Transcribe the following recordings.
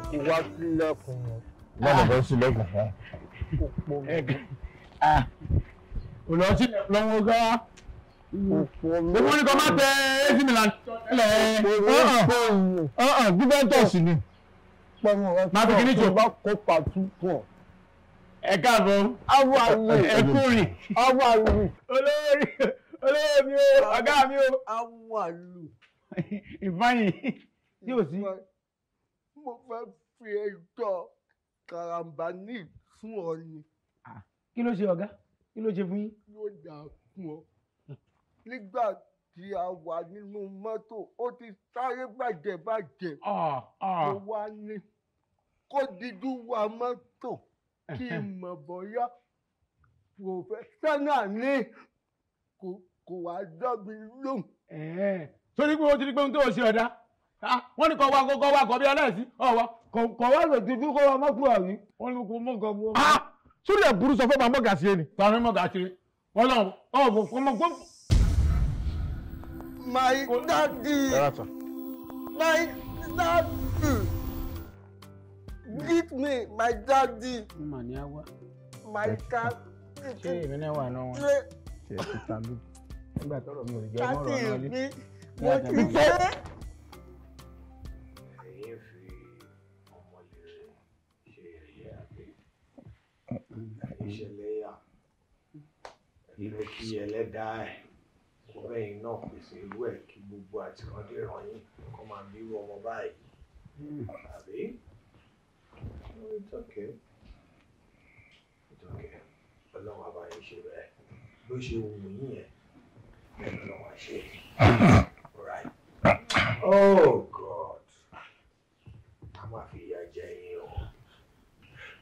kó wá sílẹ̀kùn. wọ́n lọ bọ́ sílẹ̀kùn fún. òpó mi. olùwà ah, sílẹ̀ lọ́wọ́ gá. òpó mi. gbogbo ní kò má tẹ AC Milan. ọ̀hún Juventus ni. máa fi kíní jù. bá kó pàtó pọ̀. ẹ káàbọ̀. awọ àlè. ẹ kúrì. awọ àlè. olórí olórí mi o ọ̀gá mi o. awọ àlè. ìfáyín yóò sí mo fẹ́ fi ẹjọ́ karambani fún ọ ni. kí ló ṣe ọ̀gá kí ló ṣe fún yín. yóò dà fún ọ nígbà tí a wà nínú mọ́tò ó ti sáré bàjẹ́ bàjẹ́ tó wá ní kó dijú wa mọ́tò kí n mọ̀ bóyá pòfẹ́sánà ní kò wá dọ́bi lóhùn. torí pé o ti rí pé ohun tó o ṣe ọ̀dá wọ́n ní kọ́ wá kọ́ wá kọ́ bí ọlẹ́sìn ọ̀wọ́. kọ̀ wá lò dúdú kó wá mọ́kù àrí wọ́n ní kó mọ́kọ̀ mọ́. Ah, sórí ẹ̀ burú sọ fún ọmọ gàṣí ẹni. tàbí mọ́ gàṣí wọn lọ ọ̀bùn ọmọ gbọ́. my daddy my daddy greet me my daddy. mà ní a wá. my cat. ṣé èmi náà wà náà wọn. ṣe é ti tàbí nígbà tọrọ mi ò jẹ́ mọ́rọ̀ náà lé. mo ti fẹ́. ìṣẹ̀lẹ̀ yà ilẹ̀ kí ẹlẹ́dàá ẹ̀ kó bẹ́yìn náà pèsè irú ẹ̀ kí gbogbo àtìrántí ìrànyìn kó máa bí irú ọmọ báyìí àbí ìtọ́kẹ́ ìtọ́kẹ́ ọlọ́run àbáyé ṣe bẹ́ẹ̀ bó ṣe wù yín yẹn bẹ́ẹ̀ lọ́wọ́ ṣe. All right. Oh.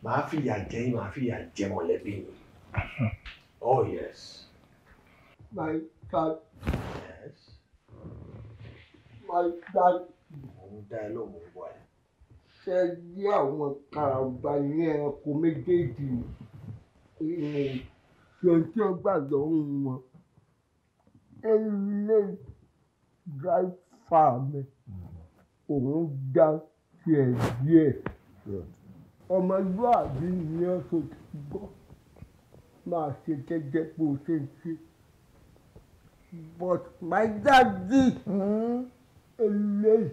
màá fìyà jẹ yín màá fìyà jẹ mọ̀lẹ́bí mi. oh yes. my dad. yes. my dad. mo ń dá ẹ lóhùn bọ́ ẹ. ṣe ní àwọn karambà ní ẹranko méjèèjì ìrìn tí ó gbà lọ́rùn wọn. ilé dry farm òun dá tiẹ̀ díẹ̀. Good. Hmm ọmọlúàbí ni ọ́ tó ti gbọ́ máa ṣe gẹ́gẹ́ bó ṣe ń ṣe but my daddy hmm? eléyìí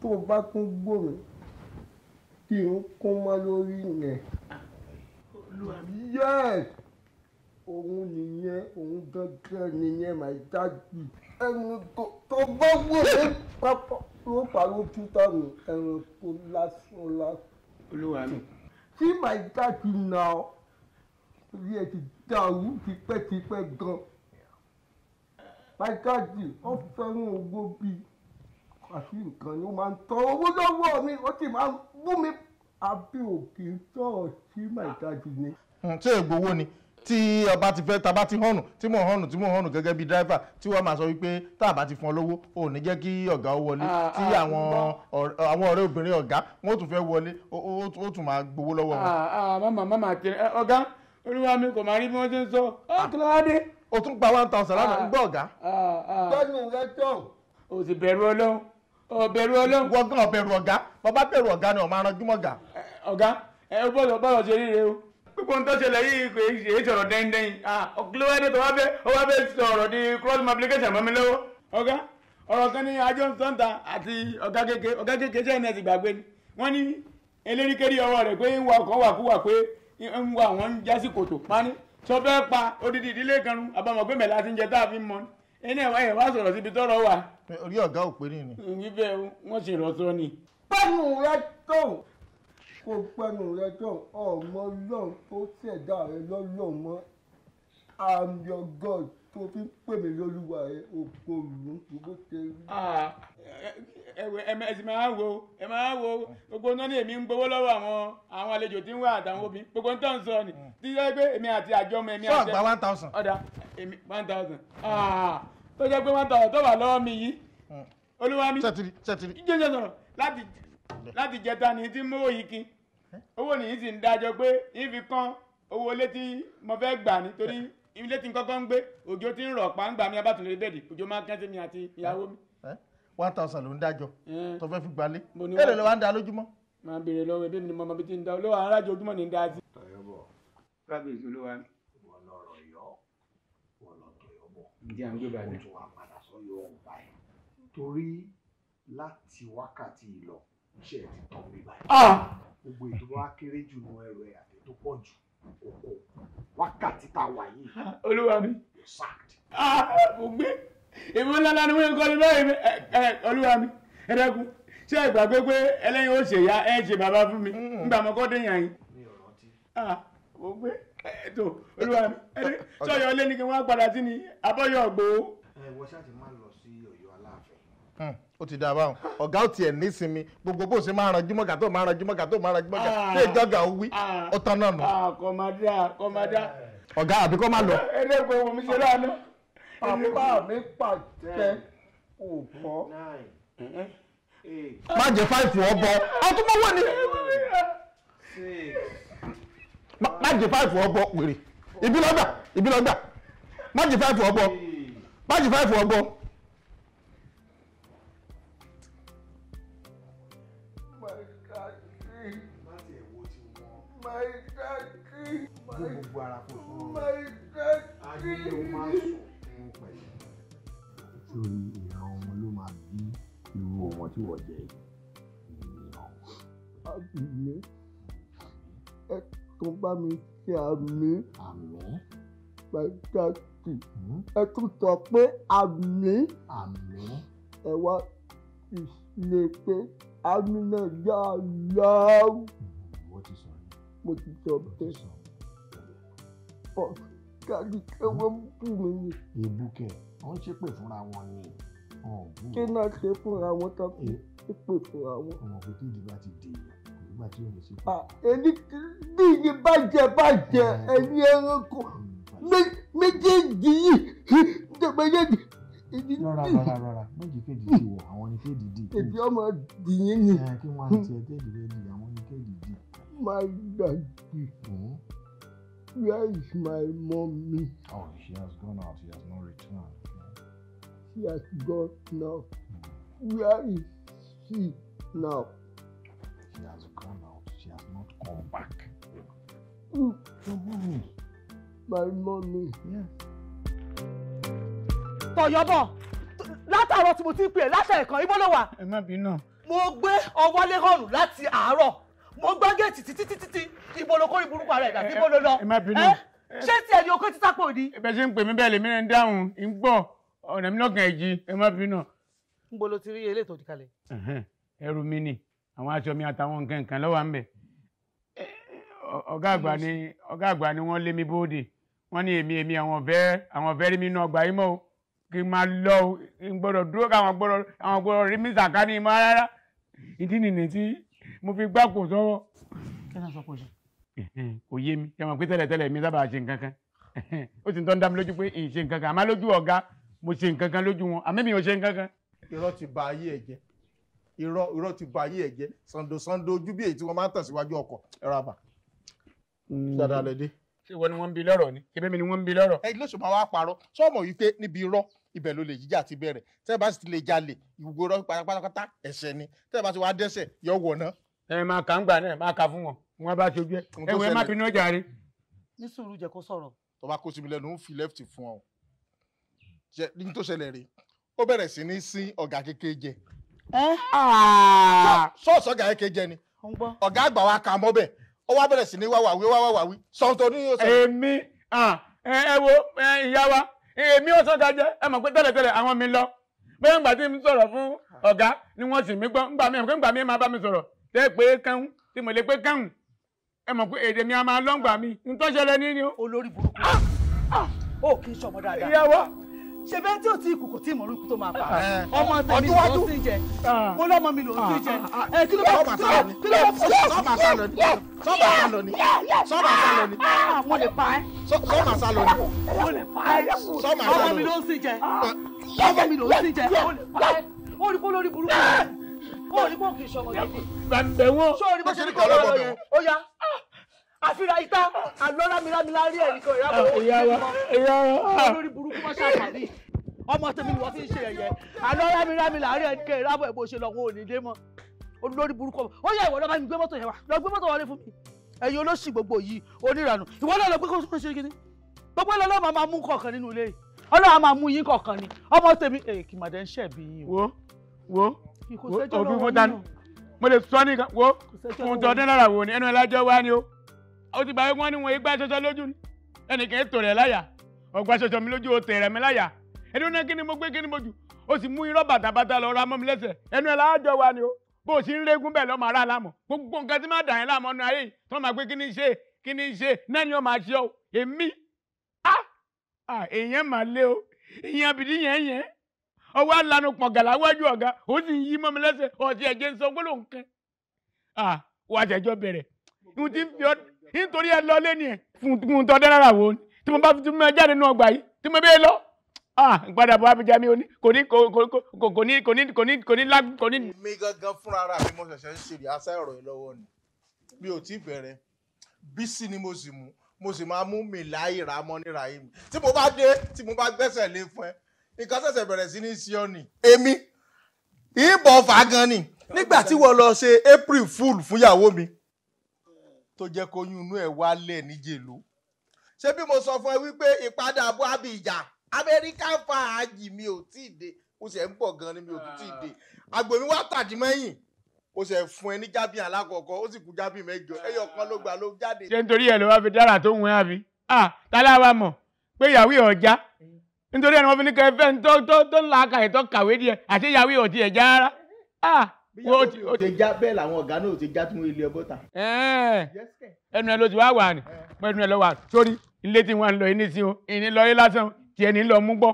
tó bá tún gbòòrò kí n kún mọ́ lórí yẹn yes òun nìyẹn òun gángan nìyẹn my daddy ẹnu tó bá wọlé pápá ló pariwo twitter mi ẹnu tó lásán lásán olúwa mi. tí màìta ti nà ọ́ torí ẹ ti dá òwú tipẹ́tipẹ́ gan màìta ti ọ fẹ́ràn owó bíi àti nǹkan ni ó máa ń tọ́ owó lọ́wọ́ mi ó sì máa ń bú mi àbí òkè sọ̀rọ̀ sí màìta ti ni. ṣé ègbówó ni tí ọba ti fẹ́ taba ti hànù tí mò ń hànù tí mò ń hànù gẹ́gẹ́ bí dráìfà tí wọ́n máa sọ wípé tá a bá ti fún ọ lówó ò ní jẹ́ kí ọ̀gá ó wọlé ah, tí ah, àwọn ọ̀rẹ́ obìnrin ọ̀gá wọn ò tún fẹ́ wọlé ó tún máa gbowó lọ́wọ́ wọn. mama ah, mama kiri eh, ọ̀gá olúwa mi kò máa rí bí wọ́n ti ń sọ ọ́ kí ló o tún gba one thousand lánàá gbọ́ ọ̀gá. tọ́jú rẹ tán. o ti bẹ̀rù ọlọ́run bẹ̀rù ọlọ́run. wọ́n gbogbo nǹkan ṣẹlẹ̀ yìí kò èyí sọ̀rọ̀ dẹ́ndẹ́yìn ọ̀kìlẹ́wẹ́dẹ́ tó wá bẹ́ ó wá bẹ́ sọ̀rọ̀ di cross publication mọ́ mi lọ́wọ́ ọ̀gá ọ̀rọ̀ kan ní ajọ́ sọ́ńtà àti ọ̀gá kéke ọ̀gá kéke ni wọ́n ní eléríkèrí ọwọ́ rẹ̀ pé ń wa ọkọ̀ wà pé ń wa kòtò pani sọ fẹ́ pa odidi ìdílé kan àbámọ̀ pé mẹ́lá ti a fi mọ́ wà. ni. kó pẹ́nu rẹ tán ọmọ ọlọ́run tó ṣẹ̀dá rẹ lọ́lọ́ mọ́ i'm your god tó fi ń pè mí lólúwa rẹ òkò lù ú bó ṣe rí. Ah, ẹ máa wo ẹ máa wo gbogbo náà ni èmi ń gbowó lọ́wọ́ àwọn àwọn àlejò tí ń wá àtàwọn obìnrin gbogbo ń tàn sọ ni hmm. tí yẹ pé èmi àti àjọ ọmọ èmi àti. sọ àgbà one thousand. ọ̀dà èmi one thousand ah, tó jẹ́ pé one thousand tó wà lọ́wọ́ mi yìí hmm. olúwa mi. sẹ́tìrì sẹ́tìrì. ìjẹ́jẹ́ sọ̀rọ̀ láti láti jẹta ní tí mò ń yí kí owó nìyí sì ń dájọ pé ìfi kan owó ilé tí mo fẹ́ gbà nítorí ilé tí n kọ́kọ́ ń gbé òjò tí ń rọ̀ pa ń gbà mí abátúndé bẹ́ẹ̀dì òjò máa ń kẹ́sí mi àti ìyàwó mi. one thousand ló ń dájọ tó fẹ́ fi gbalé èrè ló wá ń da lójúmọ́. máa béèrè lọ́wọ́ ẹbí mi ni mo mọ bí ti ń da olówó arájọ ojúmọ́ ni ń da sí. tọyọbọ kábíyèsí olúwa mi. wọn lọ rọ yọ wọn lọ gbogbo ètò bá juru jù nù ẹrù ẹ àti tó pọ̀ jù a wà yìí. Ah, olúwa mi ah, mo gbé èmi ńláńlá ni wọ́n ń kọ́ni báyìí eh, eh, olúwa mi ẹ ṣé ẹ gbàgbé pé ẹlẹ́yin ó ṣèyá ẹ ṣe bàbá mi nígbà mọ́kọ́ dẹ̀yàn yín. sọyọ kí wọ́n ni abọ́yọ̀ ó ti dá a báwọn ọ̀gá ò tiẹ̀ nísinmi gbogbo bó ṣe máa ranjú mọ́gà tó máa ranjú mọ́gà tó máa ranjú mọ́gà tó ah. ìjọgà ó wí ah. ó tán náà nù. Ah, kọ̀mádà kọ̀mádà. Eh. ọ̀gá àbí kọ́ máa lọ. ẹlẹ́gbẹ̀ẹ́ eh, eh, wo mi ṣe lánàá. bàbá mi pàṣẹ òpó. má jẹ fáìfù ọbọ ọtúmọwọ ni. má jẹ fáìfù ọbọ pèrè ibi lọ́gbà ibi lọ́gbà má jẹ fáìfù ọbọ má jẹ fáìfù ọbọ. gbogbo ara kò fún ọ oh ayé o máa sùn pẹ̀lú. nítorí ìran ọmọ ló máa bí irú ọmọ tí wọ́n jẹ́ ìran. àbíyé ẹ tó bá mi ṣe àmì. àmì. pàtàkì ẹ tún sọ pé àmì. àmì. ẹ wá ìṣe pé àmì náà yà á yà mo ti sọ bẹ́ẹ̀ fuck kárí kẹ́ wọ́n bù mí ni. èébú kẹ wọ́n ṣe pè fúnra wọn ni. kí náà ṣe fúnra wọn tán kí ṣe pè fúnra wọn. ọmọ òkè tí ìdìbò àti dè nígbà tí òun ṣe. èmi bí iye bàjẹ́ bàjẹ́ ẹni ẹranko méjèèjì yìí méjèèjì rọra rọra rọra méjì kéde ti wọ àwọn ni kéde di. èmi ọmọ dìyín ni. kí wọn àti ẹ kéde di àwọn ni kéde di. máa gbàgbé. Where is my mommy? Oh, she has gone out. She has not returned. She has gone now. hmm Where is she now? She has gone out. She has not come back. Mm. Your mommy. My mommy. Yeah. Tọ̀yọ́bọ̀ látàárọ̀ tí mo ti ń pè é láṣà ẹ̀kan ibo ló wà. Ẹ má bínú. Mo gbé ọwọ́lé hànú láti àárọ̀ mo gbá géètì títí títí ibo ló kó ìburúkú ara ẹ̀dá síbò ló lọ ṣé tí ẹni okó ti sápò ní. ẹbẹ ṣe ń pè mí bẹ́ẹ̀ lèmi náà ń dáhùn ń gbọ́ ọ̀nà mi lọ́gàn ẹ̀jì ẹ má bínú. ń bo lo ti rí eléyìí tó di kalẹ̀. ẹrù mi ni àwọn aṣọ mi àtàwọn nǹkan nǹkan lọ́wọ́ à ń bẹ̀. ọ̀gá àgbà ni ọ̀gá àgbà ni wọ́n lé mi bóde wọ́n ní èmi èmi àwọn ọ̀fẹ́ àwọn ọ̀fẹ́ rí mi náà gbà yín mọ́ kí n máa lọ o gbọ́dọ̀ dúró káwọn gbọ́dọ̀ rí mi sàkání mọ́ rárá ìdí nìyẹn tí mo fi gbá kò sọ́wọ́. kí ló ń sọ kò sí. kò yé mi ṣàmọ̀ pé tẹ́lẹ̀tẹ́lẹ̀ mi sábà ṣe nǹkan kan ó sì ń tọ́ dá mi lójú pé èyí ṣe nǹkan kan àmọ́ lójú ọ̀gá mo ṣe nǹkan kan lójú wọn àmọ́ mi ò ṣe nǹkan kan. irọ́ ti ba ayé ẹ̀ jẹ́ irọ́ ti ba ayé ẹ̀ jẹ́ sando sando ojú bí èyí tí wọ́n máa ń tẹ̀síwájú ọkọ̀ ẹ̀rọ àbà. Hmm. dáadáa lè dé. ṣé ìwọ ni wọ́n ń bi lọ́rọ̀ ni ṣé bẹ́ẹ̀ ni wọ́n ń bi lọ́rọ̀. ẹ lóṣù máa wá parọ́ sọ́ọ̀mọ̀ yìí pé níbi irọ́ ibẹ̀ ló lè jíjà ti bẹ̀rẹ̀ tẹ́ ẹ bá sì ti lè jalè ìwúgbòrò pátápátá ẹ̀ṣẹ̀ ni tẹ́ bá ti wá dẹ́ṣẹ̀ yọ wọ̀ ẹ máa kà ń gbà náà máa kà fún wọn wọn bá ṣojú ẹ ẹwẹ má bínú ọjà rẹ. ní sùúrù jẹ́ kó sọ̀rọ̀. tó kó síbi lẹ́nu ń fi lẹ́fìtì fún ọ ní tó ṣẹlẹ̀ rí ó bẹ̀rẹ̀ sí ní sín ọ̀gá kékeré jẹ. Ah! kékeré jẹ ni ọ̀gá àgbà wa kà mọ bẹẹ ó wá bẹ̀rẹ̀ sí ní wá wàwí wá wàwí sọ̀tọ̀ ní yóò sọ. èmi ẹ wo ìyá wa èmi ò ẹ mọ̀ pé àwọn mi lọ bẹ́ẹ̀ ń gbà tí sọ̀rọ̀ fún ọ̀gá ni wọ́n sì mí gbọ́ ń gbà mí ẹ̀ ń gbà mí máa bá mi sọ̀rọ̀ tẹ́ pé kẹ́hún tí mo lè pé kẹ́hún ẹ mọ̀ pé èdè mi a máa lọ́ngbà mi n tó ṣẹlẹ̀ ní olórí burúkú ó ah! ah! kì í ṣọmọ dáadáa. ìyàwó. ṣe bẹ́ẹ̀ tí ò tí ìkòkò tí ìmọ̀rú tó máa pa ah! eh, ọmọ tẹ̀mí ló ń sí jẹ mo lọ́mọ mi ló ń sí jẹ ẹ eh, kí ló bá kí ló bá fún mi. sọ́ọ̀mà sálọ ni sọ́ọ̀mà sálọ ni sọ́ọ̀mà sálọ ni. mo lè pa ẹ́. sọ́ọ̀mà sálọ ni. mo lè sálọ ni. ọmọ mi ló ń sí jẹ ọmọ mi ló ń sí jẹ ó rí kó lórí burúkú eh! kó o rí kó o kì í sọ̀rọ̀ yìí. gbàgbẹ́ wọn. sọ orí bó ṣe ní kó o lọ yẹn ó yá àfihàn ìta àlọ́rámilámilá rí ẹ̀ nìkan ìyá wọn. ìyá wọn ìyá wọn. olórí burúkú má ṣàkàdé ọmọ tèmi ni wọ́n fi ń ṣe ẹ̀yẹ àlọ́rámilámilá rí ẹ̀ nìkan ìyá wọn bó ṣe lọ wọn ò ní dé mọ́ olórí burúkú ọmọ ó yá ìwọ lọ́ba mi gbé mọ́tò yẹn wá lọ gbé mọ́tò wọlé fún mi ẹ̀yin olóṣì gbogbo yìí oníranù ìwọ náà lọ gbé kó ṣe kíni gbogbo ẹ̀ lọ́lọ́ máa mú kọ̀ọ̀kan nínú ilé yìí ọlọ́run máa mú yín kọ̀ọ̀kan ni ọmọ tèmi èkìmọ̀dé ń ṣẹ̀bi yín o. wo wo òfin fún tani mo lè sọ nìkan wo fún tọdún lára wò ni ẹnu ẹlájọ wá ni o ó ti gbà pé wọn ní wọn igbá ṣoṣo lójú ẹnìkan ètò rẹ láyà ọgbà ṣoṣo mi lójú o tẹrẹ mi láyà ẹnu náà kí ni mo gbé kí ni mo jù ó sì mú irọ́ bàtàbàtà lọ ra mọ́ mi lẹ́sẹ̀ ẹnu ẹlájọ wá ni o bó o sì ń régún bẹ́ẹ̀ lọ́mọ ará lámọ̀ gbogbo nǹkan tí máa dà yín láàmú ọ̀nà ayé yìí tí wọ́n máa gbé kí ni ṣe kí ni ṣe náà ni wọ́n máa ṣe ọ́ èmi èèyàn máa lé o èèyàn bìdí yẹn yẹn ọwọ́ alanu pọ̀gàlà wájú ọ̀gá ó sì ń yí mọ́ mi lẹ́sẹ̀ ọ̀sì ẹ̀jẹ̀ ń sọ gbọ́dọ̀ nǹkan wà àtẹ̀jọ́ bẹ̀rẹ̀ ìhun ti fi ọ́ nítorí ẹ lọ lẹ́ni ẹ̀ fún un tọ́ dára wò ni tí mo bá fi tún mọ jáde nínú ọgbà yìí tí mo bẹ́ẹ̀ lọ ìpadàbọ̀ abijá mi kò ní kò ní kò ní kò ní kò ní lágùn kò ní. mi gangan fúnra ara mi mo ṣẹ̀ṣẹ̀ ń ṣèlè aṣá ẹ̀rọ yìí lọ́wọ́ ni mi ò tí ì bẹ̀rẹ̀ bísí ni mo sì mú mo sì máa mú mi láì rà mọ́ níra yìí tí mo bá dé tí mo bá gbẹ́sẹ̀ lé fún ẹ nǹkan ṣẹ̀ṣẹ̀ bẹ̀rẹ̀ sí ní sí ọ ni. èmi ìbọn fà á gan ni nígbà tí wọ́n lọ ṣe april fool fúnyàwó mi tó jẹ́ kó oyún inú ẹ̀ wálẹ̀ níjèlú. ṣé bí mo sọ fún ẹ wípé ìpadàbọ̀ abìjà amẹ́ríkà fàájì mi ò tí ì dé ó ṣe ń bọ̀ gan ni mi ò tún tí ì dé agbèmí wá tàdí mẹ́yìn ó ṣe fún ẹ ní jábì alákọ̀ọ́kọ́ ó sì kú jábì mẹ́jọ ẹyọ kan ló gbà ló jáde. ṣé nítorí ẹ ló wá fi dára tó ń wẹ àbí ah tálá wa mọ̀ pé ìyàwó ọjà nítorí ẹni wọn fi ní kẹ fẹ́ tó tó tó ń la aka ẹ̀ tó kàwé díẹ̀ àti ìyàwó yóò ti ẹ̀ já rárá. Ah, o ti o ti já bẹ́ẹ̀ làwọn ọ̀gá náà ti já tún ilé ọgọ́ta. ẹnu ẹ ló ti wá wà ní eh. ẹnu ẹ lọ wà sórí ilé tí wọn lọ ní sí o ìní lọ yé lásán tí ẹni lọ mú gbọ́.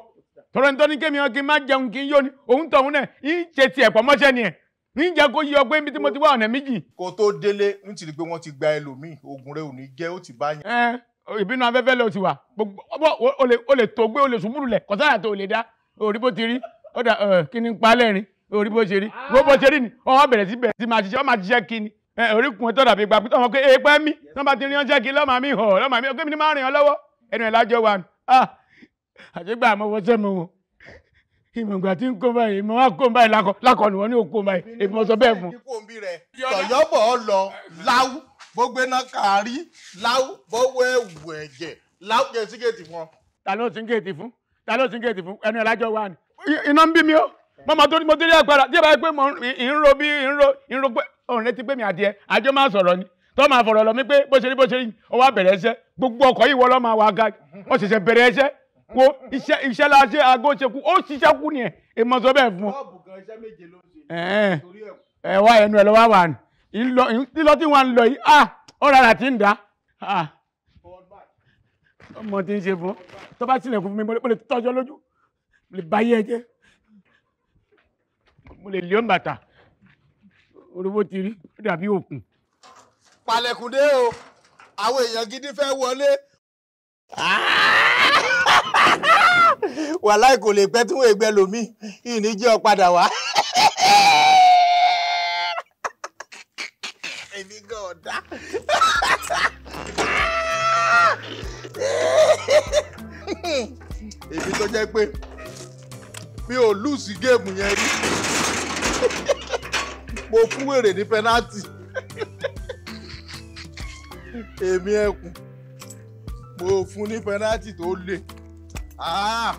tọrọ ní tọ́ni kémi ọkì má jẹun kí n yóni òun tọ̀hún náà ń ṣe tiẹ̀ pọ̀ ni ẹ̀ ń jẹ́ kó yí ọgbẹ́ ibi tí mo ti wá ọ̀nà méjì. kó tó délé ń ti rí pé wọ́n ti gba ẹlòmíì ogun rẹ̀ ò ní jẹ́ ó ti bá yẹn ìbínú afẹ́fẹ́ lọ sí wa gbogbo o lè tó gbé o lè sùnmùrù lẹ̀ kọ́sára tó lè dá orí bó ti rí ó dà kí ni pa lẹ́rìn orí bó ṣe rí gbogbo bó ṣe rí ni ọmọ bẹ̀rẹ̀ sí bẹ̀rẹ̀ sí máa ṣiṣẹ́ ọmọ máa ṣiṣẹ́ kí ni orí kun tó dàbí gbàgbé tó mọ̀ pé èèpẹ́ mi tó bá ti rí ọ́nṣẹ́ kí lọ́mọ mi hàn lọ́mọ mi ọgbẹ́ mi ni máa rìn ọ́ lọ́wọ́ ẹnu ẹ̀ lájọ wa ni ah! àṣegbà àmọ́ wọ́n sẹ́mi wọn ìmọ̀gbà tí ń kó báyìí ìmọ̀ wá kó báyìí lákọ̀ lákọ̀ ni wọ́n ní òkú báyìí èmi mọ̀ sọ bẹ́ẹ̀ fún. tọ̀yọ́bọ̀ lọ láwù bó gbéná kárí láwù bọ́wọ́ ẹ̀wù ẹ̀jẹ̀ láwù jẹ́ sígẹ̀tì fún ọ. ta ló ti ń géètì fún ta ló ti ń géètì fún ẹnu ẹ̀lájọ wa ni iná ń bí mi ó mọ́mọ́ tó ní mo délé agbára díẹ̀ báyìí pé mo ń ro bí ń ro ń ro pé òun retí pé mi àdìẹ àjọ máa sọ̀rọ̀ ni tó máa fọ̀rọ̀ lọ mí pé bó ṣe rí bó ṣe rí ó wá bẹ̀rẹ̀ iṣẹ́ gbogbo ọkọ̀ yìí wọ́n lọ́ máa wá ga ó ṣẹ̀ṣẹ̀ bẹ̀rẹ̀ iṣẹ́ wo iṣẹ́ iṣẹ́ la ṣe aago ṣe kú ó ṣiṣẹ́ kú ni ẹ̀ èèmọ̀ sọ bẹ́ẹ̀ fún ọ. ẹ wá ẹnu ẹ lọ wá wà lílọ tí wọ́n ń lọ yìí ah ó rárá tí ń dá ah ọmọ tí ń ṣe fún tó bá tilẹ̀ fún mi mo lè tọ́jọ́ lójú mo lè báyé ẹ jẹ́ mo lè lé bàtà orúkọ ti rí ó dàbí òkun. palẹ̀kùndé o àwọn èèyàn gidi fẹ́ wọlé. wàláì kò lè pẹ́ tí wọ́n ègbẹ́ lomi ìní jẹ́ ọ padà wá. dá. èmi tó jẹ́ pé mi ò lùsì géèmù yẹn rí mo fún wèrè ní pẹ́nátì èmi ẹkùn mo fún ní pẹ́nátì tó le. Ah!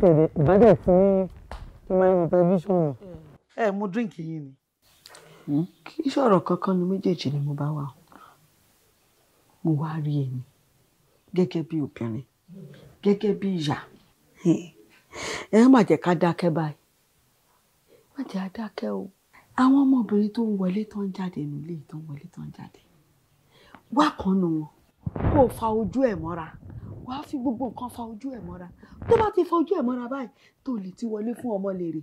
tẹ̀lé ìbádẹ́ sí human television. ẹ mo drink yín ni. Hmm? kì í ṣọ̀rọ̀ kankan ni méjèèjì ni mo bá wà mo wá rí ẹni gẹ́gẹ́ bí obìnrin gẹ́gẹ́ bí ìyá ẹ má jẹ́ ká dákẹ́ báyìí má jẹ́ o àwọn ọmọbìnrin tó ń wọlé tó ń jáde nílé tó ń wọlé wọn o fa ojú mọ́ra. wàá fi gbogbo nǹkan fa ojú ẹ̀ mọ́ra tó bá ti fa ojú ẹ̀ mọ́ra báyìí tó lè ti wọlé fún ọmọ lèrè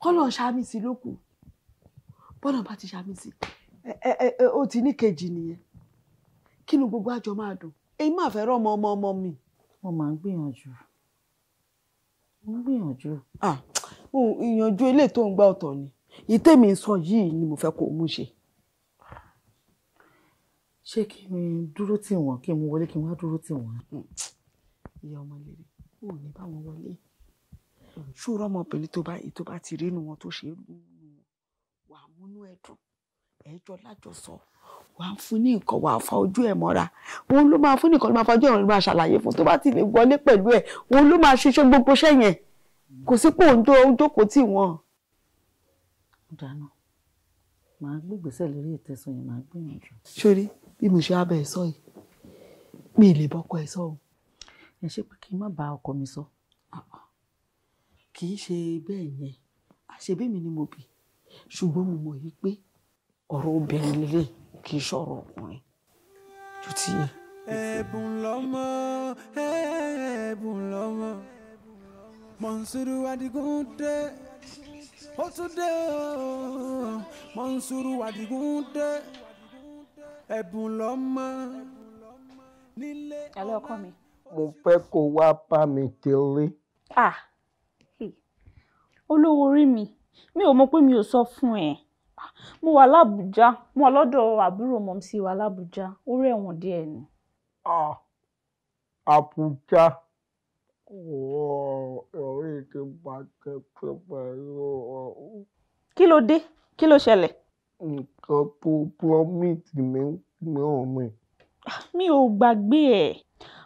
kọ́lọ̀ ṣàmì sí lókù bọ́lá bá ti ṣàmì sí ó ti ní kejì nìyẹn kí ni gbogbo àjọ máa dùn èyí máa fẹ́ rọ́ ọmọ ọmọ ọmọ mi. mo máa ń gbìyànjú mo ń gbìyànjú. ìyànjú ilé tó ń gbà ọ̀tọ̀ ni ìtẹ́mi sọ yìí ni mo fẹ́ kó o mú ṣe ṣé kí n dúró tì wọ́n kí n mú wọlé kí n wá dúró tì wọ́n. ìyá ọmọ lèrè ò ní bá wọn wọlé ṣòro ọmọbìnrin tó bá ètò bá ti rí inú wọn tó ṣe é lù ú wà á múnú ẹ dùn ẹjọ lájọsọ wà á fún ní nǹkan wà á fa ojú ẹ mọ́ra òun ló máa fún nìkan ló máa fa ojú ẹ máa ṣàlàyé fún tó bá ti lè wọlé pẹ̀lú ẹ òun ló máa ṣiṣẹ́ gbogbo iṣẹ́ kò sí pò ń tó ń jókòó tì wọ́n. dáná màá gbé ìgbésẹ̀ lórí ìtẹ̀sùn yẹn màá gbìyànjú. sórí bí mo ṣe wá bẹ̀ sọ yìí mi ì lè bọ́kọ ẹ sọ o. ẹ ṣe pé kí n má bá ọkọ mi sọ kì í ṣe bẹ́ẹ̀ yẹn àṣebí ni mo bì ṣùgbọ́n mo mọ̀ yìí pé ọ̀rọ̀ obìnrin lélẹ̀ kì í ṣọ̀rọ̀ ọkùnrin tó ti yẹ. ẹ̀bùn lọ́mọ ẹ̀bùn lọ́mọ Mọ̀nsúrù Adigun dé ó tún dé ó Mọ̀nsúrù Adigun dé ẹ̀bùn lọ́mọ nílé ọmọ. ẹ̀lẹ́ ọkọ mi. mo fẹ́ kó wá bá mi délé. ah olówó orí mi mi ò mọ pé mi ò sọ fún ẹ mo wà lábújá mo wà lọ́dọ̀ àbúrò mọ̀ sí wa lábújá orí ẹ̀wọ̀n díẹ̀ ni. àbújá ọ̀rẹ́ ti bàjẹ́ pẹ̀lú ọ̀rọ̀. kí ló dé kí ló ṣẹlẹ̀ nǹkan tó promise mi náà mi. Ah, mi ò gbàgbé ẹ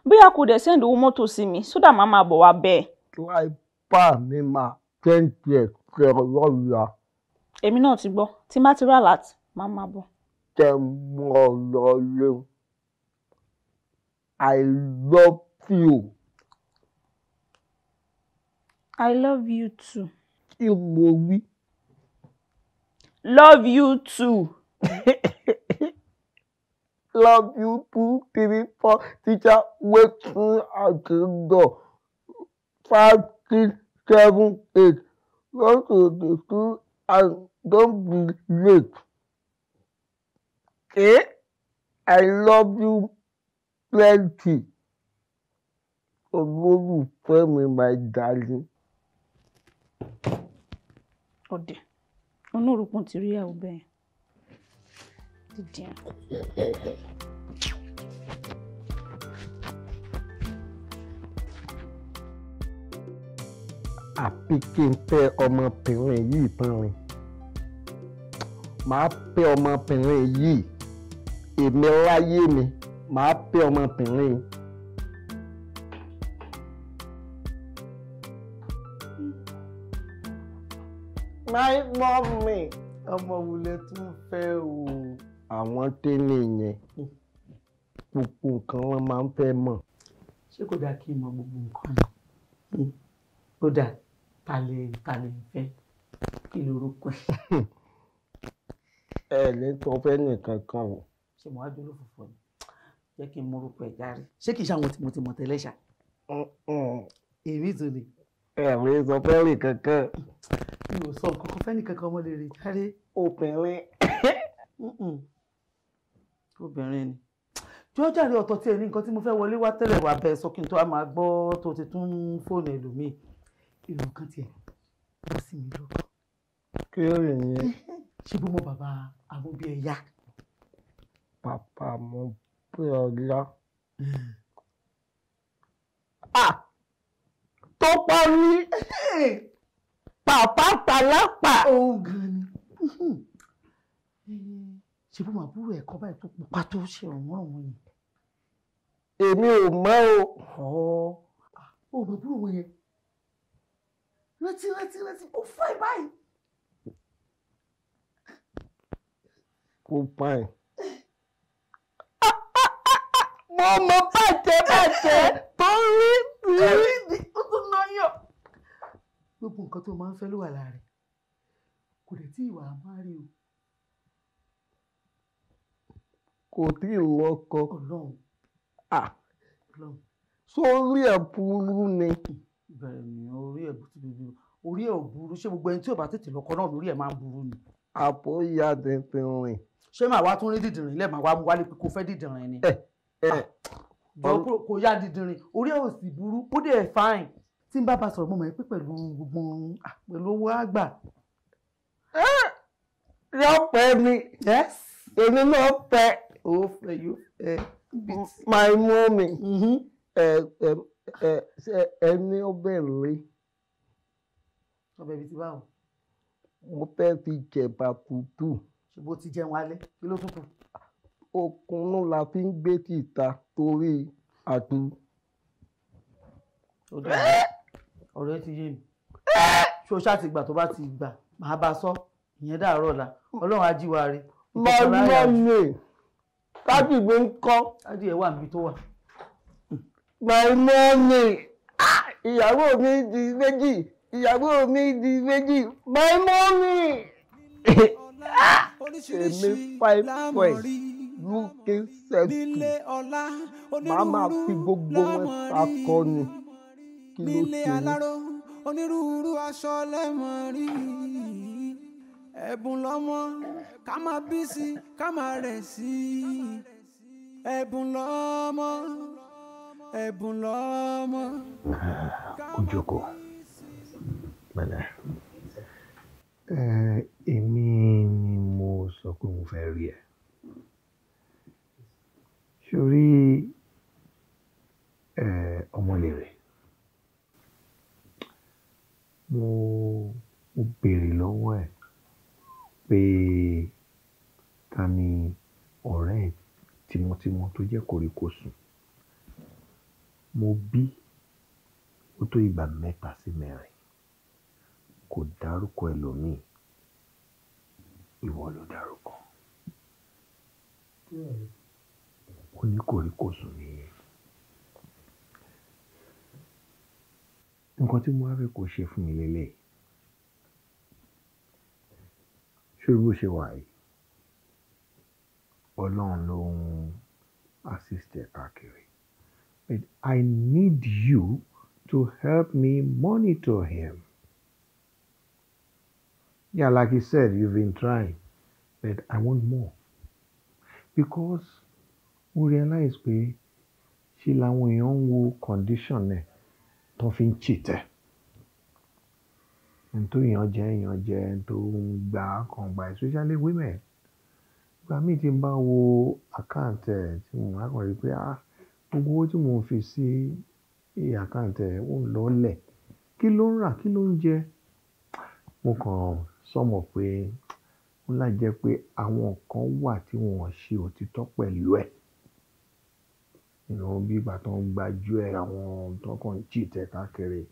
bóyá kò dẹ̀ send owó mọ́tò sí mi sódà máa máa bọ̀ wá bẹ́ẹ̀. láìpá mi máa tẹ́ǹtì ẹ̀ kẹ́ ọ lọ́la. èmi náà ti gbọ́ tí má ti rà láti máa máa bọ̀. tẹ mọ lọ lé i love you. i love you too. kí mo wí love you too. love you two three four teacher Wait for wetin agendo five six seven eight go to the school and don't be late. Okay? I love you plenty. Olólùfẹ́ mi, my darling. Ọ̀dẹ̀. Oh òun náà rúpọ̀ ti rí ìyàwó bẹ́ẹ̀ dídì à. àfi kí n fẹ́ ọmọbìnrin yìí tán rin màá fẹ́ ọmọbìnrin yìí èmi láyé mi màá fẹ́ ọmọbìnrin yìí. my mommy ọmọ wo lẹ tún fẹ́ o. àwọn tẹ́lẹ̀ yẹn gbogbo nǹkan wọn máa ń fẹ́ mọ̀. ṣé kò dáa kí n mọ gbogbo nǹkan yẹn kó hmm, dáa ta lè ta lè fẹ́ kí lorúkọ ẹ. ẹ lè tọ́ fẹ́ nìkan kan o. ṣé mo wá dúró fòfò ni jẹ́ kí n mú orúkọ ẹ̀ járe ṣé kì í ṣe àwọn tẹ́lẹ̀ ṣá. èmi tún ni ẹ̀rí sọ fẹ́rì kankan. mi ò sọ nǹkan kan fẹ́rì kankan ọmọ lè rí járe. obìnrin. obìnrin ni jọjà rí ọ̀tọ̀ tí ẹ ní nǹkan tí mo fẹ́ wọlé wá tẹ́lẹ̀ wà bẹ́ẹ̀ sọ kí n tó a máa gbọ́ tó ti tún fóònù ẹlòmíì ìrùn kan tiẹ̀ lọ sí mi lọ́kọ̀. kí ló rìn yẹn. ṣé bó mọ bàbá amóbí ẹ yá. bàbá mo bí ọ yá. Hmm. ah tó pọ̀ ní pàpà tàlápà. òun gan ni ṣe bí màbúrò ẹ̀kọ́ báyìí tó pupa tó ṣe ọ̀wọ́n ọ̀wọ́n yìí. èmi ò mọ̀ o. ó màbúrò wọn yẹn rántí rántí rántí ó fẹ́ báyìí. kò pa ẹ̀ mo mọ bàjẹ́ bàjẹ́ tó ń rí lẹ́rìndì ó tún lọ yàn. gbogbo nǹkan tó máa ń fẹ́ ló wà lára rẹ̀ kò dẹ̀ tí ìwà máa rí o. kò tí ì wọ́kọ. ọlọ́run. ọlọ́run. sórí ẹ̀ burú ni. bẹ́ẹ̀ ni orí ẹ̀ burú ti orí ẹ̀ ò burú ṣé gbogbo ẹni tí ò bá tètè lọ́kọ náà lórí ẹ̀ máa ń burú ni. àpò ìyá tẹ̀tẹ̀ rìn. ṣé màá wá tún rí dídìrín lẹ́ẹ̀ màá wá wálé pé kò fẹ́ dídìrín ni. ẹ ẹ jọ kò yá dìndìnrín orí ẹ̀ ò sì burú ó dẹ̀ fine tí n bá ba sọ̀rọ̀ mo mọ̀ pé pẹ̀lú gbogbo pẹ̀lú owó àgbà. Ah! yọ pẹ mi èmi náà pẹ my mommy mm-hmm. ẹni ọbẹ̀ lé. ọbẹ̀ bíi ti báwo. mo fẹ́ fi jẹ̀bà kùtù. ṣùgbọ́n o ti jẹun alẹ́ kí ló tún kù. Okùnú la fi ń gbé tìta torí àtú. Ọ̀rẹ́ ti yé mi. Ṣé o ṣáà ti gbà tó bá ti gbà? Màá bá a sọ. Ìyẹn dàárọ̀ la. Ọlọ́run á jí wa re. ń kọ́. Tájì wà níbi tó wà. Màmá ah! Ìyàwó mi di méjì. Ìyàwó mi di méjì. Màmá Èmi five point lókè sẹ́tù màá máa fi gbogbo wọn ṣàkọni kí ló ṣe é. onírúurú aṣọ lẹ́mọ̀ rí ẹ̀bùn lọ́mọ ká máa bí sí ká máa rẹ̀ sí ẹ̀bùn lọ́mọ ẹ̀bùn lọ́mọ. ó jókòó pẹ̀lẹ́ èmi ni mo sọ pé mo fẹ́ rí ẹ sórí ọmọlèrè mo mo béèrè lọ́wọ́ ẹ̀ pé ta ni ọ̀rẹ́ ẹ̀ tímọ́tímọ́ tó jẹ́ kòríkòsùn mo bí ó tó ìgbà mẹ́ta sí mẹ́rin kò dárúkọ ẹlòmíì ìwọ ló dárúkọ. Yeah ó ní nǹkan tí mo wá fẹ́ kó ṣe fún mi lélẹ̀ ṣé bó ṣe wà yìí ọlọ́run ló ń assist káàkiri but I need you to help me monitor him. Yeah, like he said, you've been trying, but I want more. Because ó realize pé ṣe làwọn èèyàn ń wo condition ẹ̀ tó fi ń cheat ẹ̀. Ẹni tó èèyàn jẹ́ èèyàn jẹ́ ẹni tó ń gba kan gba especially women. Ìgbà míì tí n bá wo account ẹ̀ tí mo máa kàn rí pé ah gbogbo owó tí mò ń fi sí account ẹ̀ ó ń lọlẹ̀. Kí ló ń rà? Kí ló ń jẹ? Mo kàn sum up pé ó lájẹ́ pé àwọn kan wà tí wọ́n ṣe òtítọ́ pẹ̀lú ẹ̀ ìran bí ìgbà tó ń gbajú ẹ̀ àwọn tó kàn ń jì tẹ̀ káàkiri.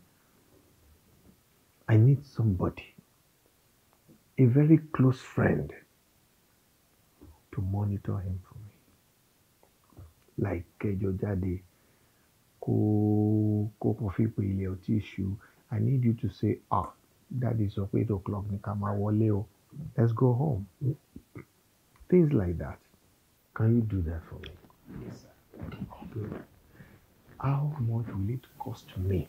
I need somebody, a very close friend, to monitor him for me. Like kẹjọ jáde kó kó kàn fi pé ilẹ̀ ọtí ṣu. I need you to say, ah, daddy sọ pé eight o'clock ni ká máa wọlé o. Let's go home. Things like that. Can you do that for me? Yes, sir the How much will it cost me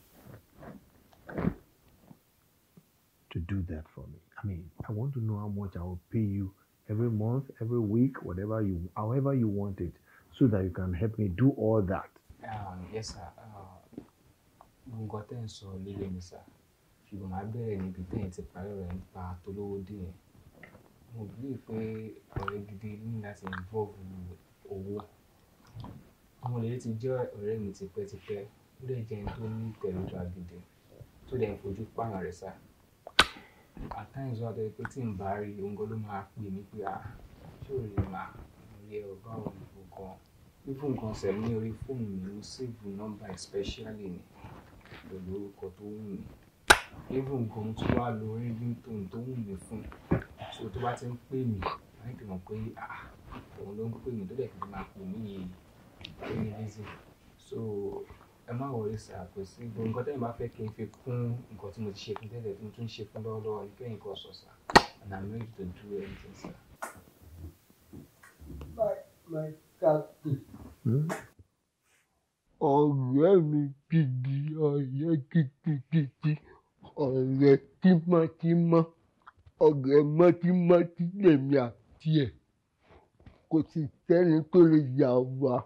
to do that for me? I mean, I want to know how much I will pay you every month, every week, whatever you, however you want it, so that you can help me do all that. Um, yes, sir. nǹkan uh, tẹ́ ń sọ líle ni sá ṣùgbọ́n máa bẹ̀rẹ̀ níbi tẹ́yìn ti parí rẹ̀ nípa tolówó dé yẹn mo believe pé ọ̀rẹ́ gidi ní láti involve owó ọmọlẹ́yẹ ti jẹ́ ọ̀rẹ́ mi tipẹ́tipẹ́ ó lè jẹ́ ẹni tó ní pẹ̀lú gbàgede tó dẹ̀ ń fojú pààyàn rẹ̀ sá at times wà tó yẹ pé tí n bá rí òun ló máa pè mí pé ah ṣé ò lè máa rí ẹ ọba òun gan nǹkan ṣẹ̀ ní orí fóònù mi mo sèvù nọ́mbà especially ni pẹ̀lú orúkọ tó wù mí even gan tó wá lo ringtone tó wù mí fún so tó bá ti ń pè mí láì tẹ̀mọ̀ pé ah òun ló ń pè mí tó dẹ̀ kí máa pè mí yìí lórí reason so ẹ má wọlé sá kò sí gbogbo nǹkan tẹ́yìn bá fẹ́ kí n fi kún nǹkan tí mo ti ṣe fún tẹ́lẹ̀ tí mo tún ṣe fún lọ́wọ́lọ́wọ́ ní kẹ́yìn kan sọ sá and i'm ready to do anything sá. my captain. Hmm? ọ̀rẹ́ mi gidi ọ̀rẹ́ gidigidi ọ̀rẹ́ tímọ́tímọ́ ọ̀rẹ́ mọ́tímọ́tí lèmi àti ẹ̀ kò sì sẹ́ni tó lè yà wá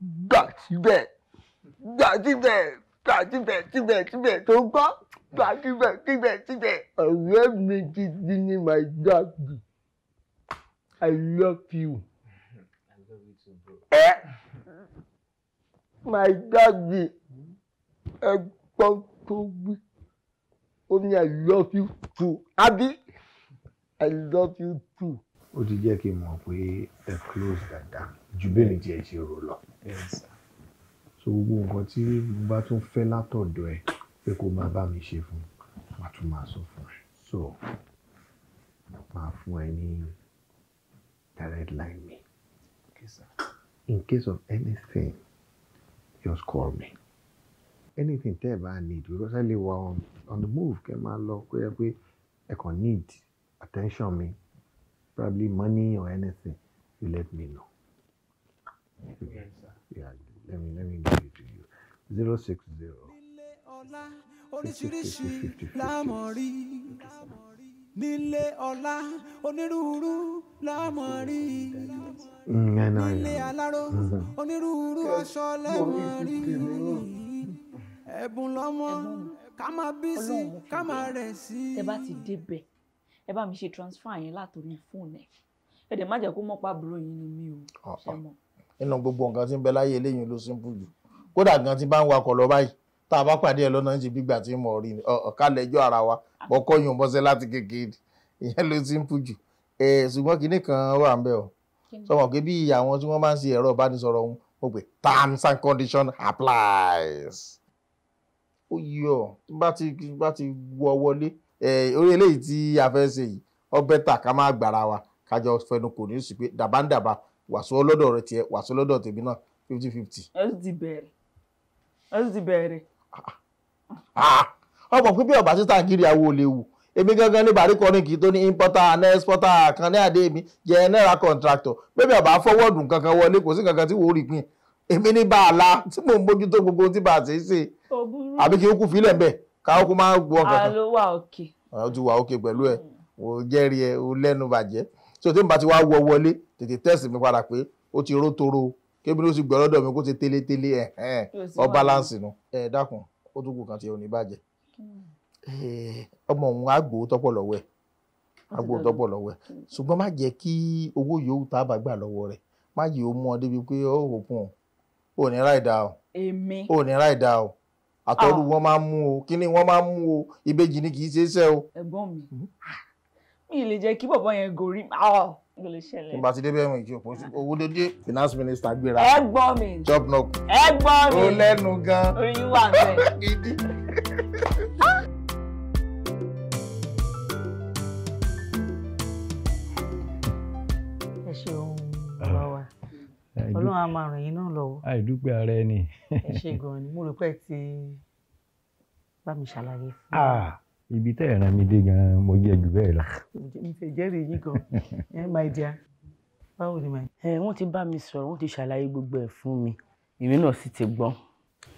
gbà síbẹ̀ gbà síbẹ̀ gbà síbẹ̀ síbẹ̀ síbẹ̀ tó gbọ́ gbà síbẹ̀ síbẹ̀ síbẹ̀ ọ̀rẹ́ mi ti di ní my daddy I love you. I love you too, bro. Eh? My daddy ẹ̀gbọ́n tó wí ó ní I love you too àbí I love you too. ó ti jẹ́ kí n mọ̀ pé ẹ close dáadáa ju bẹ́ẹ̀ ni lọ so gbogbo nǹkan tí mo bá tún fẹ́ látọ̀dọ̀ ẹ pé kó máa bá mi ṣe fún wa tún máa sọ fún ẹ so máa fún ẹ ní direct line mi in case of anything just call me anything tẹ́ ẹ bá need because I lè wà on, on the move kẹ́ máa lọ pé ẹ pé ẹ kàn need attention mi probably money or anything you let me know. Okay, sir. Yeah, let me let me give it to you. Zero six zero. Oríṣiríṣi lámọ̀ rí. Nílé ọlá onírúurú lámọ̀ rí. Mm, Nílé aláró mm-hmm. ẹ bá mi ṣe transfer yẹn látòrí fóònù ẹ̀. Ẹ dẹ̀ má jẹ́ kó mọ̀ pa àbúrò yín ni mí o. Ṣé mọ̀? nínú gbogbo nǹkan tí ń bẹ láyé eléyìí ló simple jù kódà gan tí bá ń wakọ̀ lọ báyìí tá a bá pàdé ẹ lọ́nà ń ṣe gbígbà tí mo rí ni ọ̀ọ́ká lẹ́jọ́ ara wa ọkọ̀ yóò bọ́sẹ̀ láti kékeré ìyẹn ló simple jù ṣùgbọ́n kinní kan wà ń bẹ̀ ọ́ sọmọ pé bí àwọn tí wọ́n máa ń ṣe ẹ̀rọ ìbánisọ̀rọ̀ wọn mo pè terms and conditions applies ó yọ tí bá ti bá ti wọ wọlé orí eléyìí tí a fẹ́ ṣe yìí ọ bẹ́tà ká má gbára wa kájọ fẹnu ní sí dàbá ń dàbá wàásù ọlọ́dọ̀ rẹ tie wàásù ọlọ́dọ̀ tèmi náà fifty fifty. ẹ ti ti bẹ̀rẹ̀ ẹ ti ti bẹ̀rẹ̀. Ah, ah, ah. ọmọ pípẹ́ ọ̀bà títà kiri àwo lè wù èmi gangan ní bàrí kì í tó ní importer and exporter kan ní àdé mi general contractor bẹ́ẹ̀ ọ̀bà fọwọ́dùn kankan wọlé kò sí kankan tí rí pin èmi ní bàálà tí gbogbo tí bàá ṣe é ṣe àbí kí n kú fílẹ̀ máa gbọ́ kankan. àlọ́ wà òkè. ti wà òkè tí o ti ń bá ti wá wọ wọlé tètè tẹ́sì mi padà pé ó ti rótoro kébí ló ti gbọ́ lọ́dọ̀ mi kó ti télé télé ẹ̀ ẹ̀ ọ balance nu ẹ̀ dákun ó tún kù kan ti ò ní bàjẹ́ eh, ọmọ òun àgbò tọ́pọ̀ lọ́wọ́ ẹ̀ àgbò tọ́pọ̀ lọ́wọ́ ẹ̀ ṣùgbọ́n má jẹ́ kí owó yòówù tá a bá gbà lọ́wọ́ rẹ̀ má yìí ó mú ọ débi pé ó wò fún ọ ò ní ráì dá o ò ní ráì dá o àtọ́rù ah. wọn máa ń mú o kíní wọn máa ń mú o ìbejì ni kì í ṣe é ṣe o. ẹ̀gbọ́n mi hmm? mi lè jẹ́ kí bọ̀bọ̀ yẹn gorí ah, kò lè ṣẹlẹ̀. nígbà tí débẹ̀ ìwọ̀n ìjọpọ̀ ah. owó dédé finance minister gbéra. ẹ gbọ́ mi job knock. ẹ gbọ́ mi ó lẹ́nu gan-an. oyin wà bẹ́ẹ̀. gidi. ẹ ṣeun ah. bàbá wa ọlọ́run á máa ràn yín náà lọ́wọ́. àìdúpẹ́ ara ẹni. ẹ ṣe gan-an ni mo rò pé ẹ ti bá mi ṣàlàyé fún mi ibi tẹ́ ẹ̀ ràn mí dé gan-an mo yẹ jù bẹ́ẹ̀ lọ. Ah, mo ti jẹ́rìí yín gan ẹ máa jẹ́ báwo ni màá. ẹ eh, wọ́n ti bá mi sọ̀rọ̀ wọ́n ti ṣàlàyé gbogbo ẹ̀ fún mi èmi náà sì ti gbọ́n.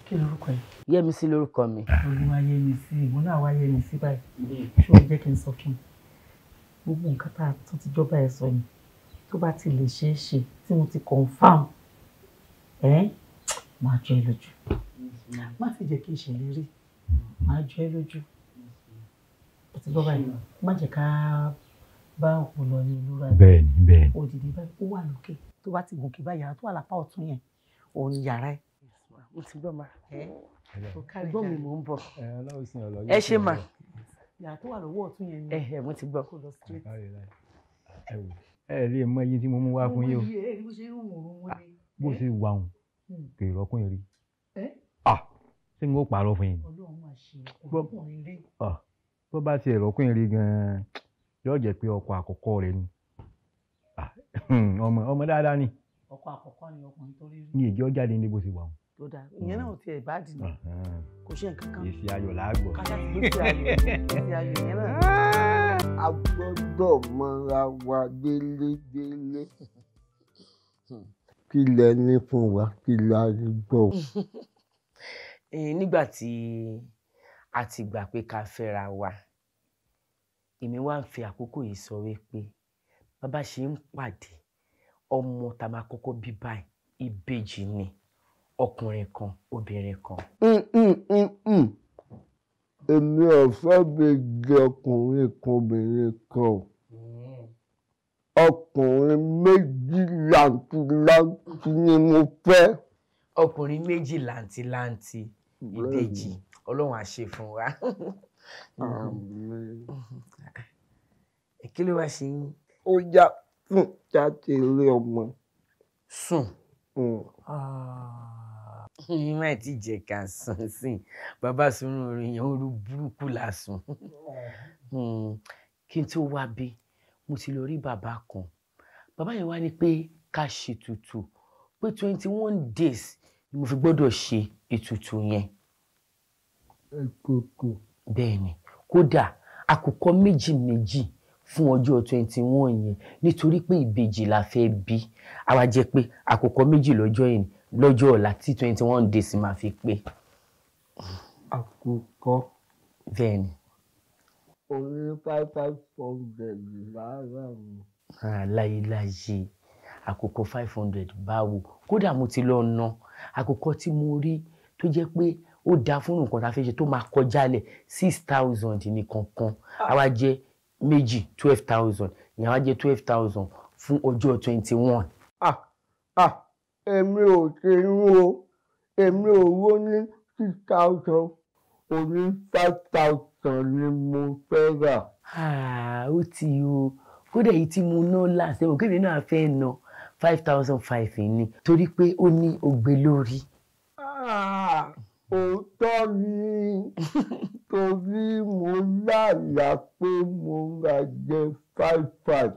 kí lorúkọ yìí. Yẹ́misí lorúkọ mi. olúwa Yẹ́misí ìwọ náà wá Yẹ́misí báyìí ṣé o jẹ́ kí n sọ fún un gbogbo nǹkan tá a tún ti jọba ẹ sọ yìí tó bá ti lè ṣeé ṣe tí mo ti confam ẹ máa jọ ẹ lójú má sì jẹ́ kí ìṣẹ̀lẹ̀ rí máa jọ ẹ lójú ti gbọ́ báyìí má jẹ́ ká bá òkú lọ ní ìlú báyìí. bẹ́ẹ̀ni bẹ́ẹ̀ni. òdìdí báyìí ó wà lókè tó bá ti gòkè báyìí yàrá tó wà lápá ọ̀tún yẹn òun ni yàrá ẹ̀. mo ti gbọ́ ma gbọ́ mi mò ń bọ̀ ẹ ṣe mà. yàrá tó wà lọ́wọ́ ọ̀tún yẹn ni. ẹ mo ti gbọ́. ẹ lè mọ iye tí mo mú wá fún yín o ah, bó ṣe wà òun hmm. kì í rọkún yẹn rí. Ah, ṣé n ó pààrọ̀ fún yín. ọlọ́run máa ṣe ọkùnrin rí tó bá tiẹ̀ rọ́kùnrin gan-an yóò jẹ́ pé ọkọ àkọ́kọ́ rẹ ni ah, ọmọ ọmọ dáadáa ni. ọkọ àkọ́kọ́ ni ọkùnrin tó rí rí. ní ìjọ jáde ní bó ṣe wà wọn. tó dáa ìyẹn náà ti ẹ̀ bá dì ní kò ṣe nǹkan kan. èsì ayọ̀ làágbọ̀. kájà ti gbèsè ayọ̀ èsì ayọ̀ ìyẹn náà. a gbọ́dọ̀ mọra wa gbélégbélé kí lẹ ní fún wa kí lẹ á rí gbọ́. nígbà tí a ti gbà pé ká fẹ́ra wa èmi wá ń fi àkókò yìí sọ wípé bàbá ṣe ń pàdé ọmọ tá a máa kọ́kọ́ bí báyìí ìbejì ni ọkùnrin kan obìnrin kan. Mm, mm, mm, èmi ò fẹ́ bèjì ọkùnrin kan obìnrin kan o ọkùnrin méjì làǹtìlanti ni mo fẹ́. ọkùnrin méjì làǹtìlanti ìbejì. Mm ọlọ́run àṣe fún wa. kí ló wá ṣe yín. ó já sùn jáde ilé ọmọ. sùn. yín má ti jẹ ká sùn sí i bàbá sunrun orin yẹn ó rú burúkú lásùn. Hmm. Hmm. kí n tó wá bí mo ti lọ rí bàbá kan bàbá yẹn wá ní pé ká ṣètùtù pé twenty one days ni mo fi gbọ́dọ̀ ṣe ètùtù yẹn àkókò. bẹ́ẹ̀ni kódà àkùkọ méjì méjì fún ọjọ́ twenty one yẹn nítorí pé ìbejì la fẹ́ bí àwa jẹ́ pé àkùkọ méjì lọ́jọ́ yẹn lọ́jọ́ ọ̀la tí twenty one days máa fi pé. àkùkọ. bẹ́ẹ̀ni. orí five five hundred lára mi. láyéláyé àkùkọ five hundred báwo kódà mo ti lọ ná àkùkọ tí mo rí tó jẹ́ pé ó dáa fún nǹkan tá a fẹ́ ṣe tó máa kọjá lẹ̀ six thousand nìkan kan ah. àwa jẹ́ méjì twelve thousand ìyẹn àwa jẹ́ twelve thousand fún ọjọ́ twenty one. ah ah èmi ò ṣe irú o èmi ò wó ní six thousand òní five thousand ni mo fẹ́ rà. Ah, ó ti o kódà èyí tí mo ná last ẹ̀ wò náà fẹ́ ná five thousand five ni torí pé ó ní ògbé lórí. Ah òótọ́ ni torí mo láàlá pé mo ra jẹ five five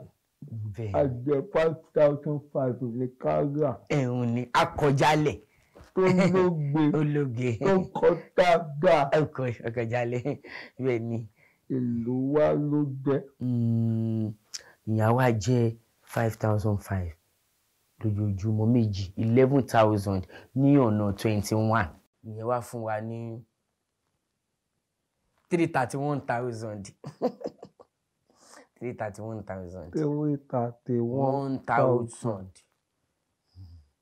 àjẹ five thousand five ní kára. ẹ̀hún ni akọjálẹ̀. tó lóge ológe tó kọjá dáa. akọjálẹ̀ bẹ́ẹ̀ ni. èlò wa ló jẹ́. Hmm, ìyàwó á five thousand five lójoojúmọ́ méjì eleven thousand ní ọ̀nà twenty one ìyẹn wá fún wa ní three thirty one thousand three thirty one thousand. three thirty one thousand.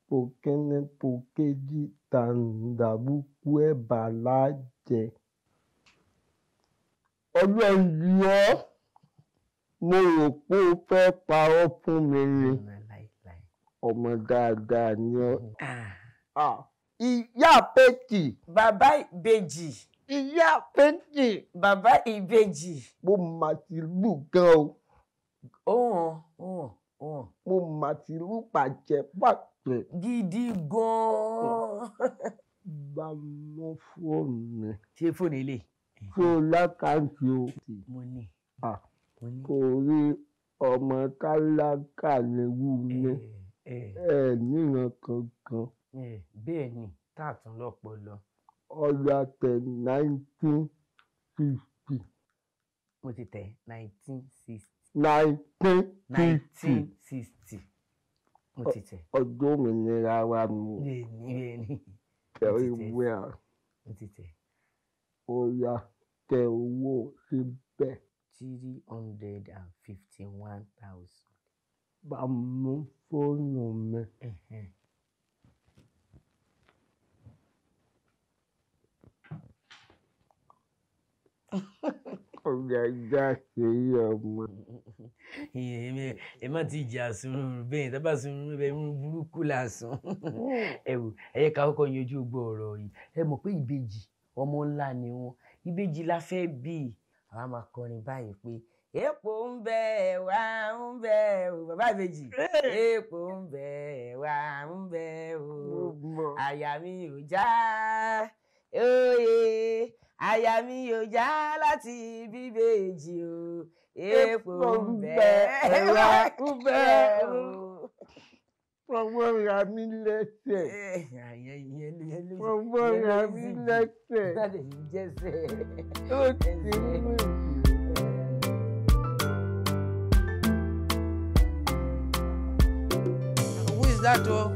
pokene pokeji tandabuku ẹ̀bà lájẹ. ọjọ́ ìyọ́ mo rò pé o fẹ́ parọ́ fún mi ni ọmọ dáadáa ni ọ ìyá àbejì. bàbá ìbejì. ìyá àbejì. bàbá ìbejì. mo mà ti lù gan o. ó hàn ó hàn ó hàn. mo mà ti lù pàjẹ́ pàjẹ́. gidi gan-an. bá a mọ fóònù. ṣé fóònù ilé. ṣé o lákàntì o. mo ní. kò rí ọmọ tálákà ni wú mi. ẹ kankan bẹ́ẹ̀ ni tá a tún lọ́pọlọ. ọ̀rọ̀ àtẹ̀ nineteen fifty. mo ti tẹ̀ nineteen sixty. nineteen fifty. nineteen sixty. mo ti tẹ̀. ọjọ́ òmìnira wa mu. bẹ́ẹ̀ni bẹ́ẹ̀ni. very well. mo ti tẹ̀. ó yá tẹ owó síbẹ̀. three hundred and fifty one thousand. bá a mú fóònù mi. ọ̀gágá ṣe yí ọmọ. ẹ má ti jẹ àsunrun bẹ́ẹ̀ tábà sunrun bẹ́ẹ̀ irun burúkú lásán ẹ̀wò ẹ̀yẹ ká kọ́kọ́ yanjú gbọ́ ọ̀rọ̀ yìí ẹ mọ̀ pé ìbejì ọmọ ńlá ni wọn ìbejì la fẹ́ bí àwa máa kọrin báyìí pé èèpo ń bẹ ẹ̀wà ń bẹ o bàbá ìbejì èèpo ń bẹ ẹ̀wà ń bẹ o àyà mi ò já oye àyà mi ò já láti bíbèjì o èèpo ń bẹ ẹwà ń bẹ o. fọwọ́ ra mi lẹ́sẹ̀. Eh, fọwọ́ ra mi lẹ́sẹ̀. láti fi jẹ́sẹ̀. ó ti mú mi. Who is that, oh?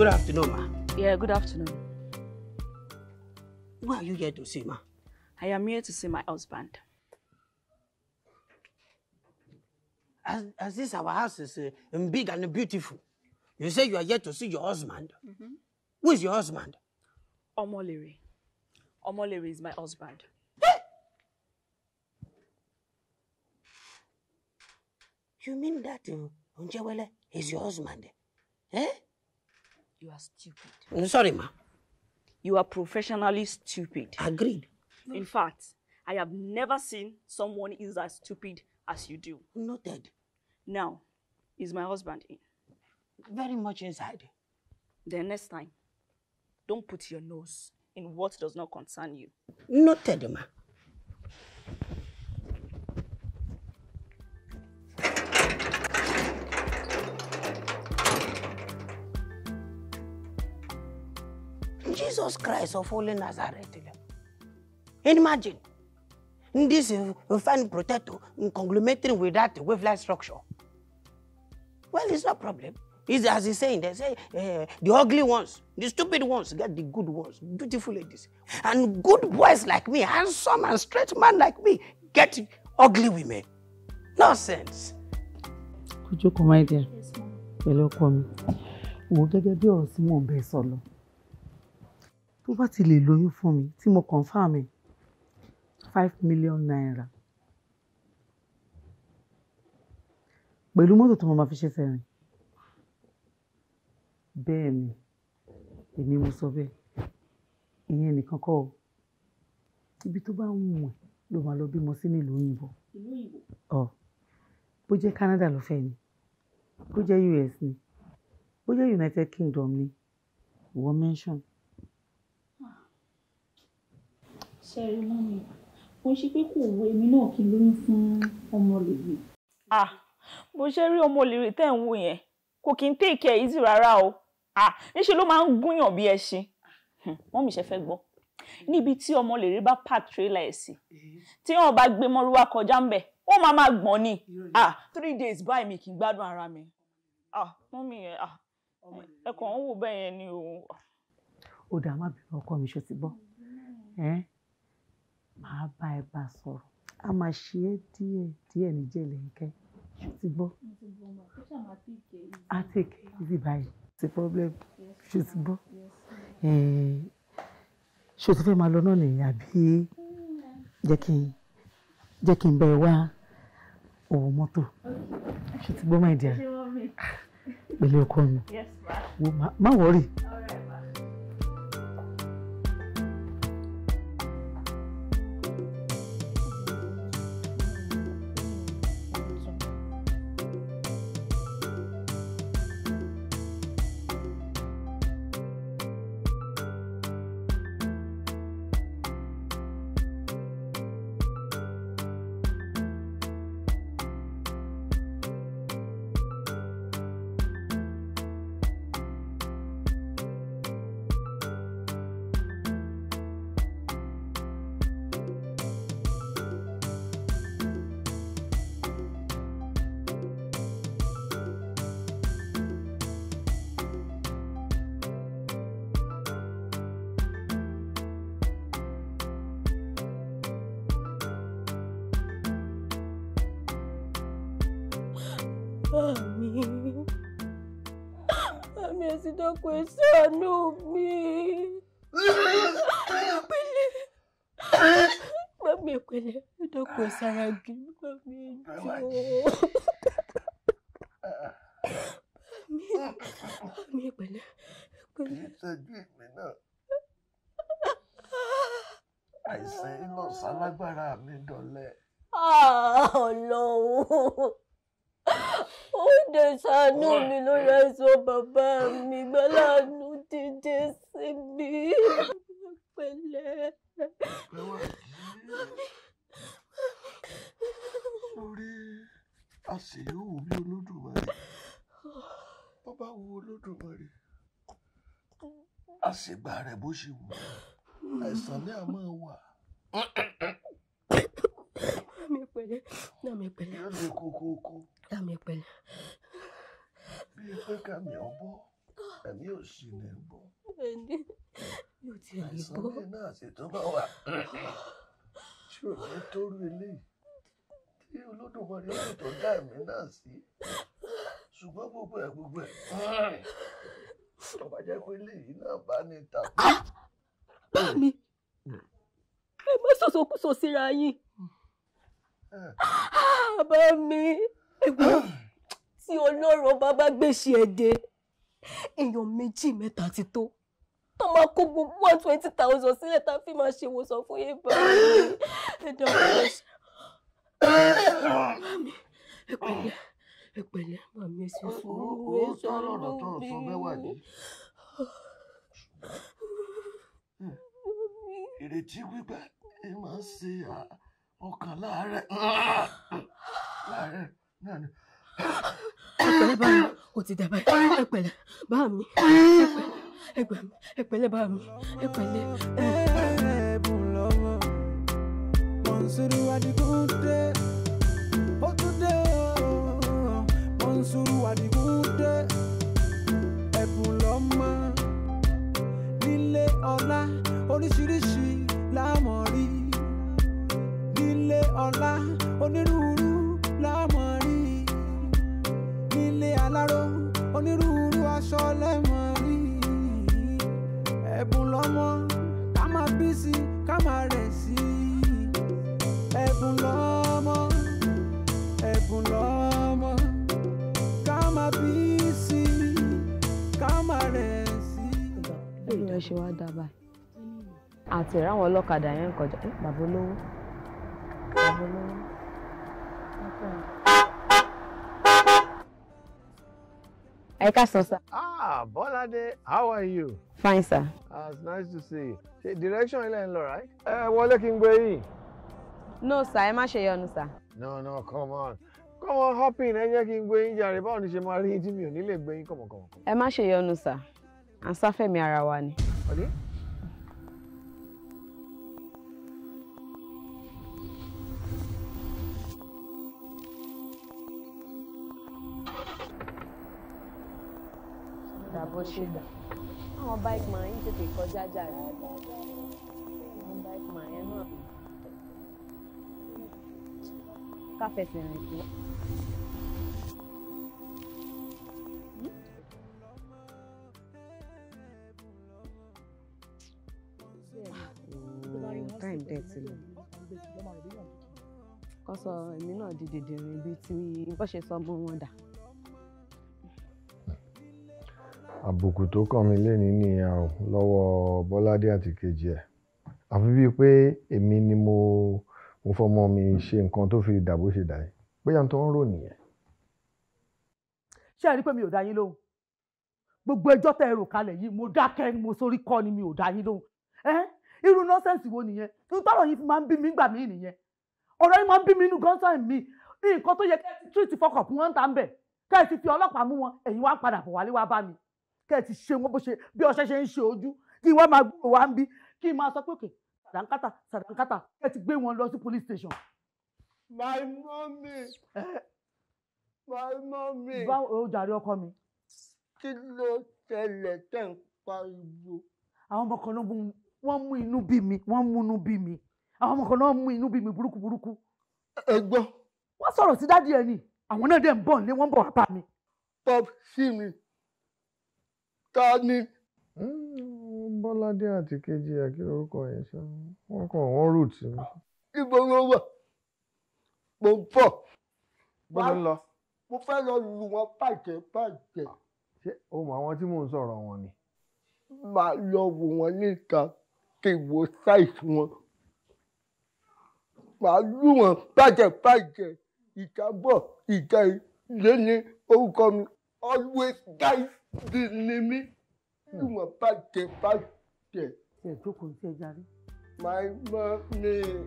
Good afternoon, ma. Yeah, good afternoon. Why are you here to see, ma? I am here to see my husband. As, as this our house is uh, big and beautiful, you say you are here to see your husband. Mm -hmm. Who is your husband? Omoleri. Omoleri is my husband. you mean that uh, Unjewele is your husband? Eh? You are stupid. I'm mm, sorry, ma. You are professionally stupid. Agreed. In fact, I have never seen someone is as stupid as you do. Noted. Now, is my husband in? Very much inside. Then next time, don't put your nose in what does not concern you. Noted, ma. Jesus Christ of Holy Nazareth. And imagine this uh, fine protector conglomerating with that wave-like structure. Well, it's no problem. It's as he's saying, they say uh, the ugly ones, the stupid ones, get the good ones, beautiful ladies. And good boys like me, handsome and straight man like me, get ugly women. Nonsense. Kò jókòó, my dear. Yes, ma'am. Pẹ̀lú ọkọ mi. Wo gẹ́gẹ́ bí ọ̀rọ̀ sí tó bá ti lè lóyún fún mi tí mo confirm ẹ̀ five million naira pẹ̀lú mọ́tò tó mo máa fi ṣe sẹ́rìn bẹ́ẹ̀ ni èmi mo sọ bẹ́ẹ̀ ìyẹn nìkan kọ́ ọ ibi tó bá ń wọ̀n ló máa lọ bímọ sí nílùú òyìnbó ọ bó jẹ́ Canada ló fẹ́ ni bó jẹ́ US ni bó jẹ́ United Kingdom ni ìwọ mention ṣẹ́rí mọ́ mi mo ṣe pé kò wo èmi náà kí n lóyún fún ọmọ lèrè. ah mo ṣe rí ọmọ lèrè tẹ́ ń wò yẹn kò kí n take care easy rárá o ah níṣẹ́ ló máa ń gúnyàn bí ẹṣin wọ́n hmm, mi ṣe fẹ́ gbọ́ níbi tí ọmọ lèrè bá park trailer ẹ̀ sí tí wọ́n bá gbé mọ́rúwá kọjá ń bẹ̀ wọ́n máa máa gbọ́n ni ah three days báyìí mi kì í gbádùn ara mi ah mọ́ mi ah ẹ̀kọ́ ń wò bẹ́ẹ̀ yẹn ni o. ó dàá má bínú ọkọ mi ṣó ti gbọ́ màá bá ẹ bá sọ̀rọ̀ a máa ṣe é díẹ̀ díẹ̀ ní jẹ̀lẹ̀ńkẹ́ ṣùtì gbọ́ a ti kẹ́ ibi báyìí ti problem ṣùtì gbọ́ ṣùtì fẹ́ máa lọ náà nìyí àbí jẹ́ kí n jẹ́ kí n bẹ̀ wá owó mọ́tò ṣùtì gbọ́ máa dì á pẹ̀lú ọkọ mi má wọ̀ọ́rì. Saragi bá mi jọ. Bá mi pẹ̀lẹ́ pẹ̀lẹ́. Kì í ṣẹ́jú ìpín náà. Àìsàn ìlọ̀sà lágbára mi dọ̀lẹ́. Ah, Ọlọ́run ó dé ṣàánú mi lórí ẹ̀sùn bàbá mi gbọ́láàánú dídé síbi pẹ̀lẹ́. a sì yóò wù bí olódùmarè bó bá wù olódùmarè a sì gbà rẹ̀ bó ṣe wù àìsàn ní a máa wà. Dàmí pẹ̀lẹ́, dàmí pẹ̀lẹ́. Yóò lè kókóókó. Dàmí pẹ̀lẹ́. Bí ẹgbẹ́ kàmí ọ̀bọ, ẹ̀mí ò sì ní bọ́. Bẹ́ẹ̀ni, yóò ti rí bọ́. Àìsàn náà sì tó bá wà. Ṣé o ní tó eléyìí? sí olódùmọ̀lẹ́ ọ̀rọ̀ tó dá èmi náà sí ṣùgbọ́n gbogbo ẹ̀ gbogbo ẹ̀ tó bá jẹ́ pé léyìí náà bá ní tàbí. bá mi ẹ má sòsòkúsò síra yín ah, bá mi tí ọlọ́run bá bá gbèsè ẹ̀ dé èèyàn méjì mẹ́ta ti tó tó máa kó gbogbo one twenty thousand sílẹ̀ tá a fi máa ṣe fún yín báyìí ẹ dàgbà ẹ ṣe. Mami, ẹ pẹ̀lẹ́, ẹ pẹ̀lẹ́, mami ẹ ṣe sùúrù. Ó sọ lọ́rọ̀ tó sọ mẹ́wàá ni. Ìrètí gbígbà ẹ máa ń ṣe ọkàn láàárẹ̀. Láàárẹ̀ náà ni. Ẹ pẹ̀lẹ́ bá mi, ó ti dàbá yìí. Ẹ pẹ̀lẹ́ bá mi, ẹ pẹ̀lẹ́ bá mi, ẹ pẹ̀lẹ́. Monsuru Adigunde ó tún dé o Monsuru Adigunde ẹ̀bùn lọ́mọ nílé ọlá oríṣiríṣi lámọ̀ rí nílé ọlá onírúurú lámọ̀ rí nílé aláró onírúurú aṣọ lẹ́mọ̀ rí ẹ̀bùn lọ́mọ ká máa bí sí ká máa rẹ̀ sí i ẹ̀bùn lọ́mọ ẹ̀bùn lọ́mọ ká má bí sí i ká má rẹ̀ sí i. bẹ́ẹ̀ ọlọ́kadà yẹn ń kọjá eh, bàbá olówó bàbá olówó. Ẹ káàsán sir. Ah, Bọ́ládé, how are you? Fine sir. Ah, it's nice to see you. direction ilẹ̀ ń lọ, right? Ẹ wọlé kí n gbé yìí no sir ẹ má ṣe yọnu sir. no no come on come on hopping ẹ jẹ́ kí n gbé yín jàre báwo ni ṣe máa rí tí mi ò ní lè gbé yín kọ̀mọ̀kọ̀mọ̀. ẹ má ṣe yọnu sir à ń sáfẹ̀mí ara wa ni. ọ̀dẹ́. bó ṣe gbà. àwọn bike man yìí tètè kọjá jà rẹ̀. àwọn bike man yẹn náà. ká fẹsẹ̀ rìn tó. time dẹ̀ ti lọ kọ́ sọ èmi náà di dèdèrè bíi ti bó ṣe sọ mọ́ wọn dà. àbùkù tó kàn mí lénìí nìyẹn o lọ́wọ́ Bọ́ládé àti kejì ẹ̀ àfi bíi pé èmi ni mo. Mo mo fọmọ mi ṣe nǹkan tó fi dàbò ṣe dà yìí bóyá n tó ń rò nìyẹn. ṣé ẹ rí pé mi ò dá yín lóhùn gbogbo ẹjọ́ tẹ ẹrù kalẹ̀ yìí mo dákẹ́ mo sórí kọ́ ni mi ò dá yín lóhùn ẹ́ irú nọ́sẹ̀nsì wo nìyẹn nítorọ̀ yìí máa ń bí mi gbà mí nìyẹn ọ̀rọ̀ yìí máa ń bí mi inú gọ́ńtàn mi nǹkan tó yẹ kẹ́ ẹ ti tírìtì fọkàn fún wọn ń ta ń bẹ̀ kẹ́ ẹ ti fi ọlọ́pàá mú wọn ẹ̀yin wá ń padà bọ̀ wálé wá bá mi kẹ́ ẹ ti ṣe wọn bó ṣe bí ọṣẹ ṣe ń ṣe ojú kí wọ́n máa gbúrò wá ń bí kí n máa sọ pé òkè sàdánkátà sàdánkátà ẹ ti gbé wọn lọ sí police station. my mommy my mommy. báwo o jàre ọkọ mi. kí ló ṣẹlẹ̀ tẹ̀ ń pariwo. àwọn ọmọ kan náà mú inú bí mi wọ́n mú inú bí mi àwọn ọmọ mú inú bí mi burúkú burúkú. ẹ gbọ́. wọ́n sọ̀rọ̀ sí dádì ẹ̀ ni àwọn náà dẹ̀ ń bọ̀ nílé wọ́n bọ̀ wá bá mi. pop sí mi ta ni Kọ́ládé àti Kejì Àkí orúkọ yẹn ṣá wọ́n kàn wọ́n root mi. ibo ló wà mo ń bọ̀. bó ló ń lọ. mo fẹ́ lọ lù wọ́n bàjẹ́ bàjẹ́. ṣé o mọ àwọn tí mò ń sọ̀rọ̀ wọn ni. màá lọ wò wọ́n níta kí n wo ṣáìsì wọn. màá lù wọ́n bàjẹ́ bàjẹ́ ìjábọ̀ ìjà ilé ni orúkọ mi always guys di ni mí lù wọ́n bàjẹ́ bàjẹ́ tiẹ̀. tiẹ̀ tó kò tiẹ̀ jáde. my mommy.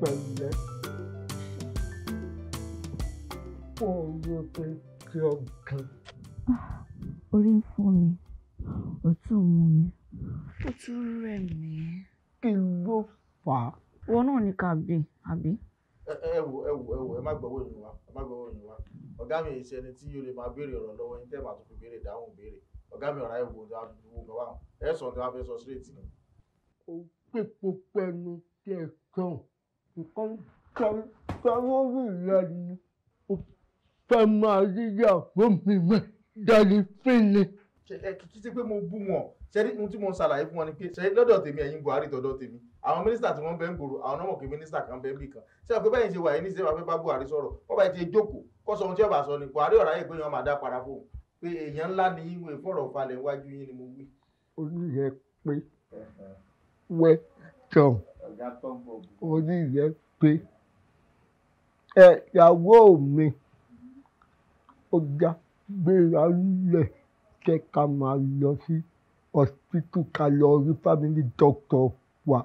pẹ̀lẹ́ oorun tó kí ọ̀gán. orí ń fọ́ mi ọ̀tún mú mi ó tún rẹ̀ mí. kí ló fà á. wọn náà ní ká bí àbí. ẹ ẹ wò ẹ wò ẹ wò ẹ má gbọ́ owó ìrìn wa ẹ má gbọ́ owó ìrìn wa ọ̀gá mi èsì ẹni tí yóò lè máa béèrè ọ̀rọ̀ lọ́wọ́ yín tẹ́ẹ̀ bá tó fi béèrè ìdáhùn béèrè ọ̀gá mi ọ̀rá ìwò tó wàá fi gbogbo àwọn ẹ̀sán tó wàá fẹ́ sọ síréètì ni. ó pè púpọ̀ ẹnu tí ẹ kàn nǹkan sáwọ́rì ìlànà ó fẹ́ máa rí ìyàwó mi mẹ́ dání fínni. ẹ kìkì sí pé mo bú wọn ṣe ohun tí mo ṣàlàyé fún wọn ni pé ṣe lọ́dọ̀ tèmi ẹ̀yin Buhari tọ́dọ̀ tèmi àwọn mínísítà tí wọ́n bẹ ń gbòòrò àwọn ọmọ kì í mínísítà kan bẹ ń bì kan ṣé àpò bẹ́ẹ̀ ń ṣe wà yìí níṣẹ́ wàá fẹ́ bá Buhari sọ̀rọ̀ wọ́n bá ti jókòó kó ohun tí ọba sọ ni Buhari ọ̀rá yẹ pé èèyàn máa dá para fóun pé èèyàn ńlá ni ìwé fọ̀rọ̀ falẹ̀ wájú yín ni mo wí. oníyẹ pé wẹ tán oníyẹ pé ẹ̀yàwó mi ó já gbéra lẹ̀ kẹ́ ká máa lọ sí hospital ká lọ rí family doctor wa.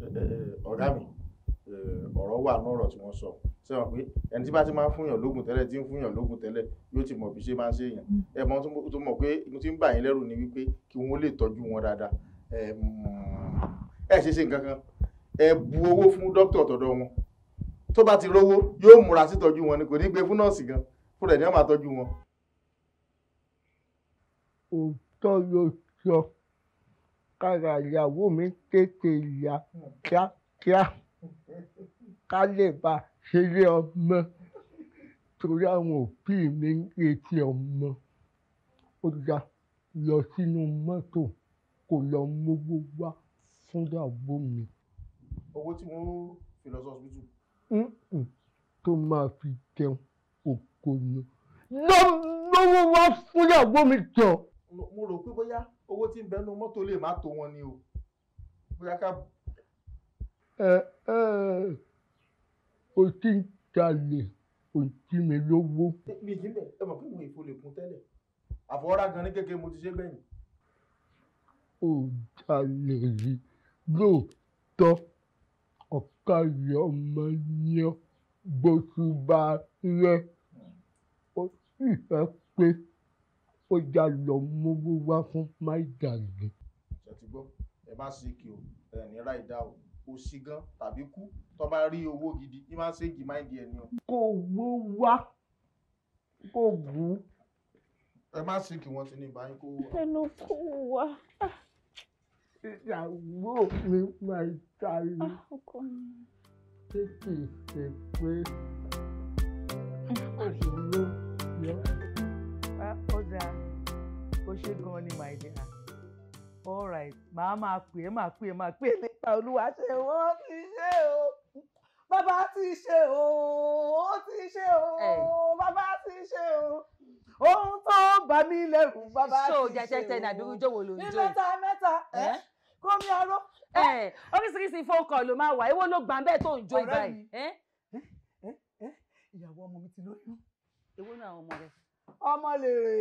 Eh, ọ̀gá mi eh, ọ̀rọ̀ wà nọ̀rọ̀ tí wọ́n sọ ṣe wọn pé ẹni tí bá ti máa ń fúnyàn lógún tẹ́lẹ̀ tí ń fúnyàn lógún tẹ́lẹ̀ yóò ti mọ̀ bí ṣe máa ń ṣe èèyàn ẹ mọ tó mọ̀ pé mo ti ń bà yín lẹ́rù ni wípé kí wọ́n lè tọ́jú wọn dáadáa ẹ ṣe ṣe nǹkan kan ẹ bu owó fún dókítà tọ̀dọ̀ wọn tó bá ti rówó yóò múra sí tọ́jú wọn ni kò ní gbé fún nọ́ọ̀sì gan fúnra ẹ̀ ní wọ́n máa tọ́jú wọn. òótọ́ ló sọ kára ìyàwó mi tètè yá kíákíá ká lè bá ṣeré ọmọ torí àwọn òbí mi ń retí ọmọ ó dá lọ sínú mọ́tò kó lọ mówó wá fún ìyàwó mi. owó tí wọ́n fi lọ sọ́sibítù. tó máa fi jẹun òkò ni lọ́wọ́ wá fún ìyàwó mi jọ. mo rò pé bóyá owó tí ń bẹnu mọ́tò lè má tó wọn ni o bóyá ká. ẹ o ti ń jalè o jí mi lówó. mi jí mi ẹ mọ̀ pé mo ìfò lè kún tẹ́lẹ̀ àfọwọ́rá gan ní kékeré mo ti ṣe bẹ́yìn. o jalè yìí lóòótọ́ ọ̀ka yọ ọmọ yẹn bó ti rẹ ó sì fẹ́ pé ó yá lọ mówó wá fún máìdàgbé. ṣètìgbọ́ ẹ má ṣe kí o ẹ ní ra ìdá o kò sí gan tàbí kú tó bá rí owó gidi ní máa ń ṣègì máìdì ẹ ni o. kò wó wá kò wú. ẹ má ṣe kí wọ́n ti ní báyìí kó wá. ẹnu kò wá. ìyàwó mi máa ń tayọ. ọkọ mi. ṣé kì í ṣe pé. Thank you dáadáa ó ṣe gan ni my dear all right màá máa pè é máa pè é máa pè é nípa olúwa ṣe wọ́n ti ṣe o bàbá ti ṣe o ó ti ṣe o bàbá ti ṣe o ohun tó ń bà mí lẹ́rù bàbá ti ṣe o. ṣó jẹ́jẹ́ náà dúró jòwó ló ń jó yìí. ní mẹ́ta mẹ́ta ẹ̀ eh? kó mi aró. Eh, oríṣiríṣi phone call ló máa wà èwo ló gbà bẹ́ẹ̀ tó ń jó ìgbà yìí. ìyàwó ọmọ mi ti lóyún. èwo ni àwọn ọmọ rẹ ọmọ lèrè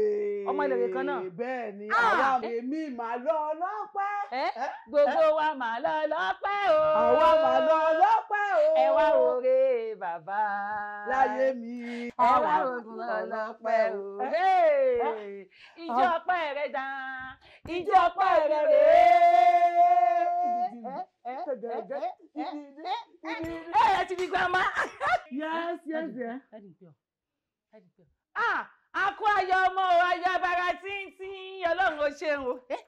ọmọ lèrè kan náà bẹ́ẹ̀ ni àwa èmi màá lọ lọ́pẹ́. gbogbo wa màá lọ lọ́pẹ́ o. àwa màá lọ lọ́pẹ́ o. ẹ wá òre bàbá. láyé mi. ẹ wá ògùn ọlọ́pẹ́ o. ìjọ ọpẹ́ rẹ dán. ìjọ ọpẹ́ rẹ rèé ẹ ti di gbàmà. yes yes. ah a kó ayọ̀ ọmọ o ayọ̀ abara tíntín ọlọ́run ó ṣeun o. Eh?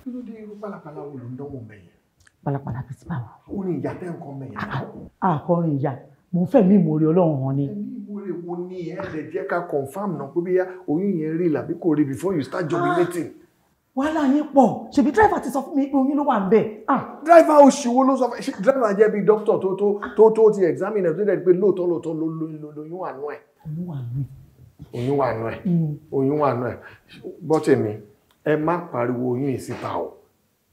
kí ló dé irú pálapàla wo ló ìyá tẹ́ nǹkan mẹ́yìn. àkọrin ah, ah, ìyá mo fẹ́ mi ìmoore ọlọ́run hàn ni. ẹni ìmoore wo ni ẹ lè jẹ́ ká confam náà pé bí oyún yẹn rí làbí kò rí before you start jubilating wàhálà yín pọ̀ ṣèbí dráìvà ti sọ fún mi pé oyún ló wà ń bẹ̀. Ah. dráìvà òṣìwò ló sọ fún dráìvà jẹ́ bí dókítà tó tó tó ti examine ẹ̀ tó dẹ̀ pé lóòótọ́ lóòótọ́ lóyún wà nù ẹ̀. oyún wà nù ẹ̀ oyún wà nù ẹ̀ hmm. bọ́tẹ̀ mi ẹ má pariwo oyún yìí síta o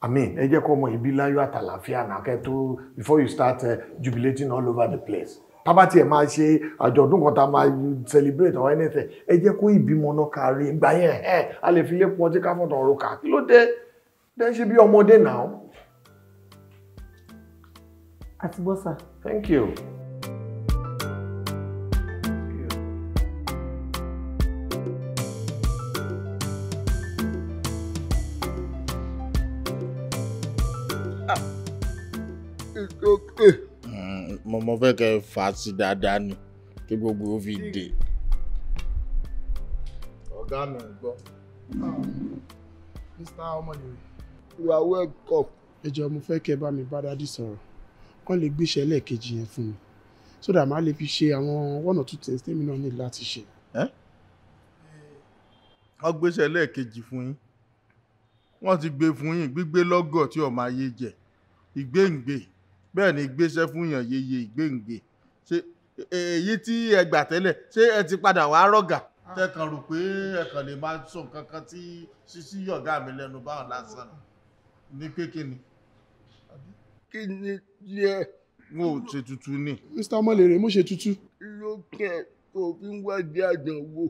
àmín ẹ jẹ́ kó ọmọ ìbí láyọ̀ àtàlàfíà nàkẹ́ tó before you start uh, jubilating all over the place tá bá tiẹ̀ máa ṣe àjọ̀dún kan tá máa celebrate or anything ẹ jẹ́ kó ìbímọ náà kárí ìgbà yẹn ẹ a lè fi lépo ọtí ká fọ̀tàn ọ̀rọ̀ kà kí ló dé dé ṣe bí ọmọdé náà. àti bọ́sà. thank you. mo fẹ́ kẹ́ fà á sí dáadáa ni kí gbogbo ó fi dè. ọ̀gá mi ń gbọ́ mr ọmọlẹ́rẹ́ you are welcome. ẹ jọ̀ọ́ mo fẹ́ kẹ́ bá mi bá dádì sọ̀rọ̀ kán lè gbéṣẹ́ lẹ́ẹ̀kejì yẹn fún mi so that màá lè fi ṣe àwọn one or two things tèmi náà ní láti ṣe. wọ́n gbéṣẹ́ lẹ́ẹ̀kejì fún yín wọ́n ti gbé fún yín gbígbé lọ́gọ̀ tí ọmọ ayé jẹ ìgbéǹgbè bẹ́ẹ̀ ni gbéṣẹ́ fún yàn yeye ìgbéǹgbè ṣe èyí tí ẹ gbà tẹ́lẹ̀ ṣé ẹ ti padà wàá rọ̀gà tẹ́kàn rò pé ẹ̀kàn lè máa sọ nǹkan kan tí ṣíṣí yọ̀gá mi lẹ́nu báwọn lásán ní pé kí ni. kí ni díẹ̀. mo ṣe tutu ni. mr ọmọlèrè mo ṣe tutu. lókè tó fi ń wádìí àdánwò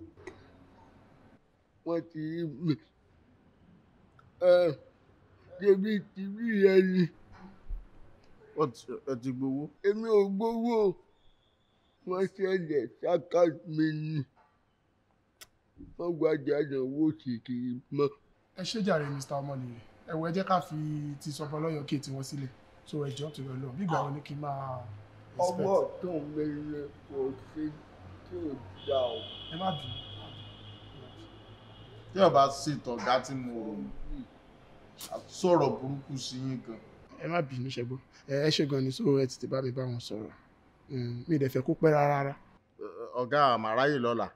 wọ́n ti rí mi. ẹ ṣe bí tìbí yẹn ni ẹ ti gbowó. èmi ò gbowó wọ́n ṣẹlẹ̀ ṣáká mi ni wọ́n gba jáde owó sí kiri mọ́. ẹ ṣe jàre mr ọmọnìyàn ẹ̀wọ̀ ẹ jẹ́ ká fi ti sọ̀bọ̀ lọ́yọ̀ kí tiwọn sílẹ̀ tó ẹjọ́ tó yọ lọ bí ìgbà wọn ni kí n máa. ọmọ tó ń gbẹlẹ kò ṣe tí ò dá o. ẹ má bínú. tí ọba sì tọ̀gá tí mo rò sọ̀rọ̀ burúkú sí yín gan ẹ má bínú ṣẹgbọn ẹ ṣe gan ni so ẹ ti bá mi bá wọn sọ̀rọ̀ hmm, mi dẹ̀ fẹ́ kó pẹ́ rárá. ọ̀gá àmàráyè lọ́la.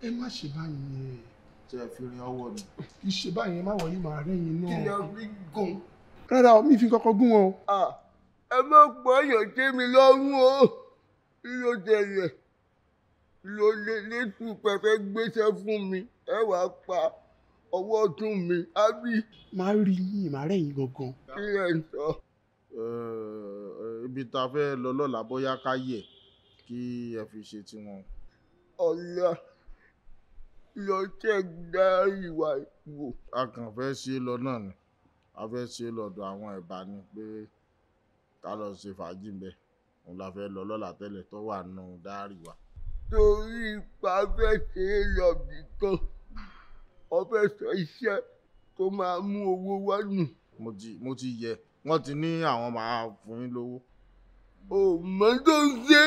ẹ má ṣe báyìí ni tẹ fi rin ọwọ́ mi. kì í ṣe báyìí ẹ má wọlé màá rẹ́yìn náà. kí rí gùn. rárá mi fi kọ́kọ́ gún wọn. ẹ má pọ̀ yàn mi lọ́rùn o ló jẹ̀yẹ̀ ló lè lè tún pẹ̀fẹ́ fún mi ẹ wàá pa ọwọ́ tún mi á rí. máa rí yín máa rẹ̀yìn gangan. kí ẹ sọ. Eh, ibi tá a fẹ́ lọ lọ́la bóyá ká yẹ kí ẹ fi ṣe tiwọn. ọ̀la lọ tẹ́ dá ìwà wò. a kàn fẹ́ ṣe é lọ náà ni a fẹ́ ṣe é lọ́dọ̀ àwọn ẹ̀bà ni pé ká lọ ṣe fàájì ń bẹ̀ òun la fẹ́ lọ lọ́la tẹ́lẹ̀ tó wà nù dárì wa. torí ipa fẹ́ ṣe é lọ bìkan ó fẹ́ sọ iṣẹ́ tó máa mú owó wá nù. mo ti mo ti yẹ wọ́n ti ní àwọn máa fún yín lówó. o mọ tó ń ṣe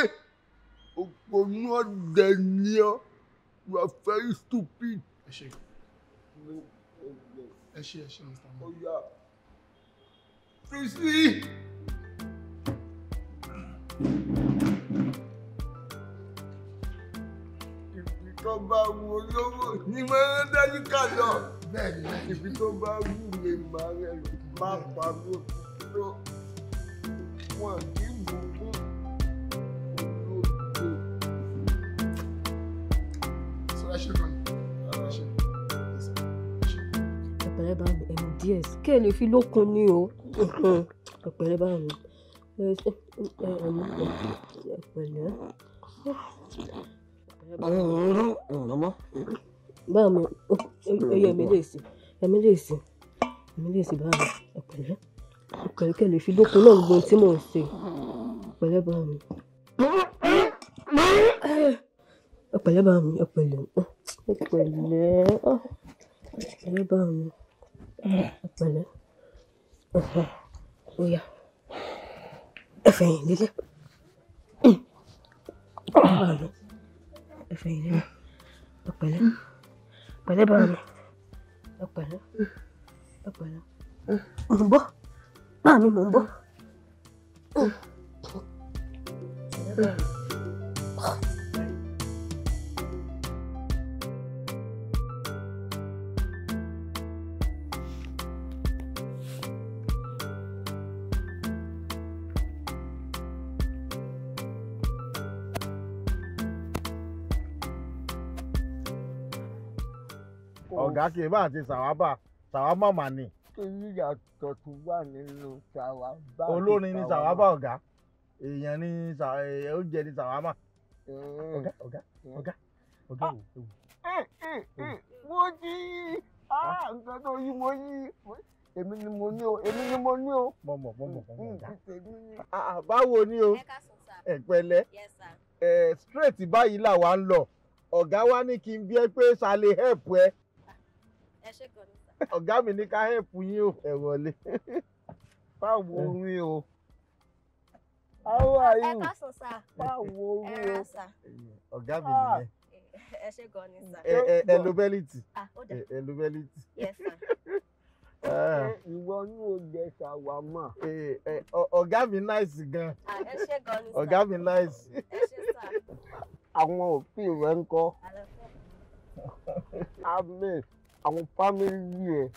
òpònú ọdẹ ni ọ you are very stupid. ẹ ṣe ẹ ṣe ẹ ṣe mr mo. ọ̀ya Christy. tó bá wù olówó ní mẹ́rin dájú ká lọ. bẹ́ẹ̀ni ibi tó bá wù lè má rẹ má pa ló ló wọn kì í bù fún olóògbé. sọlá ṣe kàn ní. ẹ̀pẹ̀rẹ̀ bá mi ẹ̀mí díẹ̀ sí kí ẹ lè fi lókun ní o ẹ̀pẹ̀rẹ̀ bá mi ẹ̀pẹ̀rẹ̀ báwo oyè ẹ̀mí lè sí ẹ̀mí lè sí ẹ̀mí lè sí báwo ọ̀pẹ̀lẹ́ ọ̀pẹ̀lẹ́ kẹ̀lẹ́ fi dókun náà gbọ́n tí mò ń ṣe ọ̀pẹ̀lẹ́ báwo mi ọ̀pẹ̀lẹ́ báwo mi ọ̀pẹ̀lẹ́ ọ̀pẹ̀lẹ́ ọ̀pẹ̀lẹ́ báwo mi ọ̀pẹ̀lẹ́ ọ̀yà ẹ̀fẹ̀yìn lílẹ̀ ẹ̀fẹ̀ yìí lẹ́yìn ọ̀pẹ̀lẹ́ pẹ̀lẹ́ bá mi ọ̀pẹ̀lẹ́ ọ̀pẹ̀lẹ́. mò ń bọ̀ bá mi mò ń bọ̀. Oh. ọ̀gá kì í bá àti ma ni. mà ìyàtọ̀ tó wà nínú olórin ni sàwábà ọ̀gá èèyàn ni eh, oúnjẹ ni sàwábà. Eh. ọ̀gá ọ̀gá eh. ọ̀gá ọ̀gá ah, wò. mo ti ah, ah. nǹkan tó yí mo yí èmi ni mo ní ni mo ní o. mọ̀ ni o ẹ straight báyìí làwa ń wa ní kí n bí ẹ pé help ẹ ẹ ṣe gan ni sà. ọ̀gá mi ní ká hẹ́ẹ̀pù yín ò ẹ̀ wọlé báwo rí o how are you ẹ ká sọ o ẹ ra sà ọ̀gá mi ah. nìyẹn ẹ ṣe gan ni sà. ẹ lo bẹ́líìtì ah, ẹ lo bẹ́líìtì. yes sir ìwọ ní oúnjẹ ṣàwámà. ọ̀gá mi náìsì gan. Ah, ẹ ṣe gan ni sá. ọ̀gá mi náìsì. ẹ ṣe sá. àwọn òfin rẹ ń kọ́. amen àwọn fámìlì ẹ̀.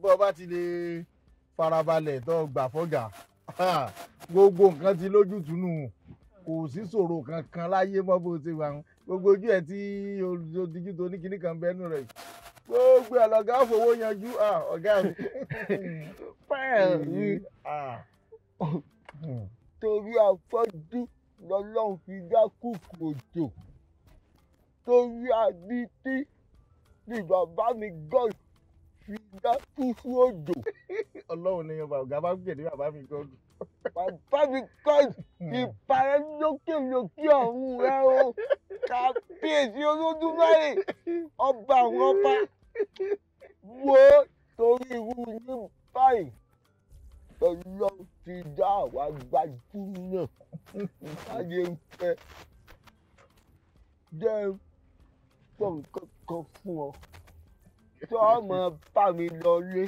bó o bá ti lè farabalẹ̀ tó gbà fọ́gà gbogbo nǹkan ti lójútùú nù kò sí ṣòro kankan láyé mọ́ bó ti wà gbogbo ojú ẹ̀ tí odijú tó ní kinní kan bẹ́ẹ̀ nù rẹ̀ gbogbo ẹ̀ lọ́gá fowó yanjú ọ̀gá mi. pẹ́ẹ́lí torí afọ́jú lọ́lọ́run fi dá kùkù òjò torí àbítí ni bàbá mi gọ́ọ̀dù fi dá fúfú òjò. ọlọ́run ni bàbá bá gbèdé bàbá mi gọ́ọ̀dù. bàbá mi gọ́ọ̀dù hmm. ìparẹ́ lókèlókè ọ̀hún rẹ o kàbíyèsí olódùmarè ọba àwọn ọba wo torí irú ní báyìí ọlọ́run ti dá àwa gbajúmọ̀ náà láyé ń fẹ́ jẹun sọ nǹkan kan fún ọ tó ọmọ bá mi lọlé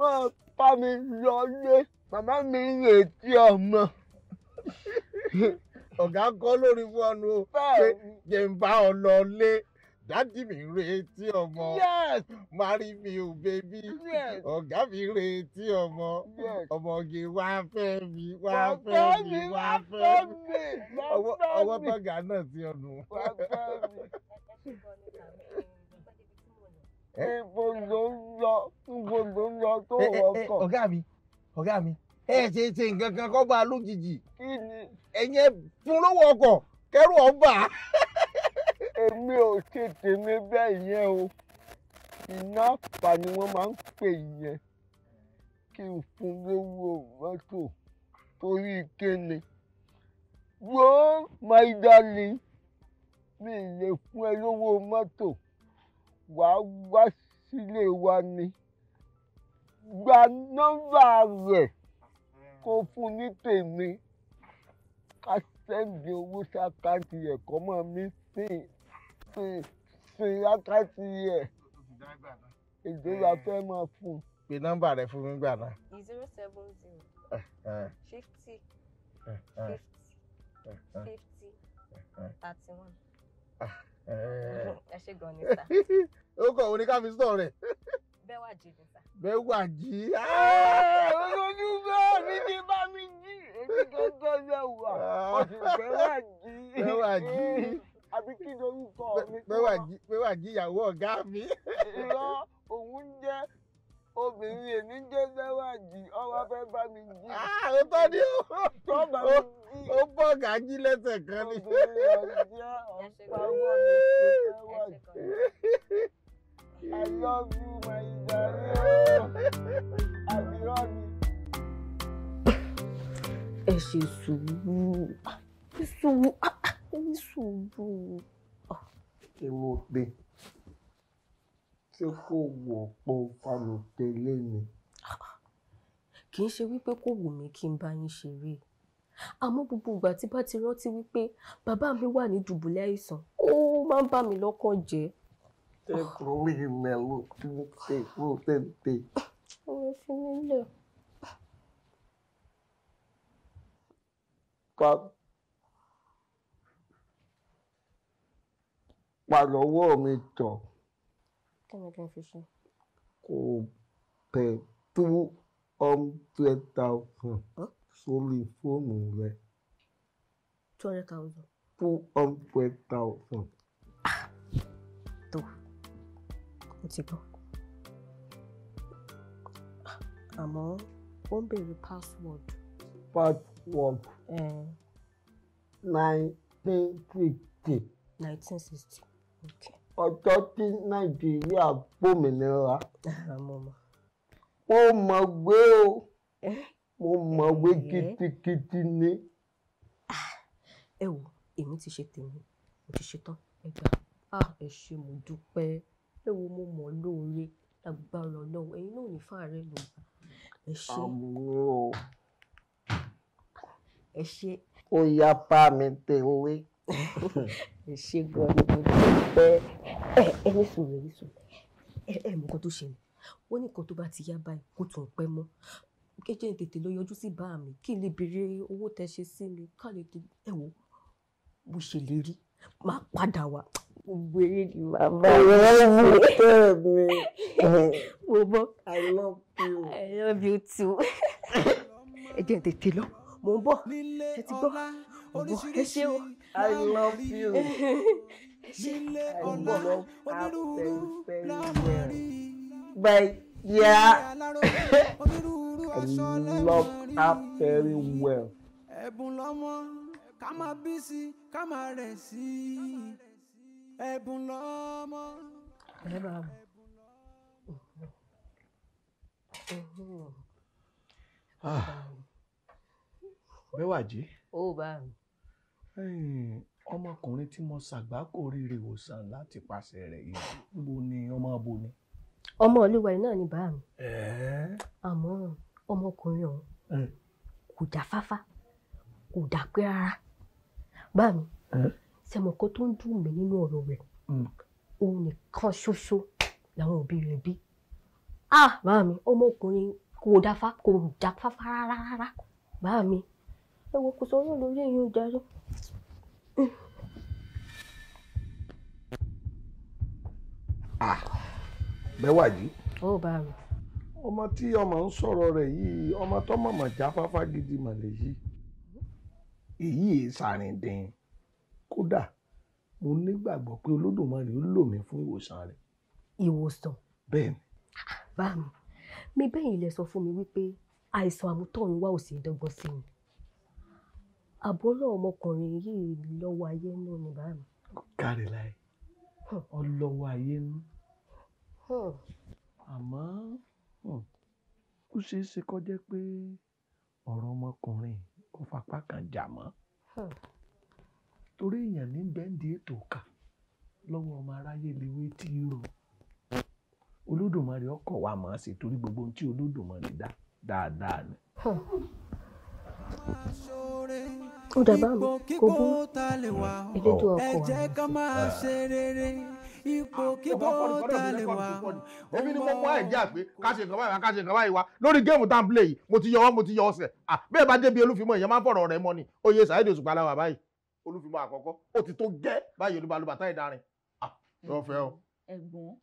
mọ bá mi lọlé màmá mi ń retí ọmọ. ọ̀gá kọ́ lórí fún ọ nu pé jẹ̀ ń bá ọ lọlé dádì mi retí ọmọ yes marry me o baby yes ọ̀gá mi retí ọmọ yes ọmọge wá fẹ́ mi wá fẹ́ mi wá fẹ́ mi ọwọ́ tọ́gà náà sí ọdún. wá fẹ́ mi. ibo ló ń lọ ibo ló ń lọ tó wọ́kọ̀. ọ̀gá mi ọ̀gá mi ẹ ṣe ṣe nǹkan kan kọ́ bá a lójijì ẹ̀yin fún lówó ọkọ̀ kẹ́rù ọ̀ bà á èmi ò ṣe tèmi bẹ́ẹ̀ yẹn o iná àpà ni wọ́n máa ń pè yẹn kí n fún lówó mọ́tò torí kíni wo my darling mi lè fún ẹ lówó mọ́tò wàá wá sílé wa ni gba nọ́mbà rẹ̀ kó fún ní tèmi ká sẹ́ǹdì owó ṣàkáǹtì ẹ̀kọ́ mọ́ mi sí i ṣe wákàtí yẹ ìjọba hmm. fẹ́ máa fún un. pe nọ́mbà rẹ fún mi gbà náà. zero seven zero fifty fifty fifty thirty one. ẹ ṣe gan ni sá. ó kọ̀ òní ká fi sọ̀rọ̀ rẹ̀. bẹ́ẹ̀ wà jí ni sá. bẹ́ẹ̀ wà jí. Ah! olójú bẹ́ẹ̀ mi ti bá mi jí èmi gángan yẹ wà ọ̀sùn jí. bẹ́ẹ̀ jí àbí kí ni orúkọ mi. mẹ́wàá jíyàwó ọ̀gá mi. irọ́ òun jẹ́ obìnrin èmi jẹ́ mẹ́wàájì ọwọ́ fẹ́ bá mi jí. Ah, ó tọ́ ni ó ó bọ́ ọ̀gá jí lẹ́sẹ̀ kan ni. obìnrin ṣe mẹ́wàájì. I love you my darling. àbírọ́ mi. ẹ ṣe sùúrù sùúrù. Ah, ah ní sùúrù. ewu òpè tí kò wù ọ̀pọ̀ fanu tẹ́lẹ̀ ni. kì í ṣe wípé kò wù mí kí n bá yín ṣeré àmọ́ gbogbo ìgbà tí bá ti rántí wípé bàbá mi wà ní dùbúlẹ̀ àìsàn ó máa ń bà mí lọ́kàn jẹ́. ẹkùn ah. mi ìmọ̀ ló ti ń pè ló ti ń pè. ọ̀rọ̀ fi pa lọ́wọ́ mi tọ̀ kò pẹ́ two hundred thousand sórí fóònù rẹ̀. two hundred thousand. two hundred thousand. Ah! tó o ti gbọ́ ah! àmọ́ ó ń béèrè password. password. Eh. nineteen fifty. nineteen sixty ọjọ́ tí nàìjíríà gbòmìnira mo mọ̀ gbé o mo mọ̀ gbé kitikiti ni. Ah, ẹ wo èmi ti ṣe tèmi mo ti ṣetán ẹ gbà ah, ẹ ṣe mo dúpẹ́ ẹ wo mo mọ̀ lóore lágbára ọlọ́run ẹ̀yin náà ní fàárẹ̀ ló gbà ẹ ṣe. àmúrò ẹ ṣe. ó yá bá mi tẹ̀wé. ẹ ṣe gan-an ẹ ní sùúrù ẹ ní sùúrù ẹ mọ nǹkan tó ṣẹlẹ̀ wọ́n ní nǹkan tó bá ti yá báyìí kó tún pẹ́ mọ́ kéjẹ tètè lọ yọjú sí bá mi kí n lè béèrè owó tẹ́ ṣe sí mi ká lè tẹ ẹ mo ṣèlérí máa padà wá gbogbo eré ni màmá mi ṣe mo bọ I love you I love you too ẹ jẹ́ tètè lọ mo ń ẹ ti gbọ́ mo bọ̀ ẹ ṣé o I love you. nílé ọlá onírúurú láwọn rí. But yeah, I love her very well. Ẹ̀bùn lọ́mọ ká máa bí sí ká máa rẹ̀ sí ẹ̀bùn lọ́mọ. Ẹ ah. Bẹ́wàjí. Ó bá mi ọmọkùnrin tí mo ṣàgbákò rírè ìwòsàn láti pàṣẹ rẹ̀ yìí níbo ni ọmọ abo ni. ọmọ olúwarẹ̀ náà ni bá mi àmọ́ ọmọkùnrin ọ̀hún kò jáfáfá kò dápé rárá bá mi sẹmọkọ tó ń dùn mí nínú ọ̀rọ̀ rẹ̀ mm. òun nìkan ṣoṣo làwọn òbí rẹ̀ bí ah bá mi ọmọkùnrin kò dáfá kò dáfáfá rárá rárá bá mi ẹ wo kò sọ ọ̀rọ̀ lórí èyí ó darí. Ah, Bẹ́wàjí. ó bá mi. ọmọ tí ọmọ ń sọ̀rọ̀ rẹ̀ yìí ọmọ tó mọ̀mọ̀ já fáfá gidi mà lèyí èyí sàrìndín kódà mo nígbàgbọ́ pé olódùmarè ó lò mí fún ìwòsàn rẹ̀. ìwòsàn. bẹ́ẹ̀ ni. bá mi mi bẹ́yìn ilẹ̀ sọ fún mi wípé àìsàn àmútọ̀run wá ò sí sí mi àbọ́lọ̀ ọmọkùnrin yìí lọ́wọ́ ayé nù ní báyìí. kárí láì ọlọ́wọ́ hmm. ayé nù hmm. àmọ́ hmm, ó ṣeé ṣe kó jẹ́ pé ọ̀rọ̀ ọmọkùnrin kò fapá kan jà mọ́ torí èèyàn ní bẹ́ńdì ètò kà lọ́wọ́ ọmọ aráyé lewé tí í rò olódùmarè ọkọ̀ wa mọ̀ ọ́ sí torí gbogbo ohun tí olódùmarè dá dáadáa ni ó dábàá mi kò bú elétò ọkọ wa. ẹ jẹ́ ká máa ah. ṣe rere ipò kíkó tálẹ̀ wá. èmi ni mo mú àìjẹ́ àpé ká ṣe nǹkan báyìí wá ká ṣe báyìí wá lórí géèmù tá à ń play yìí mo ti yọ ọ́ mo ti yọ ọ̀sẹ̀ bẹ́ẹ̀ bá débi olúfimọ́ èèyàn máa ń fọ̀rọ̀ rẹ̀ mọ́ ni oyè Saheed Òṣùpá la wà báyìí olúfimọ́ àkọ́kọ́ ó ti tó gẹ́ báyìí olúbalùbà táyì dárin. ẹ̀gbọ́n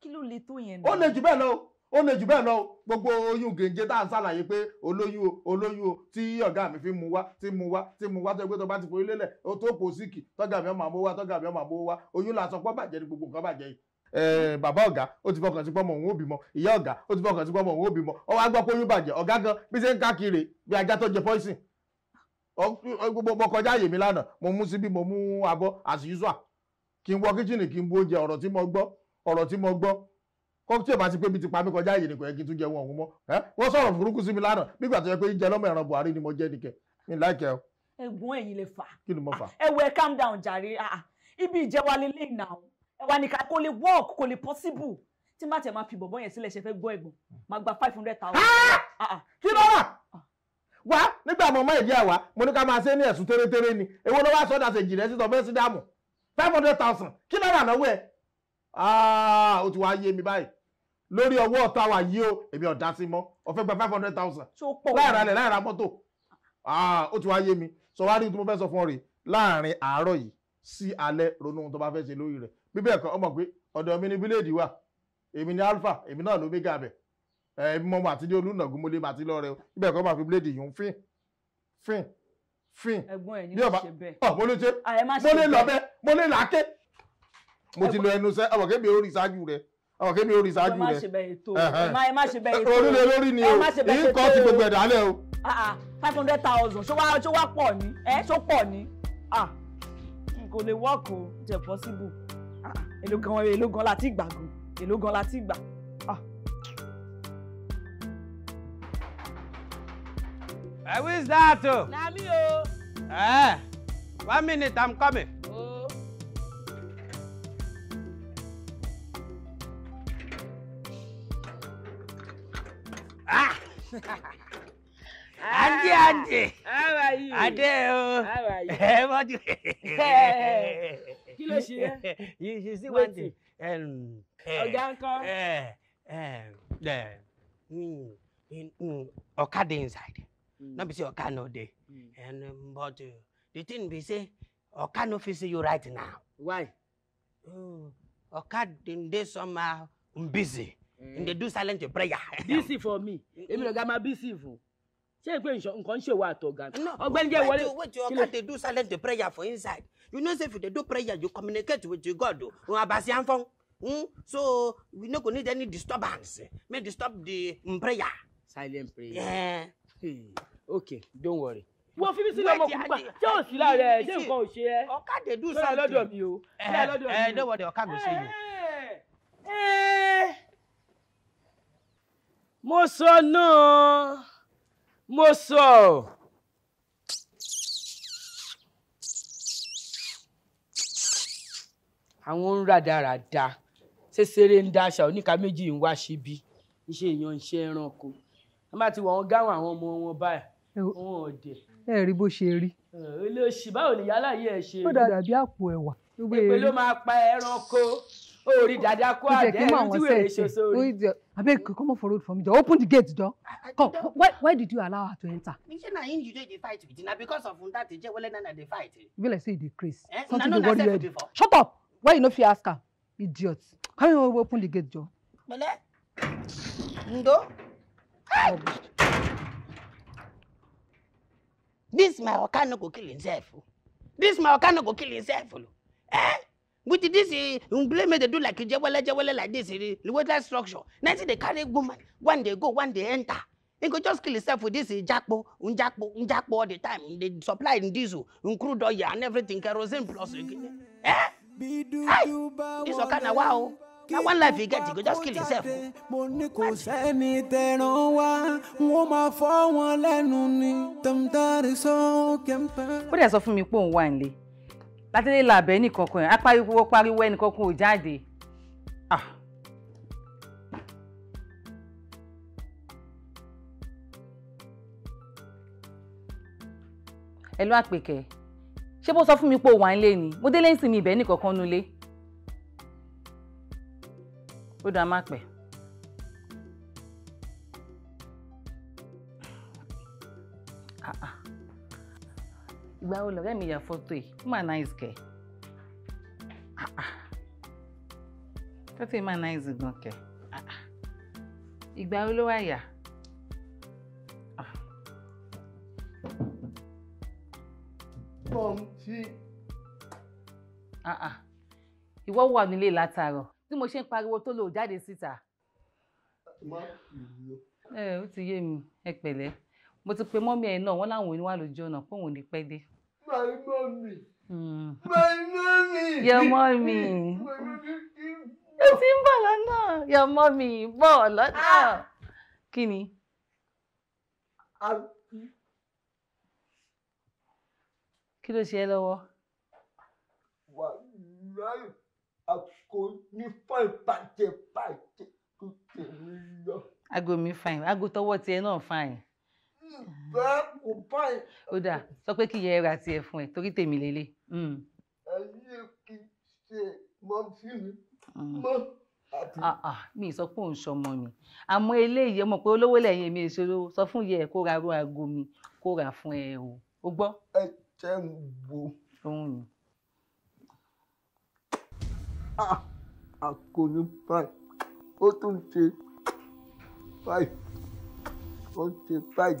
kí ló le tó yẹn náà. ó le jù bẹ́ẹ̀ lọ ó lè jù bẹ́ẹ̀ lọ gbogbo oyún gèǹgé tá à ń ṣàlàyé pé olóyún o olóyún o tí ọ̀gá mi fi mu wá tí mu wá tí mu wá tó gbé tó bá ti forí lélẹ̀ ó tó pò síkì tọ́gà mi ọmọ àmówá tọ́gà mi ọmọ àmówá oyún la sọ pé bàjẹ́ ni gbogbo nǹkan bàjẹ́ yìí bàbá ọ̀gá ó ti fọkàn sí pọ́mọ òun ó bímọ ìyá ọ̀gá ó ti fọkàn sí pọ́mọ òun ó bímọ ó wá gbọ́ pé oyún bàjẹ́ ọ̀gá gan bí ṣe ń káàkiri bí ajá tó jẹ pọ́ìsìn mo kọjá àyè mi lánàá mo mú síbí mo mú abọ́ as usual kí n wọ kíchìnì kí n bu oúnjẹ ọ̀rọ̀ tí mo gbọ́ ọ̀rọ̀ tí mo gbọ́ kọ́ tí o bá ti pé bí ti pa mí kọjá yìí ni kò yẹ kí n tún jẹ wọn òun mọ́ ẹ wọ́n sọ̀rọ̀ burúkú sí mi lánàá nígbà tó yẹ pé jíjẹ lọ́mọ ẹ̀ràn Buhari ni mo jẹ́ nìkẹ́ mi láìkẹ́ o. ẹ̀gbọ́n ẹ̀yin lè fà. kí ni calm down jàre ah, ah. ibi ìjẹwà lélẹ̀ ìnà ẹ wà nìkan kò lè work kò lè possible tí má tẹ̀ máa fi bọ̀bọ̀ yẹn sílẹ̀ ṣe fẹ́ gbọ́ ẹ̀gbọ́n máa gba five hundred thousand. Ah! kí ló wà wá nígbà mo mọ ìdí àwa mo ní ká máa ni èwo ló wá sọ́dà ṣèjì rẹ̀ sí sọ fẹ́ sí five hundred thousand kí ló wà Ah, o ti wá yé mi báyìí lórí ọwọ́ ọ̀tá wa yìí o èmi ọ̀dá sí mọ́ ó fẹ́ gba five hundred thousand láìra lẹ̀ láìra Ah, o ti wá yé mi sọ wá rí tí mo fẹ́ sọ fún ọ rè láàrin àárọ̀ yìí sí alẹ́ ronú ohun tó bá fẹ́ ṣe lórí rẹ̀ bí bẹ́ẹ̀ kọ́ ọmọ pé ọ̀dọ̀ mi ni bíléèdì wà èmi ni alpha èmi náà ló mega bẹ̀ ẹ̀mí mọ́mọ́ àti ní olùnàgún mo lè mà ti lọ́rẹ̀ o bí bẹ́ẹ̀ kọ́ ọmọ pé bíléèdì yìí ń fín fín fín. ẹ̀gbọ́n ẹ ní kò ṣe ah, bẹ́ẹ̀. mo lè lọ bẹ́ẹ̀ mo lè làákẹ́ mo ti lọ ẹnu sẹ àwọ̀kẹ́ mi ò rí ṣáájú rẹ àwọ̀kẹ́ mi ò rí ṣáájú rẹ. ẹ má ṣe bẹ́ẹ̀ tó orílẹ̀ lórí ni o èyí kọ́ ti gbogbo ẹ̀dá lẹ̀ o. Ah, ah, five hundred thousand ṣó wá ṣó wá pọ̀ ni ẹ ṣó pọ̀ ni ah, kò lè work o jẹ́ possible èló gan èló gan láti gbà gan èló gan láti gbà. Hey, eh, who is that? Na mi o. Eh, one minute, I'm coming. Aunty, aunty. Ah, how are you? Ade o. How are you? Hey, what do you? Hey, ló ṣe é? You you see one thing. Um, eh, Ọ̀gá ń kọ́. hmm, dey inside. Mm. No be say Ọ̀ka no dey. Mm. And, um, but uh, the thing be say Ọ̀ka no fit see you right now. Why? Oh, in day somehow I'm busy. Mm. And they do silent prayer. bc for me Emi lọ́gà máa bc fún ṣé ìpè nǹkan ṣe wà àtọ̀ gan. ọgbẹ́ni jẹ́ wọlé wait your oga dey do silent prayer for inside you know say if you dey do prayer you communicate with your god o abasi anfon mm? so we no go need any disturbance May disturb the um, prayer. silent prayer. Yeah. Hmm. okay don't worry wọ́n fi mí sílẹ̀ ọmọ kúpa ṣé ò sí lára ẹ̀ ṣé nǹkan ò ṣe ẹ́ ọ̀kadà dùn sáà lọ́dọ̀ mi eh, o. ẹ ẹ lọ́dọ̀ mi o. ẹ ẹ dọ́wọ́dẹ ọ̀kadà ò ṣe yìí mo sọ náà mo sọ. àwọn ń rádaràda ṣéṣeré ń daṣà oníka méjì ń wá síbi iṣẹ́ èèyàn iṣẹ́ ẹranko wọ́n bá ti wọ̀ wọ́n gáwọn àwọn ọmọ wọn báyìí wọn ò dẹ̀. ẹ rí bó ṣe rí. olóṣì báwo ni yálà yìí ẹ ṣe. ó dàbí àpò ẹ̀wà. èpè ló máa pa ẹranko orí dada kó àdé ẹni tí wèrè ṣe abeg come up for road for me open the gate door. come why why did you allow her to enter. ṣé na him you dey fight with na because of that je wele na na dey fight. you be like say dey craze. Eh? something dey worry you shut up why you no fit ask her idiot come here open the gate door? mele ndo. Ah! this my oka no go kill himself this my oka no go kill himself Eh? with this implement they do like jewele jewele like this the water structure see, dey carry woman one dey go one dey enter e go just kill himself with this njakpo njakpo njakpo all the time dey supply in diesel in crude oil and everything kerosene plus eh hey this oka na wa o na one life you get you go just kill yourself. mo ní kò sẹ́ni tẹ̀ràn wá wọ́n sọ fún mi pé òun wà nílé látẹ́lẹ́ làbẹ́ nìkankan yẹn apáriwo pariwo ẹnìkankan ò jáde. Ah. ẹ lọ àpèkẹ́ ṣé bó sọ fún mi pé ó wà ń lé ni mo délé ń sinmi ibẹ̀ nìkankan nulẹ̀ ó dá má pẹ́. ìgbà wo lọ̀rẹ́ mi yà fọ́tò yìí ó mà nice kẹ̀ fọ́tò yìí mà nice gan kẹ̀ ìgbà wo ló wà yà. Tọ́ntì. Ìwọ wà nílé látàárọ̀ tí mo ṣe ń pariwo tó lò jáde síta. Ẹ ó ti yé mi, ẹ pẹ̀lẹ́. Mo ti pe mọ́mí ẹ̀ náà, wọ́n láwọn ò ọ̀nà, pé òun ò ní pẹ́ dé my mommy. Mm. my mommy. your mommy. o ti ń bọ̀ lọ́nà your mommy bọ̀ lọ́nà. Ah. kí ni. kí ló ṣe ẹ́ lọ́wọ́. wàhálà àkókò ní fún ìbàjẹ́ bàjẹ́ tó tẹ̀lé lọ. aago mi fine aago tọwọ́ tiẹ̀ náà fine bá kò bá ẹ. ó dà sọ pé kí ìyá ẹ ra tiẹ̀ fún ẹ torí tèmi lélẹ̀. ayé hmm. kì í ṣe mọ sí mi hmm. mọ. Ah, ah, mi sọ pé òun sọmọ mi àmọ́ eléyìí ọmọ pé olówó lẹ́yìn mi ìṣòro sọ fún ìyá ẹ kó ra ru aago mi kó ra fún ẹ o ó gbọ́. ẹ jẹ́ ń wo. ohun mi. àkóyú ah, báyìí ó tún ṣe báyìí ó ṣe báyìí.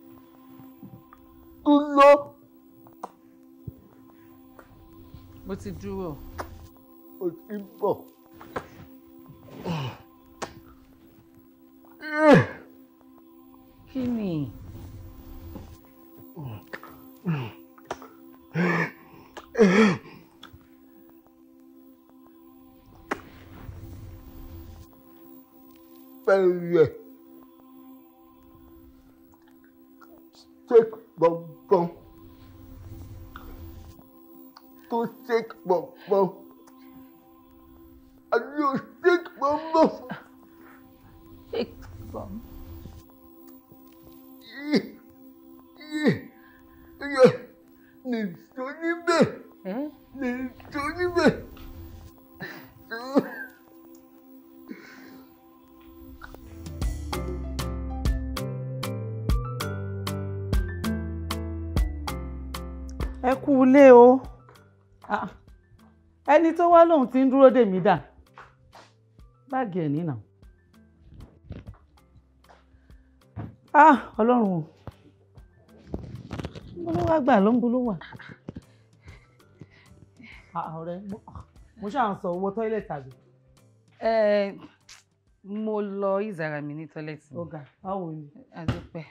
lọ. mo ti dúró. mo ti bọ̀. kí ni. yeah. lóun ti ń dúró dè mí dà báàgì ẹ̀ nínà. ah ọlọ́run o mo ló wá gbà ló ń bo ló wà. Ah, ọ̀rẹ́ mo ṣáà ń sọ owó tọ́ílẹ̀ tàbí. mo lọ ìzàrà mi ní tọ́lẹ̀tì. ọ̀gá báwo ni. àdúpẹ́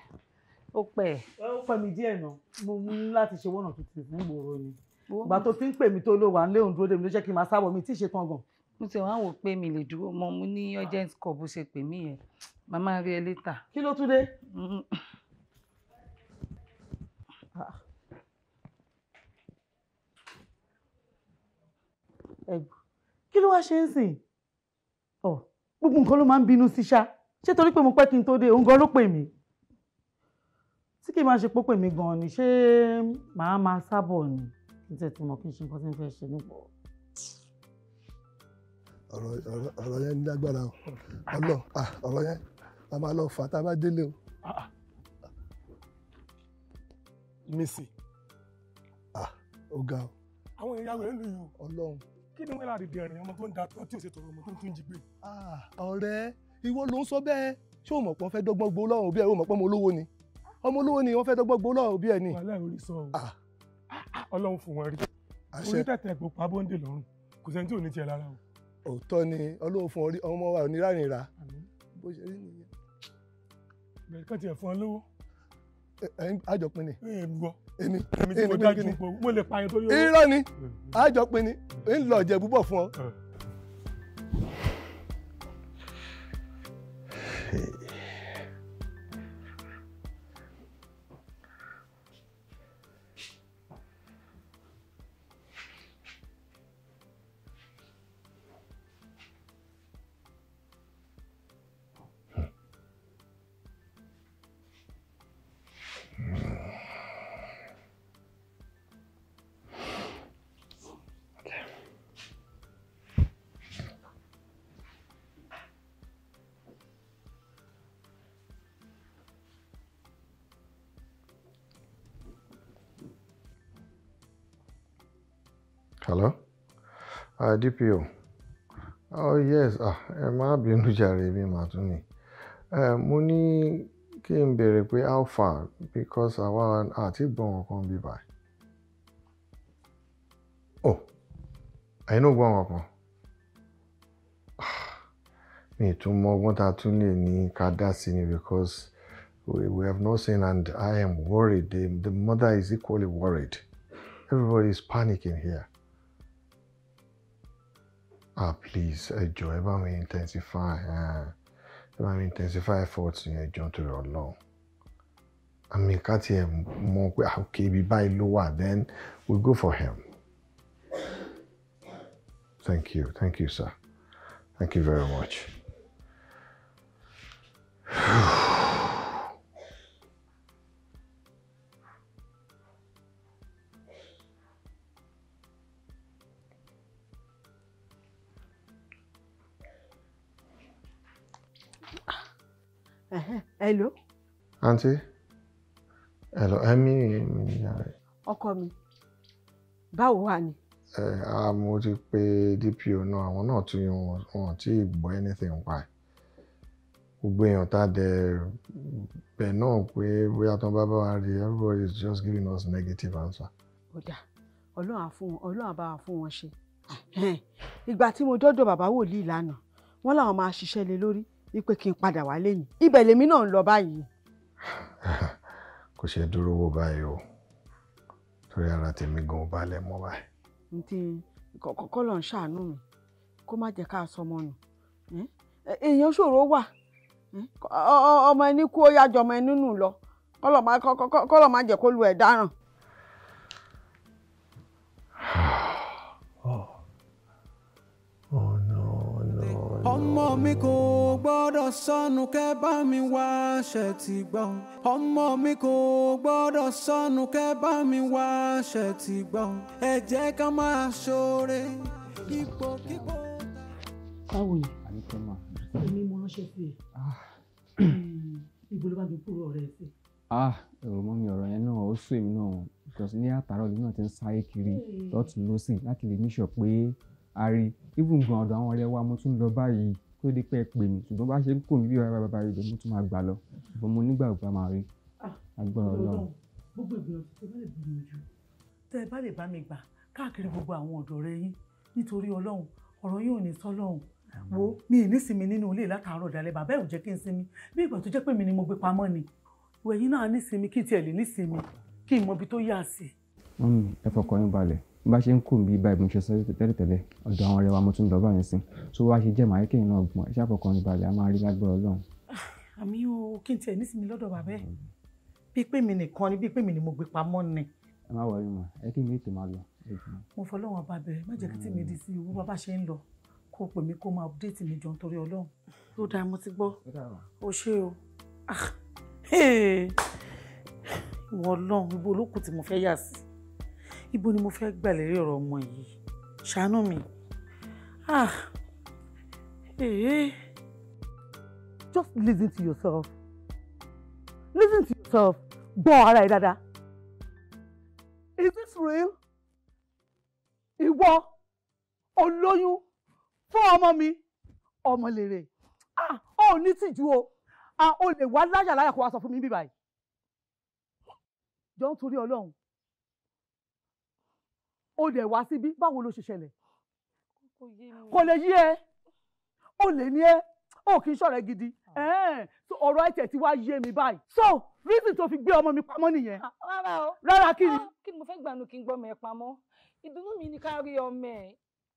ó pẹ́. ó pẹ́ mi díẹ̀ náà mo mú láti ṣe wọ́nà tuntun fún ìgboro ni ìgbà tó fi ń pè mí tó ló wà ń léhùn dúró dé mi ló jẹ́ kí n máa sábọ̀ mi tí ì ṣe tán gan. mo ti wá wò pé mi lè dúró mọ́ mo ní urgent call bó ṣe pè mí yẹn màmá rí ẹ létà. kí ló tún dé. Mm-hmm. Ah. kí ló wá ṣe ń sìn ọ gbogbo nǹkan ló máa ń bínú sí ṣá ṣé torí pé mo pẹ́ kí n tó dé òun gan ló pè mí tí kì í máa ṣe pópè mí gan ni ṣé màá máa sábọ̀ ni tẹ̀ tí mo kí n ṣe nǹkan yẹn ní agbára o ọlọ ọ̀rọ̀ yẹn a máa lọ fà tá a bá délé o. Ah, ah. mísì. ó ga o. àwọn èèyàn rẹ̀ ń lu yìí o. ọlọ́run. kí ni wọ́n lára dìde ẹ̀rìn ọmọ tó ń da tó tí ò ṣètò ọmọ tó ń tún jí gbé. ọ̀rẹ́ ìwọ ló ń sọ bẹ́ẹ̀ ṣé o mọ̀ pé fẹ́ dọ́gbọ́n gbó lọ́rùn òbí ẹ̀ o mọ̀ pé ọmọ olówó ni ọmọ olówó ni wọ́n fẹ́ dọ́gbọ́n gbó lọ́rùn òbí ẹ̀ ni. wàhálà ìròyìn ọlọ́run fún wọn rí onítẹ̀tẹ̀ gbò pa bóńdè lọ́rùn kò sẹ́ni tí ò ní tiẹ̀ lára o. òótọ́ ni ọlọ́run fún orí ọmọ wa onírànìra bó ṣe rí nìyẹn. bẹ̀rẹ̀ kàn tiẹ̀ fún ọ lówó. àjọpin ni. ẹ ẹ gbọ́ èmi èmi tí mo dájú gbọ́ mo lè pààyàn tó yọ. irọ́ ni àjọpin ni ń lọ jẹ búbọ̀ fún ọ. uh, DPO oh yes ah, ẹ má bínú jàre mi màá tún ni mo ní kí n béèrè pé how far because àwa àti gbọ́n ọ̀kan bí báyìí. oh ẹ̀yin náà gbọ́n ọ̀kan ah, mi tún mọ ọgbọ́n tá a tún lè ní ká dá sí ni because we, we have not seen and I am worried the, the mother is equally worried everybody is panicking here ah please ẹ jọ̀ọ́ ẹ bá mi intensify ah, ẹ bá mi intensify efforts yẹn ẹ jọ̀ọ́ torí Ọlọ́run àmì ká tiẹ̀ mọ̀ pé ah, ok ibi báyìí ló wà then we go for him thank you thank you sir thank you very much. hello. àǹtí hello ẹ̀mí mi ni ìyá rẹ̀. ọkọ mi báwo wà ni. ẹ a mo ti pe DPO náà àwọn náà tí wọn tí gbọ́ anything pa ẹ̀ gbogbo èèyàn tá a dẹ bẹ̀ náà pé bóyá tán bá bá wa rí everybody is just giving us negative answer. ó dáa ọlọ́run àfún wọn ọlọ́run àbá wa fún wọn ṣe ìgbà tí mo dọ́dọ̀ bàbá wòlíì lánàá wọ́n làwọn máa ṣiṣẹ́ lé lórí wípé kí n padà wálé yìí ibẹ̀ lèmi náà ń lọ báyìí. kò ṣe dúró wò báyìí o torí ara tèmi gan balẹ̀ mọ́ báyìí. ntí kọ́kọ́ lọ ń ṣàánú mi kó má jẹ́ ká sọ ọmọ nù èèyàn ṣòro wà ọmọ ẹni kú ó yájọ ọmọ ẹni nù lọ kọ́lọ̀ má jẹ́ kó lu ẹ̀ dáràn. ọmọ mi kò gbọ́dọ̀ sọnù kẹ́ bá mi wá ṣe ti gbọ́ ọmọ mi kò gbọ́dọ̀ sọnù kẹ́ bá mi wá ṣe ti gbọ́ ẹ jẹ́ ká máa ṣoore ipò kíkó. báwo ni èmi mo ránṣẹ́ sí ẹ ah. ibo ló bá mi kúrò ọ̀rẹ́ sí. ah èrò mọ́ mi ọ̀rọ̀ yẹn náà ó sún èmi náà because ní àtàrà òbí náà ti ń sáré kiri lọ́tún lọ́sìn láti lè níṣọ̀ pé àrí even gan ọ̀dọ̀ àwọn ọ̀rẹ́ wa mo tún lọ báyìí kó di pé ẹ pè mí ṣùgbọ́n bá ṣe ń kò mí bí bàbá bàbá rẹ̀ mo tún máa gbà lọ ṣùgbọ́n mo nígbàgbọ́ máa rí agbára ọlọ́run. gbogbo ìgbìyànjú tẹ bá lè gbìyànjú tẹ bá lè bá mi gbà káàkiri gbogbo àwọn ọ̀dọ́ rẹ yín nítorí ọlọ́run ọ̀rọ̀ yóò ní sọ́lọ́run wo mi ì nísinmi nínú ilé látàárọ̀ dalẹ́ bàbá ẹ̀ kí n sinmi bí ìgbà tó jẹ́ pé mi ni mo gbé pamọ́ ni ìwẹ̀yìn náà nísinmi kí tiẹ̀ lè nísinmi kí n tó yà sí. ẹ fọkàn yín balẹ̀ bá ṣe ń kù bí báyìí mo ṣe sọ tẹ́lẹ̀tẹ́lẹ̀ ọ̀dọ̀ àwọn ọ̀rẹ́ wa mo tún lọ báyìí sí so wá ṣe jẹ́ màá kéyìn náà gbọ́n ẹ ṣàkókò ní balẹ̀ a máa rí lágbára ọlọ́run. Ah, àmì o kí n tiẹ̀ nísìnyí lọ́dọ̀ bàbá ẹ̀ bíi pé mi nìkan ni bíi pé mi ni mo gbé pamọ́ ni. ẹ má wọrí mọ ẹ kí mi ètò máa lọ. mo fọ lọ́wọ́n bá bẹ̀rẹ̀ má jẹ́ kí tí mi di sí owó bàbá ṣe ń lọ kó pè mí kó máa update mi jọ nítorí ọlọ́run. ó dáa mo ti gbọ́ ó ṣe o ah, ibo ni mo fẹ́ gbà lérí ọ̀rọ̀ ọmọ yìí ṣàánú mi ah ee. Eh. just listen to yourself listen to yourself gbọ́ ara ẹ dáadáa is this real ìwọ olóyún fún ọmọ mi ọmọ lèrè ah ó ní tìjú o ah o lè wá láyà láyà kó wá sọ fún mi bíbáyìí jọ ń torí Ọlọ́run o dẹ̀ wá síbí báwo ló ṣe ṣẹlẹ̀ kò lè yí ẹ o lè ní ẹ o kì í ṣọ̀rẹ́ gidi ah. ọ̀rọ̀ ẹ̀tẹ̀ tí wàá yé mi báyìí so reason to fi gbé ọmọ mi pamọ́ nìyẹn ah, rárá kí ni. Ah, kí ni mo fẹ́ gbàánu kí n gbọ́ ọmọ ẹ pamọ́ ìdùnnú mi ni ká rí ọmọ ẹ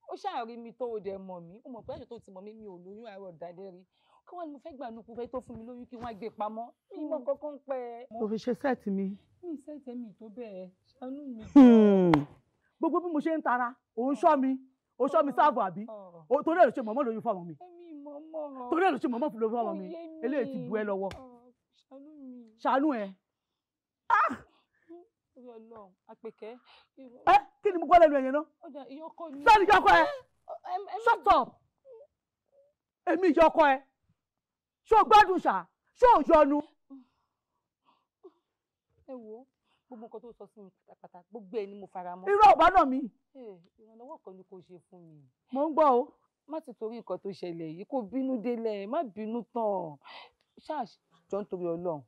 ó ṣàárín mi tó o dẹ̀ mọ̀ mí ó mọ̀ pé àṣẹ tó ti mọ̀ mí mi ò lóyún àárọ̀ dáadé rí kí wọ́n ní mo fẹ́ gbà nùkú fẹ́ tó fún mi lóyún kí wọ́n á gbé pamọ́ mi mọ kankan pẹ́. mo fi ṣe sẹ́ẹ̀tì mi. mi sẹ́ẹ̀tì mi tó bẹ́ẹ̀ ṣàánú mi. gbogbo bí mo ṣe ń tara òun ṣọ́ mi o ṣọ́ mi sáàbù àbí torí ẹ̀ ṣe mọ̀mọ́ lórí fọ́ọ̀mù mi torí ẹ̀ ṣe mọ̀mọ́ lórí fọ́ọ̀mù mi eléyìí ti bu ẹ lọ́wọ́ ṣàánú ẹ. Ah! ẹ kí ni mo gbọ́ lẹ́nu ẹ̀yẹn náà sẹ́ni ìjọkọ ẹ shut up èmi ìjọkọ ẹ ṣó gbádùn ṣá ṣó yọnu gbogbo nǹkan tó sọ sí mi pátápátá gbogbo ẹ ni mo fara mọ́. irọ́ ọ̀bá náà mi. Eh, ìrànlọ́wọ́ kan ni kò ṣe fún mi. mo ń gbọ́ o. má ti torí nǹkan tó ṣẹlẹ̀ yìí kó bínú délẹ̀ má bínú tán ṣáàṣì jọ ń torí ọlọ́run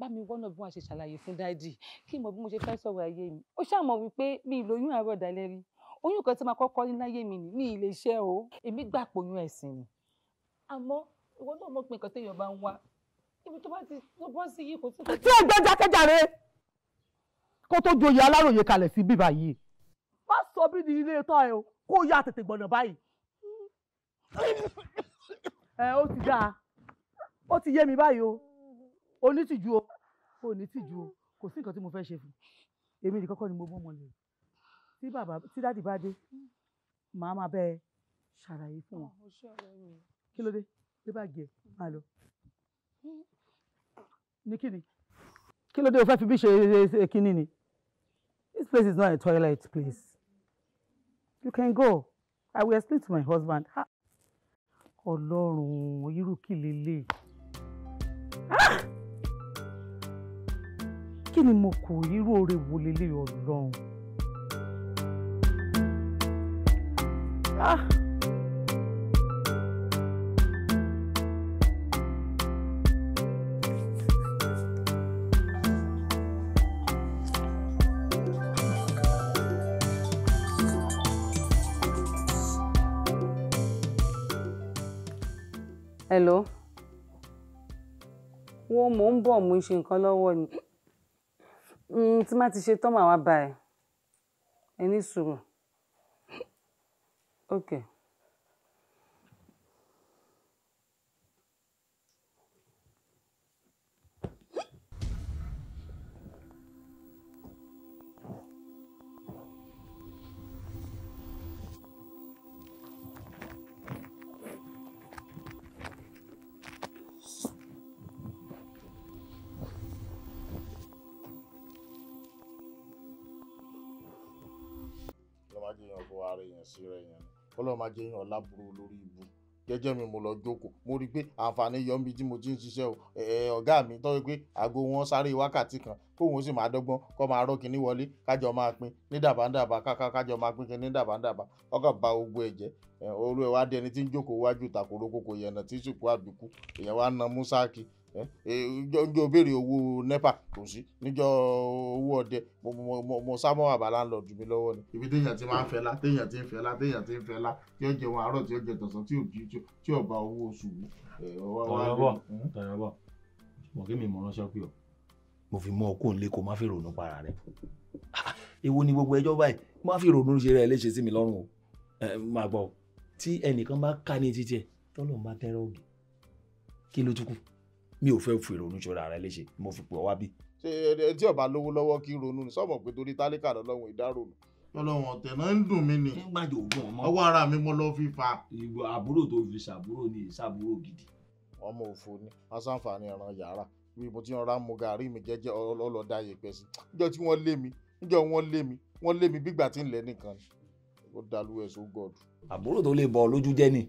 bá mi wọ́nà bí wọ́n ṣe ṣàlàyé fún dáàdì kí n mọ bí mo ṣe fẹ́ sọ̀rọ̀ ayé mi ó ṣàmọ̀ wípé mi ì lóyún àárọ̀ dalẹ́ rí oyún kan tí máa kọ́kọ́ ní láyé mi ní ilé iṣẹ́ o èmi gbà pòyún ẹ̀sìn ni àmọ́ ìwọ náà mọ̀ pé nǹkan téèyàn bá ń wá ibi tó bá ti tó bọ́ sí yìí kò tí. tí ẹ gbẹ́jà kẹjà rẹ kó tó joyè aláròye kalẹ̀ sí bíbá yìí. má sọ bí di ilé tán ẹ o kó yá tètè gbọ̀nà báyìí. ẹ ó ti dáa ó ti yé mi báyìí o onítìjú o kò o kò sí nǹkan tí mo fẹ́ ṣe fún èmi nìkan kọ́ ni mo mọ́ ọmọ lè tí bàbá tí dáàdì bá dé màá máa bẹ ṣàlàyé fún wọn kí ló dé bí bá gẹ máa lọ ní kíni kí ló dé o fẹ́ fi bí ṣe kíni ni. This place is not a toilet place. You can go. I will explain to my husband. Ha. Ọlọ́run, irú kí Ah. Kini ni mo kù irú oore wo lélẹ̀ Ọlọ́run? Ah! Hello. Wo mò ń bọ̀, mo ń ṣe nǹkan lọ́wọ́ ni. Hmm, tí n ti ṣe tán, màá wá bá ẹ. Ẹ ní sùúrù. Okay. síra èèyàn ni ọlọ́run máa jẹ́ yín ọ̀la burú lórí ibu jẹ́jẹ́ mi mo lọ jókòó mo rí i pé àǹfààní yọ mí tí mo ti ń ṣiṣẹ́ o ọ̀gá mi tọ́jú pé aago wọn sáré wákàtí kan kóun sì máa dọ́gbọ́n kó máa rọ́ kinní wọlé kájọ máa pín ní dàbàdàbà káká kájọ máa pín kinní dàbàdàbà ọkọ̀ ba gbogbo ẹ̀ jẹ́ olú ẹ̀ wá di ẹni tí ń jókòó wájú ìtàkùrọ̀ kòkò yẹn náà tí sùkú àbíkú èèyàn wá na mú níjọ́ béèrè owó nepa kò sí níjọ́ owó ọdẹ mo sámọ́ àbálá ń lọ jù mí lọ́wọ́ ni. ibi téèyàn ti máa ń fẹ́lá téèyàn ti ń fẹ́lá téèyàn ti ń fẹ́lá tí ó jẹun àárọ̀ tí ó jẹ tọ̀sán tí ò jí tí ò bá owó oṣù wù. tọ̀yọ̀bọ̀ hm? tọ̀yọ̀bọ̀ mọ̀ kí mi mọ̀ ránṣẹ́ pé o mo fi mú ọ kó nílé kó má fi ronú para rẹ èwo ni gbogbo ẹjọ́ báyìí má fi ronú ṣe rẹ léṣe sí mi lọ́rùn o máa gbọ́ tí ẹnìkan bá ká ní títí ẹ tọ́lọ́ ń bá tẹ́rọ ògì kí ló tún kù mi ò fẹ́ fi ìrònú ṣọ́ra rẹ léṣe mo fi pọ̀ wá bí. ṣé ẹ tí ọba lówó lọ́wọ́ kí ronú ni sọmọ pé torí tálíkà lọ́lọ́run ìdárònú. ọlọ́run ọ̀tẹ̀ náà ń dùn mí ni. nígbà tó gùn ọmọ. ọwọ́ ara mi mo lọ fi fa. ìgbò àbúrò tó fi ṣàbúrò ni ìṣàbúrò gidi. ọmọ òfo ni aṣáǹfààní ẹran yàrá bí mo ti ń ra mu gàrí mi jẹ́jẹ́ ọlọ́dà yẹpẹ sí níjọ́ tí wọ́n lé mi níjọ́ wọ́n lé mi wọ́n lé mi bígbà tí ń lẹ́ nìkan ni ó dalú ẹ̀ so god. àbúrò tó lè bọ lójú jẹ́ ni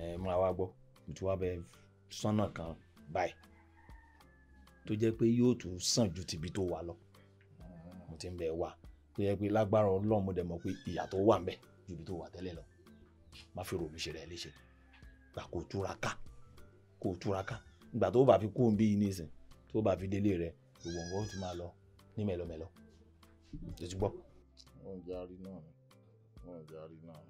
ẹ máa wá gbọ́ mo ti wá bẹ sọ́nà kan báyìí tó jẹ́ pé yóò tún sàn ju tìbí tó wà lọ mo ti ń bẹ̀ wá tó jẹ́ pé lágbára ọlọ́run mo dẹ̀ mọ̀ pé ìyà tó wà ń bẹ̀ ju ibi tó wà tẹ́lẹ̀ lọ má fi ròmí ṣe rẹ̀ léṣe gbà kó túra ká kó túra ká ìgbà tó bá fi kú òun bí yìí nísìn tó bá fi délé rẹ gbogbo nǹkan ó ti máa lọ ní mẹ́lọmẹ́lọ ètùgbọ́. wọ́n ń jarí náà wọ́n ń jarí náà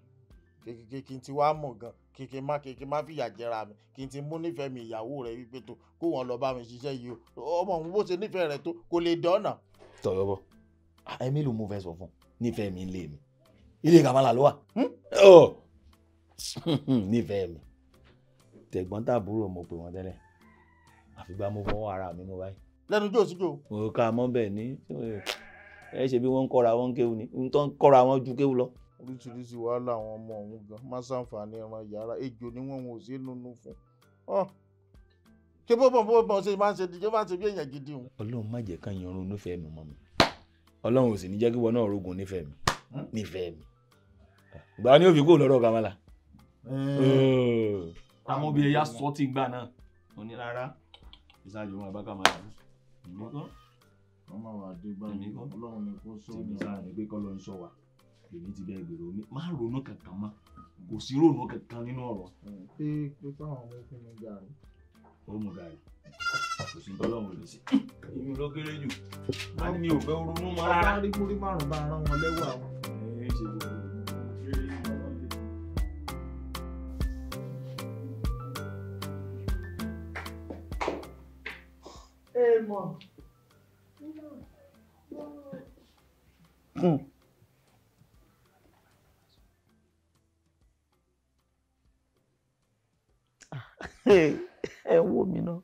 kí n ti wá mọ̀ gan kí n má kí n má fìyà jẹra mi kí n ti mú nífẹ̀ẹ́ mi ìyàwó rẹ̀ wípé tó kó wọn lọ bá mi ṣiṣẹ́ yìí o ọmọ òun bó ṣe nífẹ̀ẹ́ rẹ̀ tó kò lè dọ́nà. tọyọ bọ ah, ẹmí ló mú fẹ́ sọ fún nífẹ̀ẹ́ mi ilé mi ilé kamala ló wà hmm? nífẹ̀ẹ́ mi tẹ̀gbọ́n tàbúrò mo pè wọ́n tẹ́lẹ̀ àfìgbà mo fọwọ́ ara mi mo báyìí. lẹ́nu jó sí jó. mo kà mọ́ bẹ́ẹ̀ ni ẹ ṣe bí wọ́n ń kọ́ra wọn kéwu ni n tó ń kọ́ra wọn ju kéwu lọ oríṣiríṣi wàhálà àwọn ọmọ ọ̀hún gan má ṣàǹfààní ẹran yàrá ejò ni wọn ò sí nínú fún ah! ṣé bó bọ̀ bó bọ̀ ṣe máa ń ṣe ṣé ṣe bí èèyàn gidi o. ọlọ́run má jẹ́ káyọ̀ ọrùn nífẹ̀ẹ́ mi mọ́ mi ọlọ́run ò sì ní jẹ́ kí wọn náà rogun nífẹ̀ẹ́ mi hmm? nífẹ̀ẹ́ mi gbà ni ó fi kó kamala. Eh. àmọ́ bí ẹ̀yà sọ ti gbà náà mo ní rárá ìsájú máa bá kamala èmi kọ́ èmi ọlọ́run ni kò sọ sáà ní kọ́ ló ń sọ wa èmi ti bẹ́ẹ̀ gbèrò mi má ronú kankan mọ́ kò sí ronú kankan nínú ọ̀rọ̀. ṣé pé káwọn ọmọ fún mi gàrí. ó mu gàrí kò sí tọ́lọ́run lè ṣe inú ló kéré jù má ní ò fẹ́ ronú mọ́ rárá. bá rí múrí márùn-ún bá rán wọn lẹ́wọ̀ àwọn. Mm. ẹ ń wò mí ná.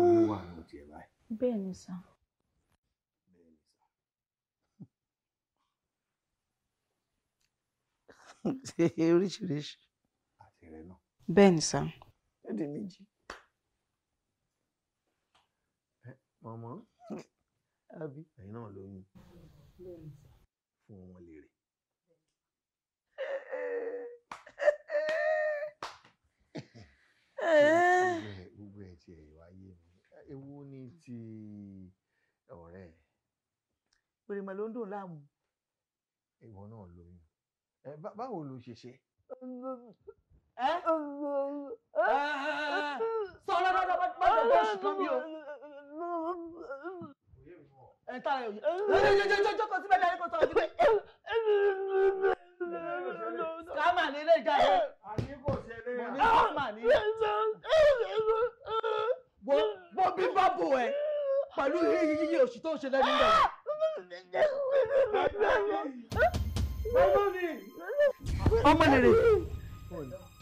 olúwa ló jẹ báyìí. bẹ́ẹ̀ ni sà. oríṣiríṣi. bẹ́ẹ̀ ni sà. ẹ̀dẹ̀ méjì. mọ̀mọ́ àbí ẹ̀yin náà lóyún fún wọn lèrè. gbogbo ẹ̀ tiẹ̀ wáyé mi ewu ni ti ọ̀rẹ́ ẹ̀. pèrèmọ̀ ló ń dùn láàmú. ìwọ náà lóyún báwo ló ṣe ṣe sọlá bá bá bá bá oṣù bí o. ẹ n tara yòóyè jọjọjọjọ jókòó síbẹ̀ dárí kò sọ̀rọ̀ síbẹ̀. kàmá ní ilé ìjà rẹ̀. àní kò ṣe eré rẹ̀. mo ní kàmá ní. bó bí bá ẹ pẹ̀lú yíyí oṣù tó ṣe lẹ́nu rẹ̀. ọmọ nìrè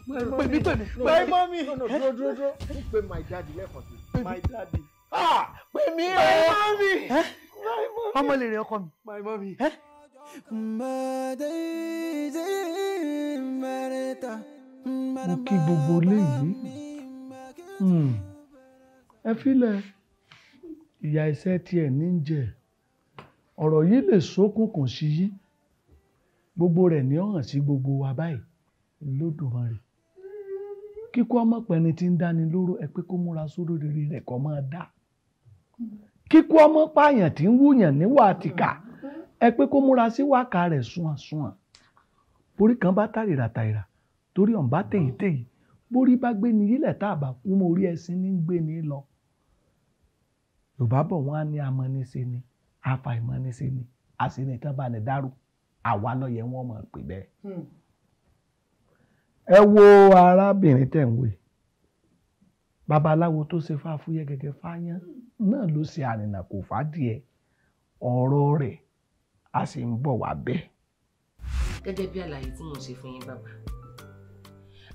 pè mí pè mí pè mọ́mí. no. dúró dúró pè my daddy lẹ́kọ̀ọ́ sí my daddy. Ah, pè mí o my mommy. ọmọ lè rìn ọkọ mi. my mommy. mo kí gbogbo léyìí hmm. ẹ filẹ̀ ìyá iṣẹ́ tiẹ̀ ní í jẹ ọ̀rọ̀ yìí lè ṣókùnkùn sí yín gbogbo rẹ̀ ní ọ̀hàn sí gbogbo wa báyìí lódùmarè kíkú ọmọ pẹ̀ni tí ń dáni lóró ẹ pé kó múra sóró rere rẹ̀ kọ́ máa dá kíkú ọmọ pààyàn tí ń wúyàn níwà àtìkà ẹ pé kó múra sí wákà rẹ̀ sunwọ̀n-sunwọ̀n borí kan bá tàrìrà tàrìrà torí ọ̀n bá tèyí tèyí borí bá gbé ni yílẹ̀ tá a bá kú mọ orí ẹṣin ní gbé ni lọ yorùbá bọ̀ wọ́n á ní amọ́nisẹ́ ni àfàìmọ́nisẹ́ ni àṣìní tán bá ní dárò àwa ló wọ́n mọ̀ pé bẹ́ẹ̀. Hmm ẹ wo arábìnrin tẹ̀ ń wé babaláwo tó ṣe fáfúyẹ́ gẹ́gẹ́ fáyán náà ló ṣe àrìnà kò fàdìẹ ọ̀rọ̀ rẹ̀ a sì ń bọ̀ wá bẹ́ẹ̀. gẹ́gẹ́ bí àlàyé tí mo ṣe fún yín bàbá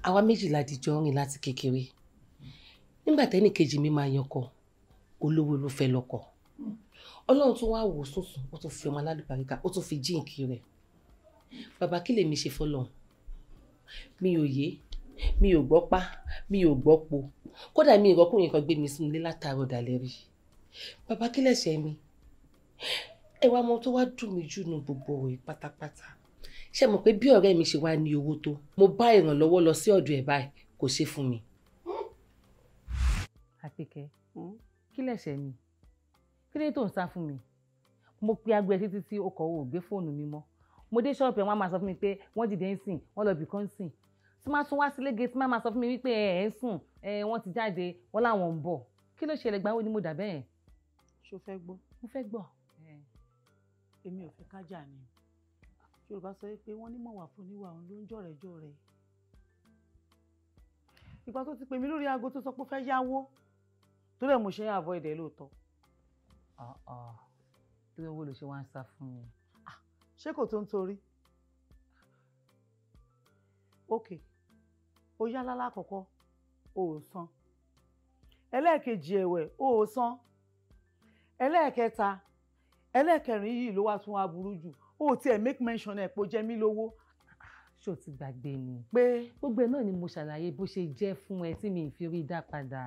àwa méjì la dìjọ rìn láti kékeré nígbà tẹ́nì kejì mi máa yan kọ olówó ló fẹ́ lọ́kọ ọlọ́run tó wá wò sùnsùn ó tún fi ọmọ alálùbáríkà ó tún fi jíǹkì rẹ̀ bàbá kí lèmi ṣe fọlọ́run mi ò yé mi ò gbọ́ pa mi ò gbọ́ po kódà mi ìrọ́kùnrin kan gbé mi sínú ilé látàárọ̀ dalẹ́ rí bàbá kí lẹ̀ṣẹ̀ mi ẹ wá mọ tó wá dùn mí jù nù gbogbo ọ̀rọ̀ pátápátá ṣe mọ̀ pé bí ọ̀rẹ́ mi ṣe wá ní owó tó mo bá ìrànlọ́wọ́ lọ sí ọ̀dọ̀ ẹ̀ báyìí kò ṣe fún mi. àpèkẹ́ kí lẹ̀ṣẹ̀ mi kí lè tó ń sá fún mi mo pe agbo títí tí o kò wò gbé fóònù mi mọ́ mo dé ṣọ́ọ̀bù ẹ̀ wọ́n á máa sọ fún mi pé wọ́n dìde ń sìn wọ́n lọ bìkan ń sìn tí máa tún wá sílé gate máa máa sọ fún mi wípé ẹ ẹ ń sùn ẹ wọ́n ti jáde wọ́n láwọn ń bọ̀ kí ló ṣẹlẹ̀ gbáwó ni mo dà bẹ́ẹ̀. ṣo fẹ́ gbọ́. mo fẹ́ gbọ́. èmi ò fẹ́ kájà ni yorùbá sọ pé wọ́n ní mọ̀wà fún níwà òun ló ń jọ̀rẹ̀ jọ̀rẹ̀. ìgbà tó ti pè mí lórí aago tó sọ pé fẹ́ yáwó tó dẹ̀ mo ṣe avoid ẹ̀ lóòótọ́. ọ̀ọ́ tí owó ló ṣe wá ń sá fún mi ṣé kò tó ń torí ok ó yá lálákọ̀ọ́kọ́ o ò san ẹlẹ́ẹ̀kejì ẹ̀wẹ̀ o ò san ẹlẹ́ẹ̀kẹta ẹlẹ́ẹ̀kẹrin yìí ló wá tún wá burú jù o ò tiẹ̀ make mention ẹ̀ pé ó jẹ mí lówó ṣó ti gbàgbé ni. pé gbogbo ẹ náà ni mo ṣàlàyé bó ṣe jẹ́ fún ẹ tí mi ì fi rí dá padà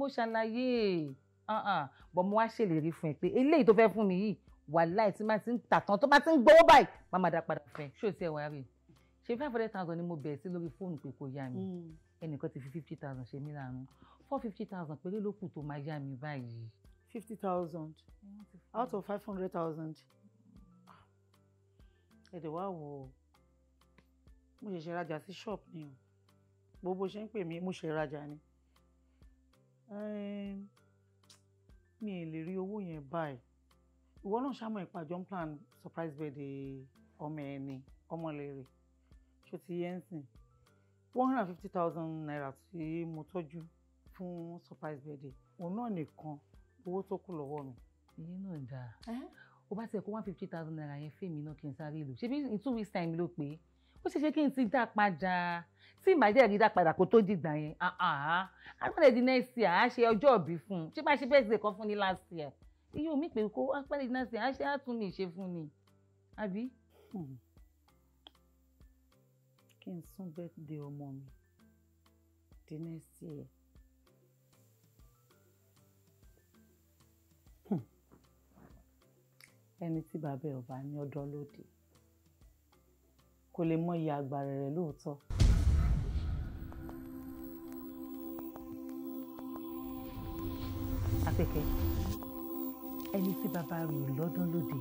mo ṣàlàyé ah, ah. bọ̀ mo wá ṣèlérí fún ẹ pé eléyìí tó fẹ́ fún mi yìí wàláì tí máa ti ń tà tán tó máa ti ń gbowó báyìí máa máa dá padà fẹ́ ṣó tiẹ̀ wá rè ṣe five hundred thousand ni mo bẹ̀rẹ̀ sí lórí fóònù pé kò yá mi hmm. ẹnìkan ti fi fifty thousand ṣe mí láàánú four fifty thousand péré ló kù tó máa yá mi báyìí. fifty thousand out of five hundred thousand ẹ̀dẹ̀ wá wò ó mo ṣẹ̀ṣẹ̀ rajà sí shop ni o gbogbo ṣe ń pè mí mo ṣe rajà ni mi ì lè rí owó yẹn báyìí ìwọ náà ṣàmọ̀ ìpàjọ́ ń plan surprise birthday ọmọ ẹ̀ ni ọmọlẹ́rẹ̀ ṣó ti yẹn one hundred fifty thousand naira tí mo tọ́jú fún surprise birthday òun náà nìkan owó tó kù lọ́wọ́ mi. èyí náà dáa o bá tiẹ̀ kó one fifty thousand naira yẹn fèmí náà kí n sáré lò ṣebí in two weeks time ló pé ó ṣe ṣe kí n ti dá padà tí ìbàjẹ́ rí dá padà kó tó dìgbà yẹn àgbàdo di next year á ṣe ọjọ́ òbí fún un ṣé bá ṣe bẹ́ẹ̀ ṣe kọ́ fún ní last year iye omi pé kó wá pẹ́ẹ́lí náà sí àṣẹ àtún lè ṣe fún ni àbí. Hmm. kí n sún birthday ọmọ mi di next year. Hmm. ẹni tí bàbá ẹ̀ ọba ní ọdọ́ lóde kò lè mọ iye agbára rẹ̀ lóòótọ́. Àpèkẹ́ ẹni tí bàbá rẹ̀ lọ́dún lóde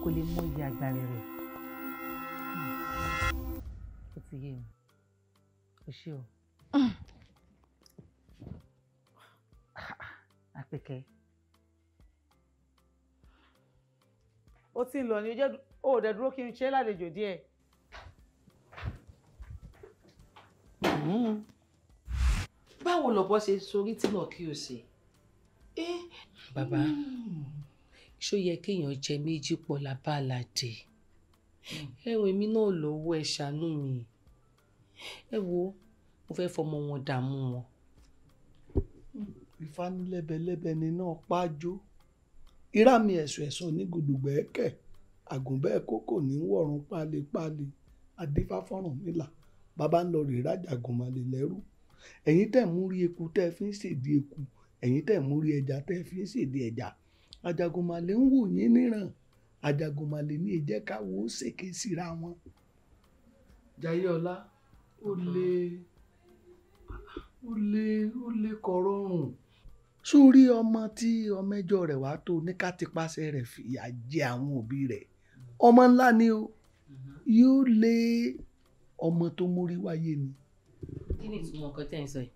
kò lè mọ iye àgbàrẹ̀ rẹ̀ hmm. ó ti yé mi ó ṣe o. Hmm. Ah, àpèkẹ́. ó ti ń lọ ní ó dẹ̀ dúró kí n ṣe lálejò díẹ̀. Hmm. báwo lọ̀bọ ṣe sorí tí lọ́ọ́ kí o ṣe. Eh, Baba, ṣó yẹ kéèyàn jẹ méjì pọ̀ lábá àlàdé hmm. ẹ̀wọ̀n èmi náà lọ́wọ́ ẹ ṣàánú mi ẹ wo mo fẹ́ fọmọ wọn dààmú wọn. ìfanilẹ́bẹ̀lẹ́bẹ̀ ni náà pájó irá mi ẹ̀sùn ẹ̀sọ́ ní gùdùgbẹ́kẹ̀ àgùnbẹ́ kókò ní wọ̀rùn pálípálí adífáfọ́rùn nílà bàbá ń lọ rèé rájà gùnmalè lẹ́rú ẹ̀yin tẹ̀ mú rí eku tẹ́ fi ń ṣèdí eku ẹ̀yin tẹ̀ múrí ẹja tẹ́ fi ń ṣèdí ẹja Àjàgùnmàlẹ̀ ń wò yín níran Àjàgùnmàlẹ̀ ní ìjẹ́ káwọ́ ó ṣèké síra wọn. Jayéọlá ó lé ó lé ó lé kọrọrùn. sórí ọmọ tí ọmẹjọ rẹ̀ wàá tó ní ká ti pàṣẹ rẹ̀ fìyà jẹ àwọn òbí rẹ̀ ọmọ ńlá ni o mm-hmm. yóò lé ọmọ tó mórí wáyé ni. kí ni ìtumọ̀ nǹkan tẹ́ ń sọ yìí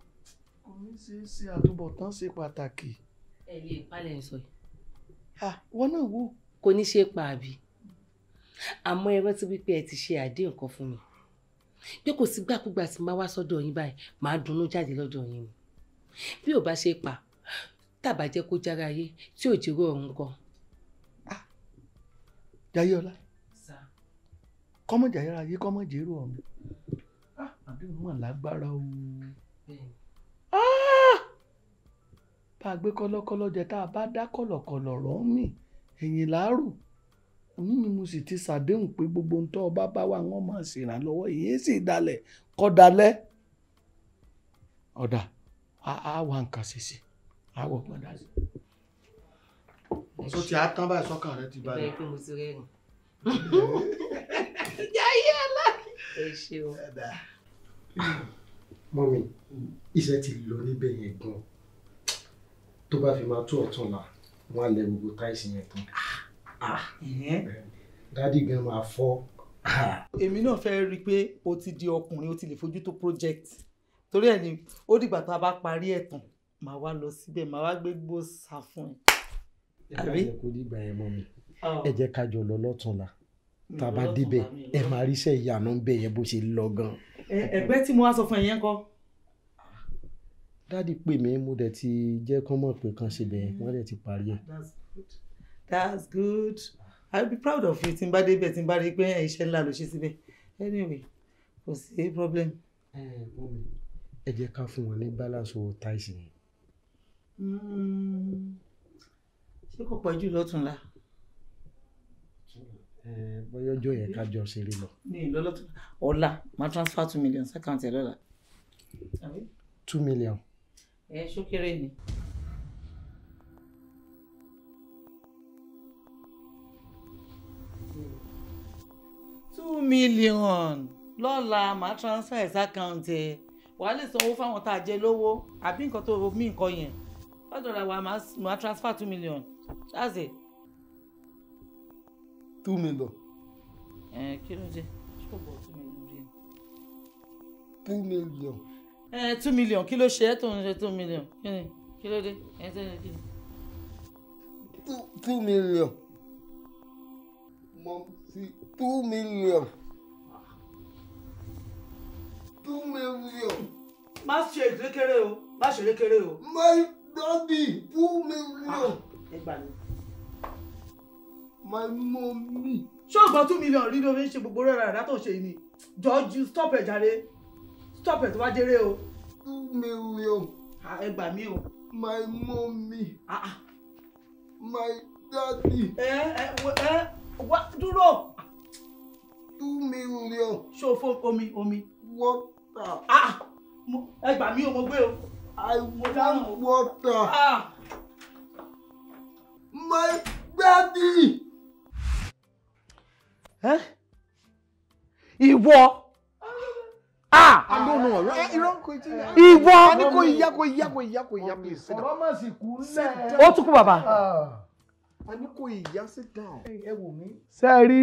mi ṣe é ṣe àtúbọ̀tán ṣe pàtàkì. ẹ lè palẹ̀ sọ yìí. wọn náà wò. kò ní ṣe pa àbí àmọ́ ẹ rántí wípé ẹ ti ṣe àdéhùn kan fún mi pé kò sí gbàkúgbà tí máa wá sọ́dọ̀ yín báyìí máa dunnú jáde lọ́dọ̀ yín ni bí ò bá ṣe pa tàbá jẹ́ kó jára ayé tí ò jírò ọ̀hún kan. jayéọlá kọ́mọ jayéra ayé kọ́mọ jírò ọ̀hún àdéhùn mọ̀ lágbára o. Ah! bá a gbé kọ́lọ́kọ́lọ́ jẹ tá a bá dá kọ̀lọ̀kọ̀lọ̀ rọ̀ ń mì ẹ̀yìn láàrù òní mi mo sì ti ṣàdéhùn pé gbogbo ń tọ́ ọba bá wa wọ́n máa ṣèrànlọ́wọ́ ìyẹn sì dalẹ̀ kọ́ ọ̀dà á wà nǹkan ṣe sí á wọ̀ gbọ́dá sí. ọ̀sọ́ tí a tán báyìí sọ́kàn rẹ ti balẹ̀. bẹ́ẹ̀ pé mo ti rẹ́rìn. ìjà yé ẹ lákì. ẹ ṣeun mọ́mí iṣẹ́ ti lọ níbẹ̀ yẹn gan tó bá fi máa tó ọ̀tún la wọ́n á lẹ gbogbo táìsì yẹn tán ah, dádì gan máa fọ́. Ah. èmi náà fẹ́ rí i pé o ti di ọkùnrin o ti lè fojú tó project torí ẹ̀ ni ó dìgbà tá a bá parí ẹ̀ tán màá wá lọ síbẹ̀ màá wá gbé gbó sá fún ẹ. ẹ bá yẹ kó dìgbà yẹn mọ́ mi ah. ẹ jẹ́ ká jọ lọ lọ́tún la tá a bá débẹ̀ ẹ máa ríṣẹ́ ìyanu bẹ́ẹ̀ yẹn bó ṣe lọ gan. ẹgbẹ́ tí mo wá sọ fún ẹ yẹn kọ́. dáàdi pè mí mo dẹ̀ ti jẹ́ kán mọ̀ pé kan ṣe bẹ̀yẹn wọ́n dẹ̀ ti parí ẹ̀. that's good that's good i'll be proud of you tí n bá débẹ̀ tí n bá rí pé iṣẹ́ ńlá ló ṣe síbẹ̀ anyway kò sí problem. ẹ jẹ́ ká fún wọn ní balance owó táìsì. Hmm. ṣé kò pẹ́ jù lọ́tún la bóyá ọjọ́ yẹn ká jọ ṣeré lọ. ọ̀la máa transfer two million Second ẹ̀ lọ́la. two million. ẹ ṣókèrè ni. two million lọ́la máa transfer ẹ̀ sẹ́kàǹtì ẹ̀ wàá lè sanwó fáwọn tá a jẹ lówó àbí nǹkan tó mí nǹkan yẹn lọ́dọ̀ la wàá máa transfer two million that's it two million. ẹ kí ló dé ṣó bọ two million rí ni. two million. ẹ two million kí ló ṣe ẹ tó ń ṣe two million kí ni kí ló dé ẹ tó ń ṣe kí ni. two million. mo sí two million. two million. má ṣe ìdílé kéré my daddy two million. Ah, my mommy. ṣọ́ọ̀gbọ́n two million rí ló fi ń ṣe gbogbo rẹ̀ rárá tó ṣe ni jọ́ọ́jú stop ẹ̀ jàre stop ẹ̀ tó bá jẹ́rẹ́ o. two million. ẹ gbà mí o. my mommy. Ah. my daddy. ẹ ẹ ẹ wá dúró. two million. ṣòfò omi omi. water. ẹ gbà mí o mo gbé o. I want water. Ah. My daddy ìwọ ah i don't know irọ́ kò tí ya ìwọ a ní kò yá kò yá kò yá kò yá please sit down ọ̀rọ̀ máa sì kú lẹ̀ ó tún kú bàbá a ah. ní kò yá sit down ẹ wò mí. ṣe é rí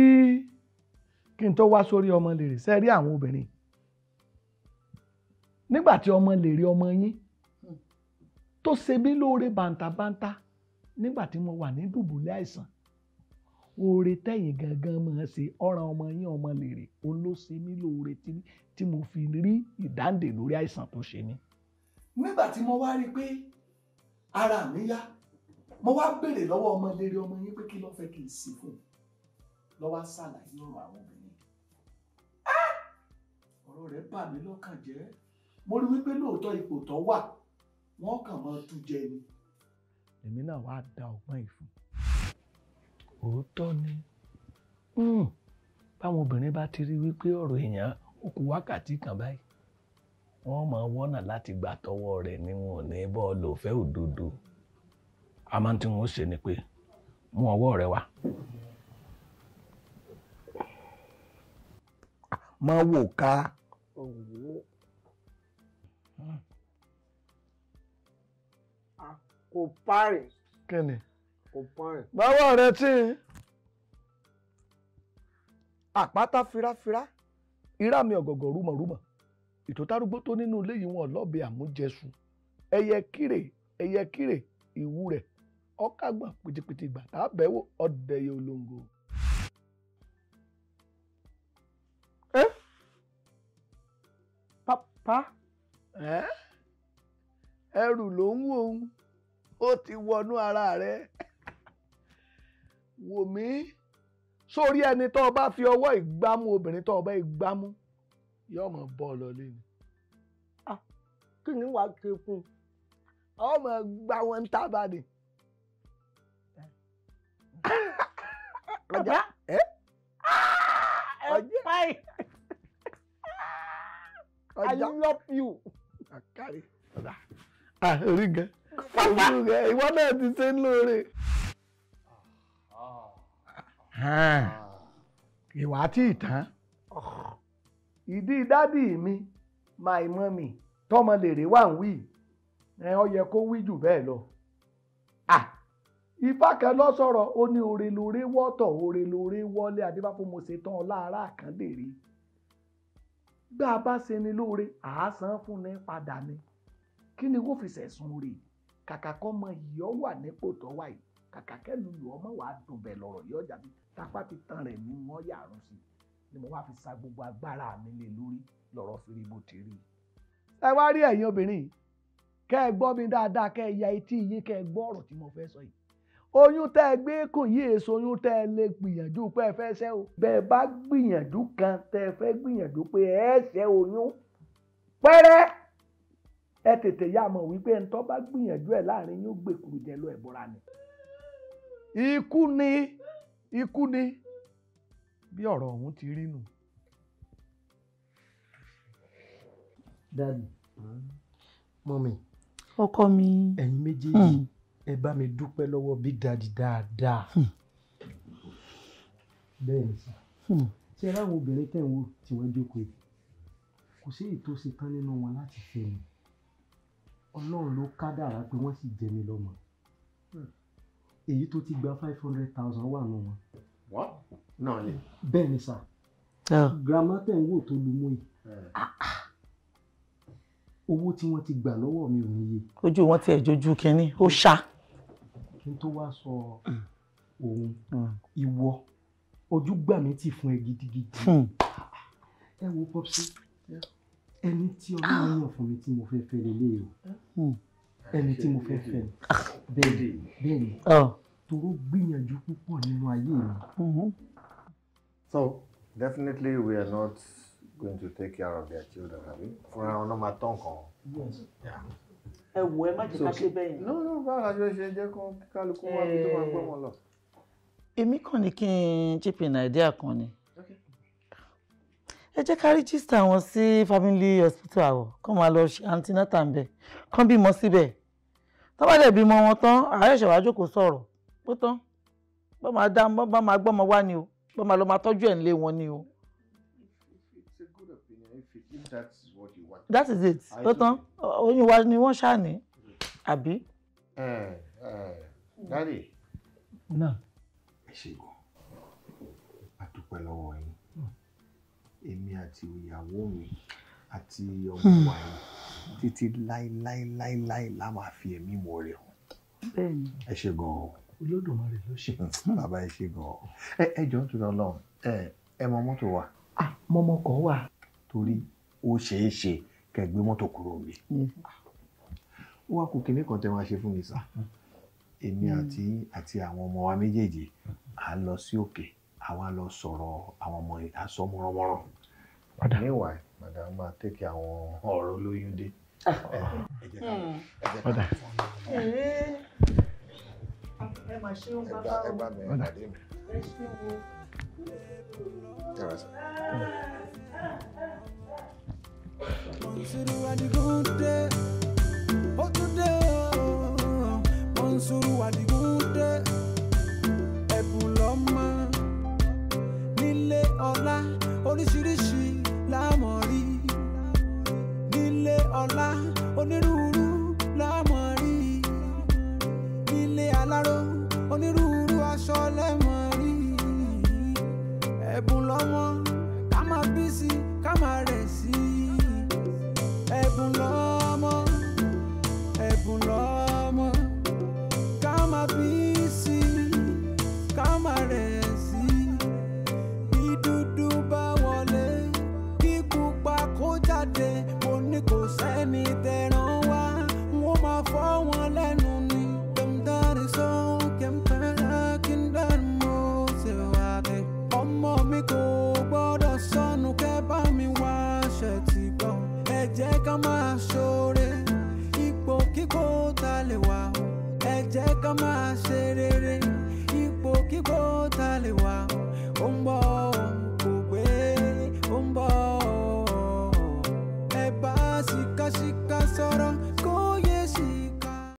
kí n tó wá sórí ọmọ lèrè ṣe rí àwọn obìnrin nígbà tí ọmọ lèrè ọmọ yín tó ṣe mí lóore bàǹtàbàǹtà nígbà tí mo wà ní dùbúlẹ̀ àìsàn oore tẹ̀yìn gangan máa ṣe ọ̀ràn ọmọ yín ọmọ lèrè òun ló ṣe mí lóore tí mo fi rí ìdáǹdè lórí àìsàn tó ṣe mí. nígbà tí mo wá rí i pé ara mi yá mo wá béèrè lọ́wọ́ ọmọ lèrè ọmọ yín pé kí ló fẹ́ kí n sì fún un lọ́wọ́ ṣàlàyé ọ̀rọ̀ àwọn obìnrin. ọ̀rọ̀ rẹ̀ bà mí lọ́kàn jẹ́ mo rí wípé lóòótọ́ ipò tó wà wọ́n kàn máa tú jẹ ni. èmi náà wàá da ọgbọ́n ìfún òótọ́ ni hmm. báwọn obìnrin bá ti rí wípé ọ̀rọ̀ èèyàn ó wákàtí kan báyìí wọ́n máa wọ́nà láti gbà tọwọ́ rẹ̀ ní wọn ò ní bọ́ọ̀lù òfẹ́ òdodo A máa ń tí wọ́n ṣe ni pé mú ọwọ́ rẹ wá. máa wò ká. kò parí. kí ni. kò pọ́n rẹ̀. báwo rẹ tí àpáta firafira irá mi ọ̀gọ̀gọ̀ rúmọ̀rúmọ̀ ètò tárúgbó tó nínú ilé yìí wọn lọ́ọ̀bẹ àmújẹsù ẹyẹ kírè ẹyẹ kírè ìwú rẹ̀ ọ̀kàgbọ̀n pìtìpìtì gbà tábẹ́wò ọ̀dẹ̀yẹ olóńgò. ẹ pápá ẹ ẹrù ló ń wò ó ti wọnú ara rẹ̀ wò mí sórí ẹni tó o bá fi ọwọ́ ìgbámú obìnrin tó o bá ìgbámú yóò mọ̀ bọ́ ọ lọlé ni. kí ni wàá ké fún un ọmọ gba wọn tábàdì. ọjà ẹ ọjà I love you. àkárí ọ̀dà àrí gan ìwọ náà ti ṣe ń lóore. Ah. ìwà tí ìtàn ìdí dádì mi my mummy tọmọ lèrè wà ń wí ẹ ọ yẹ kó wí jù bẹ́ẹ̀ lọ ifá kan lọ sọ̀rọ̀ ó ní oore lóore wọ́tọ̀ oore lóore wọlé adébáfò mo ṣe tán ọlá ara kan lèrè gbá a bá ṣe ni lóore àásán fún ni padà ni kí ni wọ́n fi ṣẹ̀sùn rè kàkà kọ́ mọ ìyọ́ wà nípò tó wà kàkà kẹ́lu lù ọmọ wàá dùbẹ̀ lọ̀rọ̀ yóò jà tapá ti tan rẹ̀ ní wọ́n yàrún sí ni mo wá fi sa gbogbo agbára mi lé lórí lọ̀rọ̀ firibo ti rí i. ẹ wá rí ẹ̀yin obìnrin kẹ́ ẹ gbọ́ mi dáadáa kẹ́ ẹ ya etí yín kẹ́ ẹ gbọ́ ọ̀rọ̀ tí mo fẹ́ sọ yìí oyún tẹ́ ẹ gbé kùn yí èso oyún tẹ́ ẹ lè gbìyànjú pé ẹ fẹ́ ṣẹ́ o bẹ́ẹ̀ bá gbìyànjú kan tẹ́ ẹ fẹ́ gbìyànjú pé ẹ ṣẹ́ oyún pẹ́rẹ́ ẹ tètè yá mọ̀ wípé ẹ̀ ń tọ́ bá gbìyànjú ẹ̀ láàrin yóò gbèkúrú jẹ lọ ẹ̀ bọ́ra ni ikú ni ikú ni bí ọ̀rọ̀ ọ̀hún ti rí nù. dadi mọ́mi ọkọ mi ẹ̀yin méjèèjì hmm. ẹ bá mi dúpẹ́ lọ́wọ́ big daddy dáadáa hmm. bẹ́ẹ̀ ni sà hmm. ṣe ráwọn obìnrin tẹ̀ ń wò tí wọ́n jókòó yìí kò sí ètò ṣe tán nínú wọn láti fẹ́ mi ọlọ́run ló kádàrá pé wọ́n sì jẹ mi lọ́mọ èyí tó ti gba five hundred thousand wà nù wọn. wọ́n náà ni. bẹ́ẹ̀ ni sà ah. grandma tẹ̀ ń wò tó lu mú yìí eh. ah, ah. owó tí wọ́n ti gbà lọ́wọ́ mi ò níye. ojú wọn tiẹ̀ jojú kínní ó ṣá. kí n tó wá sọ òun hmm. hmm. ìwọ ojú gbà mí ti fún ẹ gidigidi hmm. ẹ wo pọpsi ẹni tí ọlọ́run yàn fún mi tí mo fẹ́ fẹ́ lélẹ́yìí o ẹni tí mo fẹ́ fẹ́ bẹ́ẹ̀ bẹ́ẹ̀ oh. toro gbìyànjú púpọ̀ nínú ayé mi. Mm-hmm. so definitely we are not going to take care of their children abi fúnra wọn náà máa tán kan. ẹ wò ẹ má jẹ ká ṣe bẹ́ẹ̀ no no báwo la ṣe ṣe jẹ́ kó kálukú wá bí tó máa pẹ́ wọn lọ. èmi kàn ní kí n chip in idea kan ni ẹ jẹ́ ká register wọn sí family hospital àwọ̀ kó máa lọ ṣe antenatal ń bẹ̀ kán bímọ síbẹ̀ tó bá dẹ̀ bímọ wọn tán àárẹ̀ṣẹ̀ wá jókòó sọ̀rọ̀ pé tán bá máa dá bá máa gbọ́mọ wá ni o bá máa lọ máa tọ́jú ẹ̀ nílé wọn ni o. it's a good opinion if, it, if that is what you want. that is it tó tán oyún wa ni wọ́n ṣáà ní àbí. Eh, eh, dáre náà ẹ ṣe gan a dúpẹ́ lọ́wọ́ yín hmm. èmi àti ìyàwó mi àti ọmọ wa yìí títí láíláíláíláí la máa fi ẹ̀mí mọ̀ rẹ̀ hàn. bẹ́ẹ̀ni ẹ ṣe gan-an olódùmarè ló ṣe. bàbá ẹ ṣe gan-an ẹ jọ ń tún lọ lọ́run ẹ mọ mọ́tò wa. mọ́mọ́ kan wà. torí ó ṣeé ṣe kẹ́ gbé mọ́tò kúrò mi. ó wá kù kinní kan tẹ́ máa ṣe fún mi sá èmi hmm. àti àti àwọn ọmọ wa méjèèjì à ń lọ sí òkè àwa lọ sọ̀rọ̀ àwọn ọmọ ìdásọ́mọ́rọ́mọ́rọ́. ọ̀dà mẹ́wàá madam máa tẹ́kì àwọn ọ̀rọ̀ olóyún dé. Ah. Hmm. ọ̀dà ẹ mà ṣe ń dé, ẹ̀bùn lọ́mọ. Nílé ọlá oríṣiríṣi lámọ̀ rí nílé ọlá onírúurú lámọ̀ rí nílé aláró onírúurú aṣọ lẹ́mọ̀ rí ẹ̀bùn lọ́wọ́ ká máa bí sí ká máa rẹ̀ sí ẹ̀bùn lọ́mọ ẹ̀bùn lọ́mọ ká máa bí. máa ṣoore ipò kíkó ta lè wà ẹ jẹ́ ká máa ṣe rere ipò kíkó ta lè wà ó ń bọ̀ kò pé ó ń bọ̀ ẹ bá ṣìkàṣìkà sọ̀rọ̀.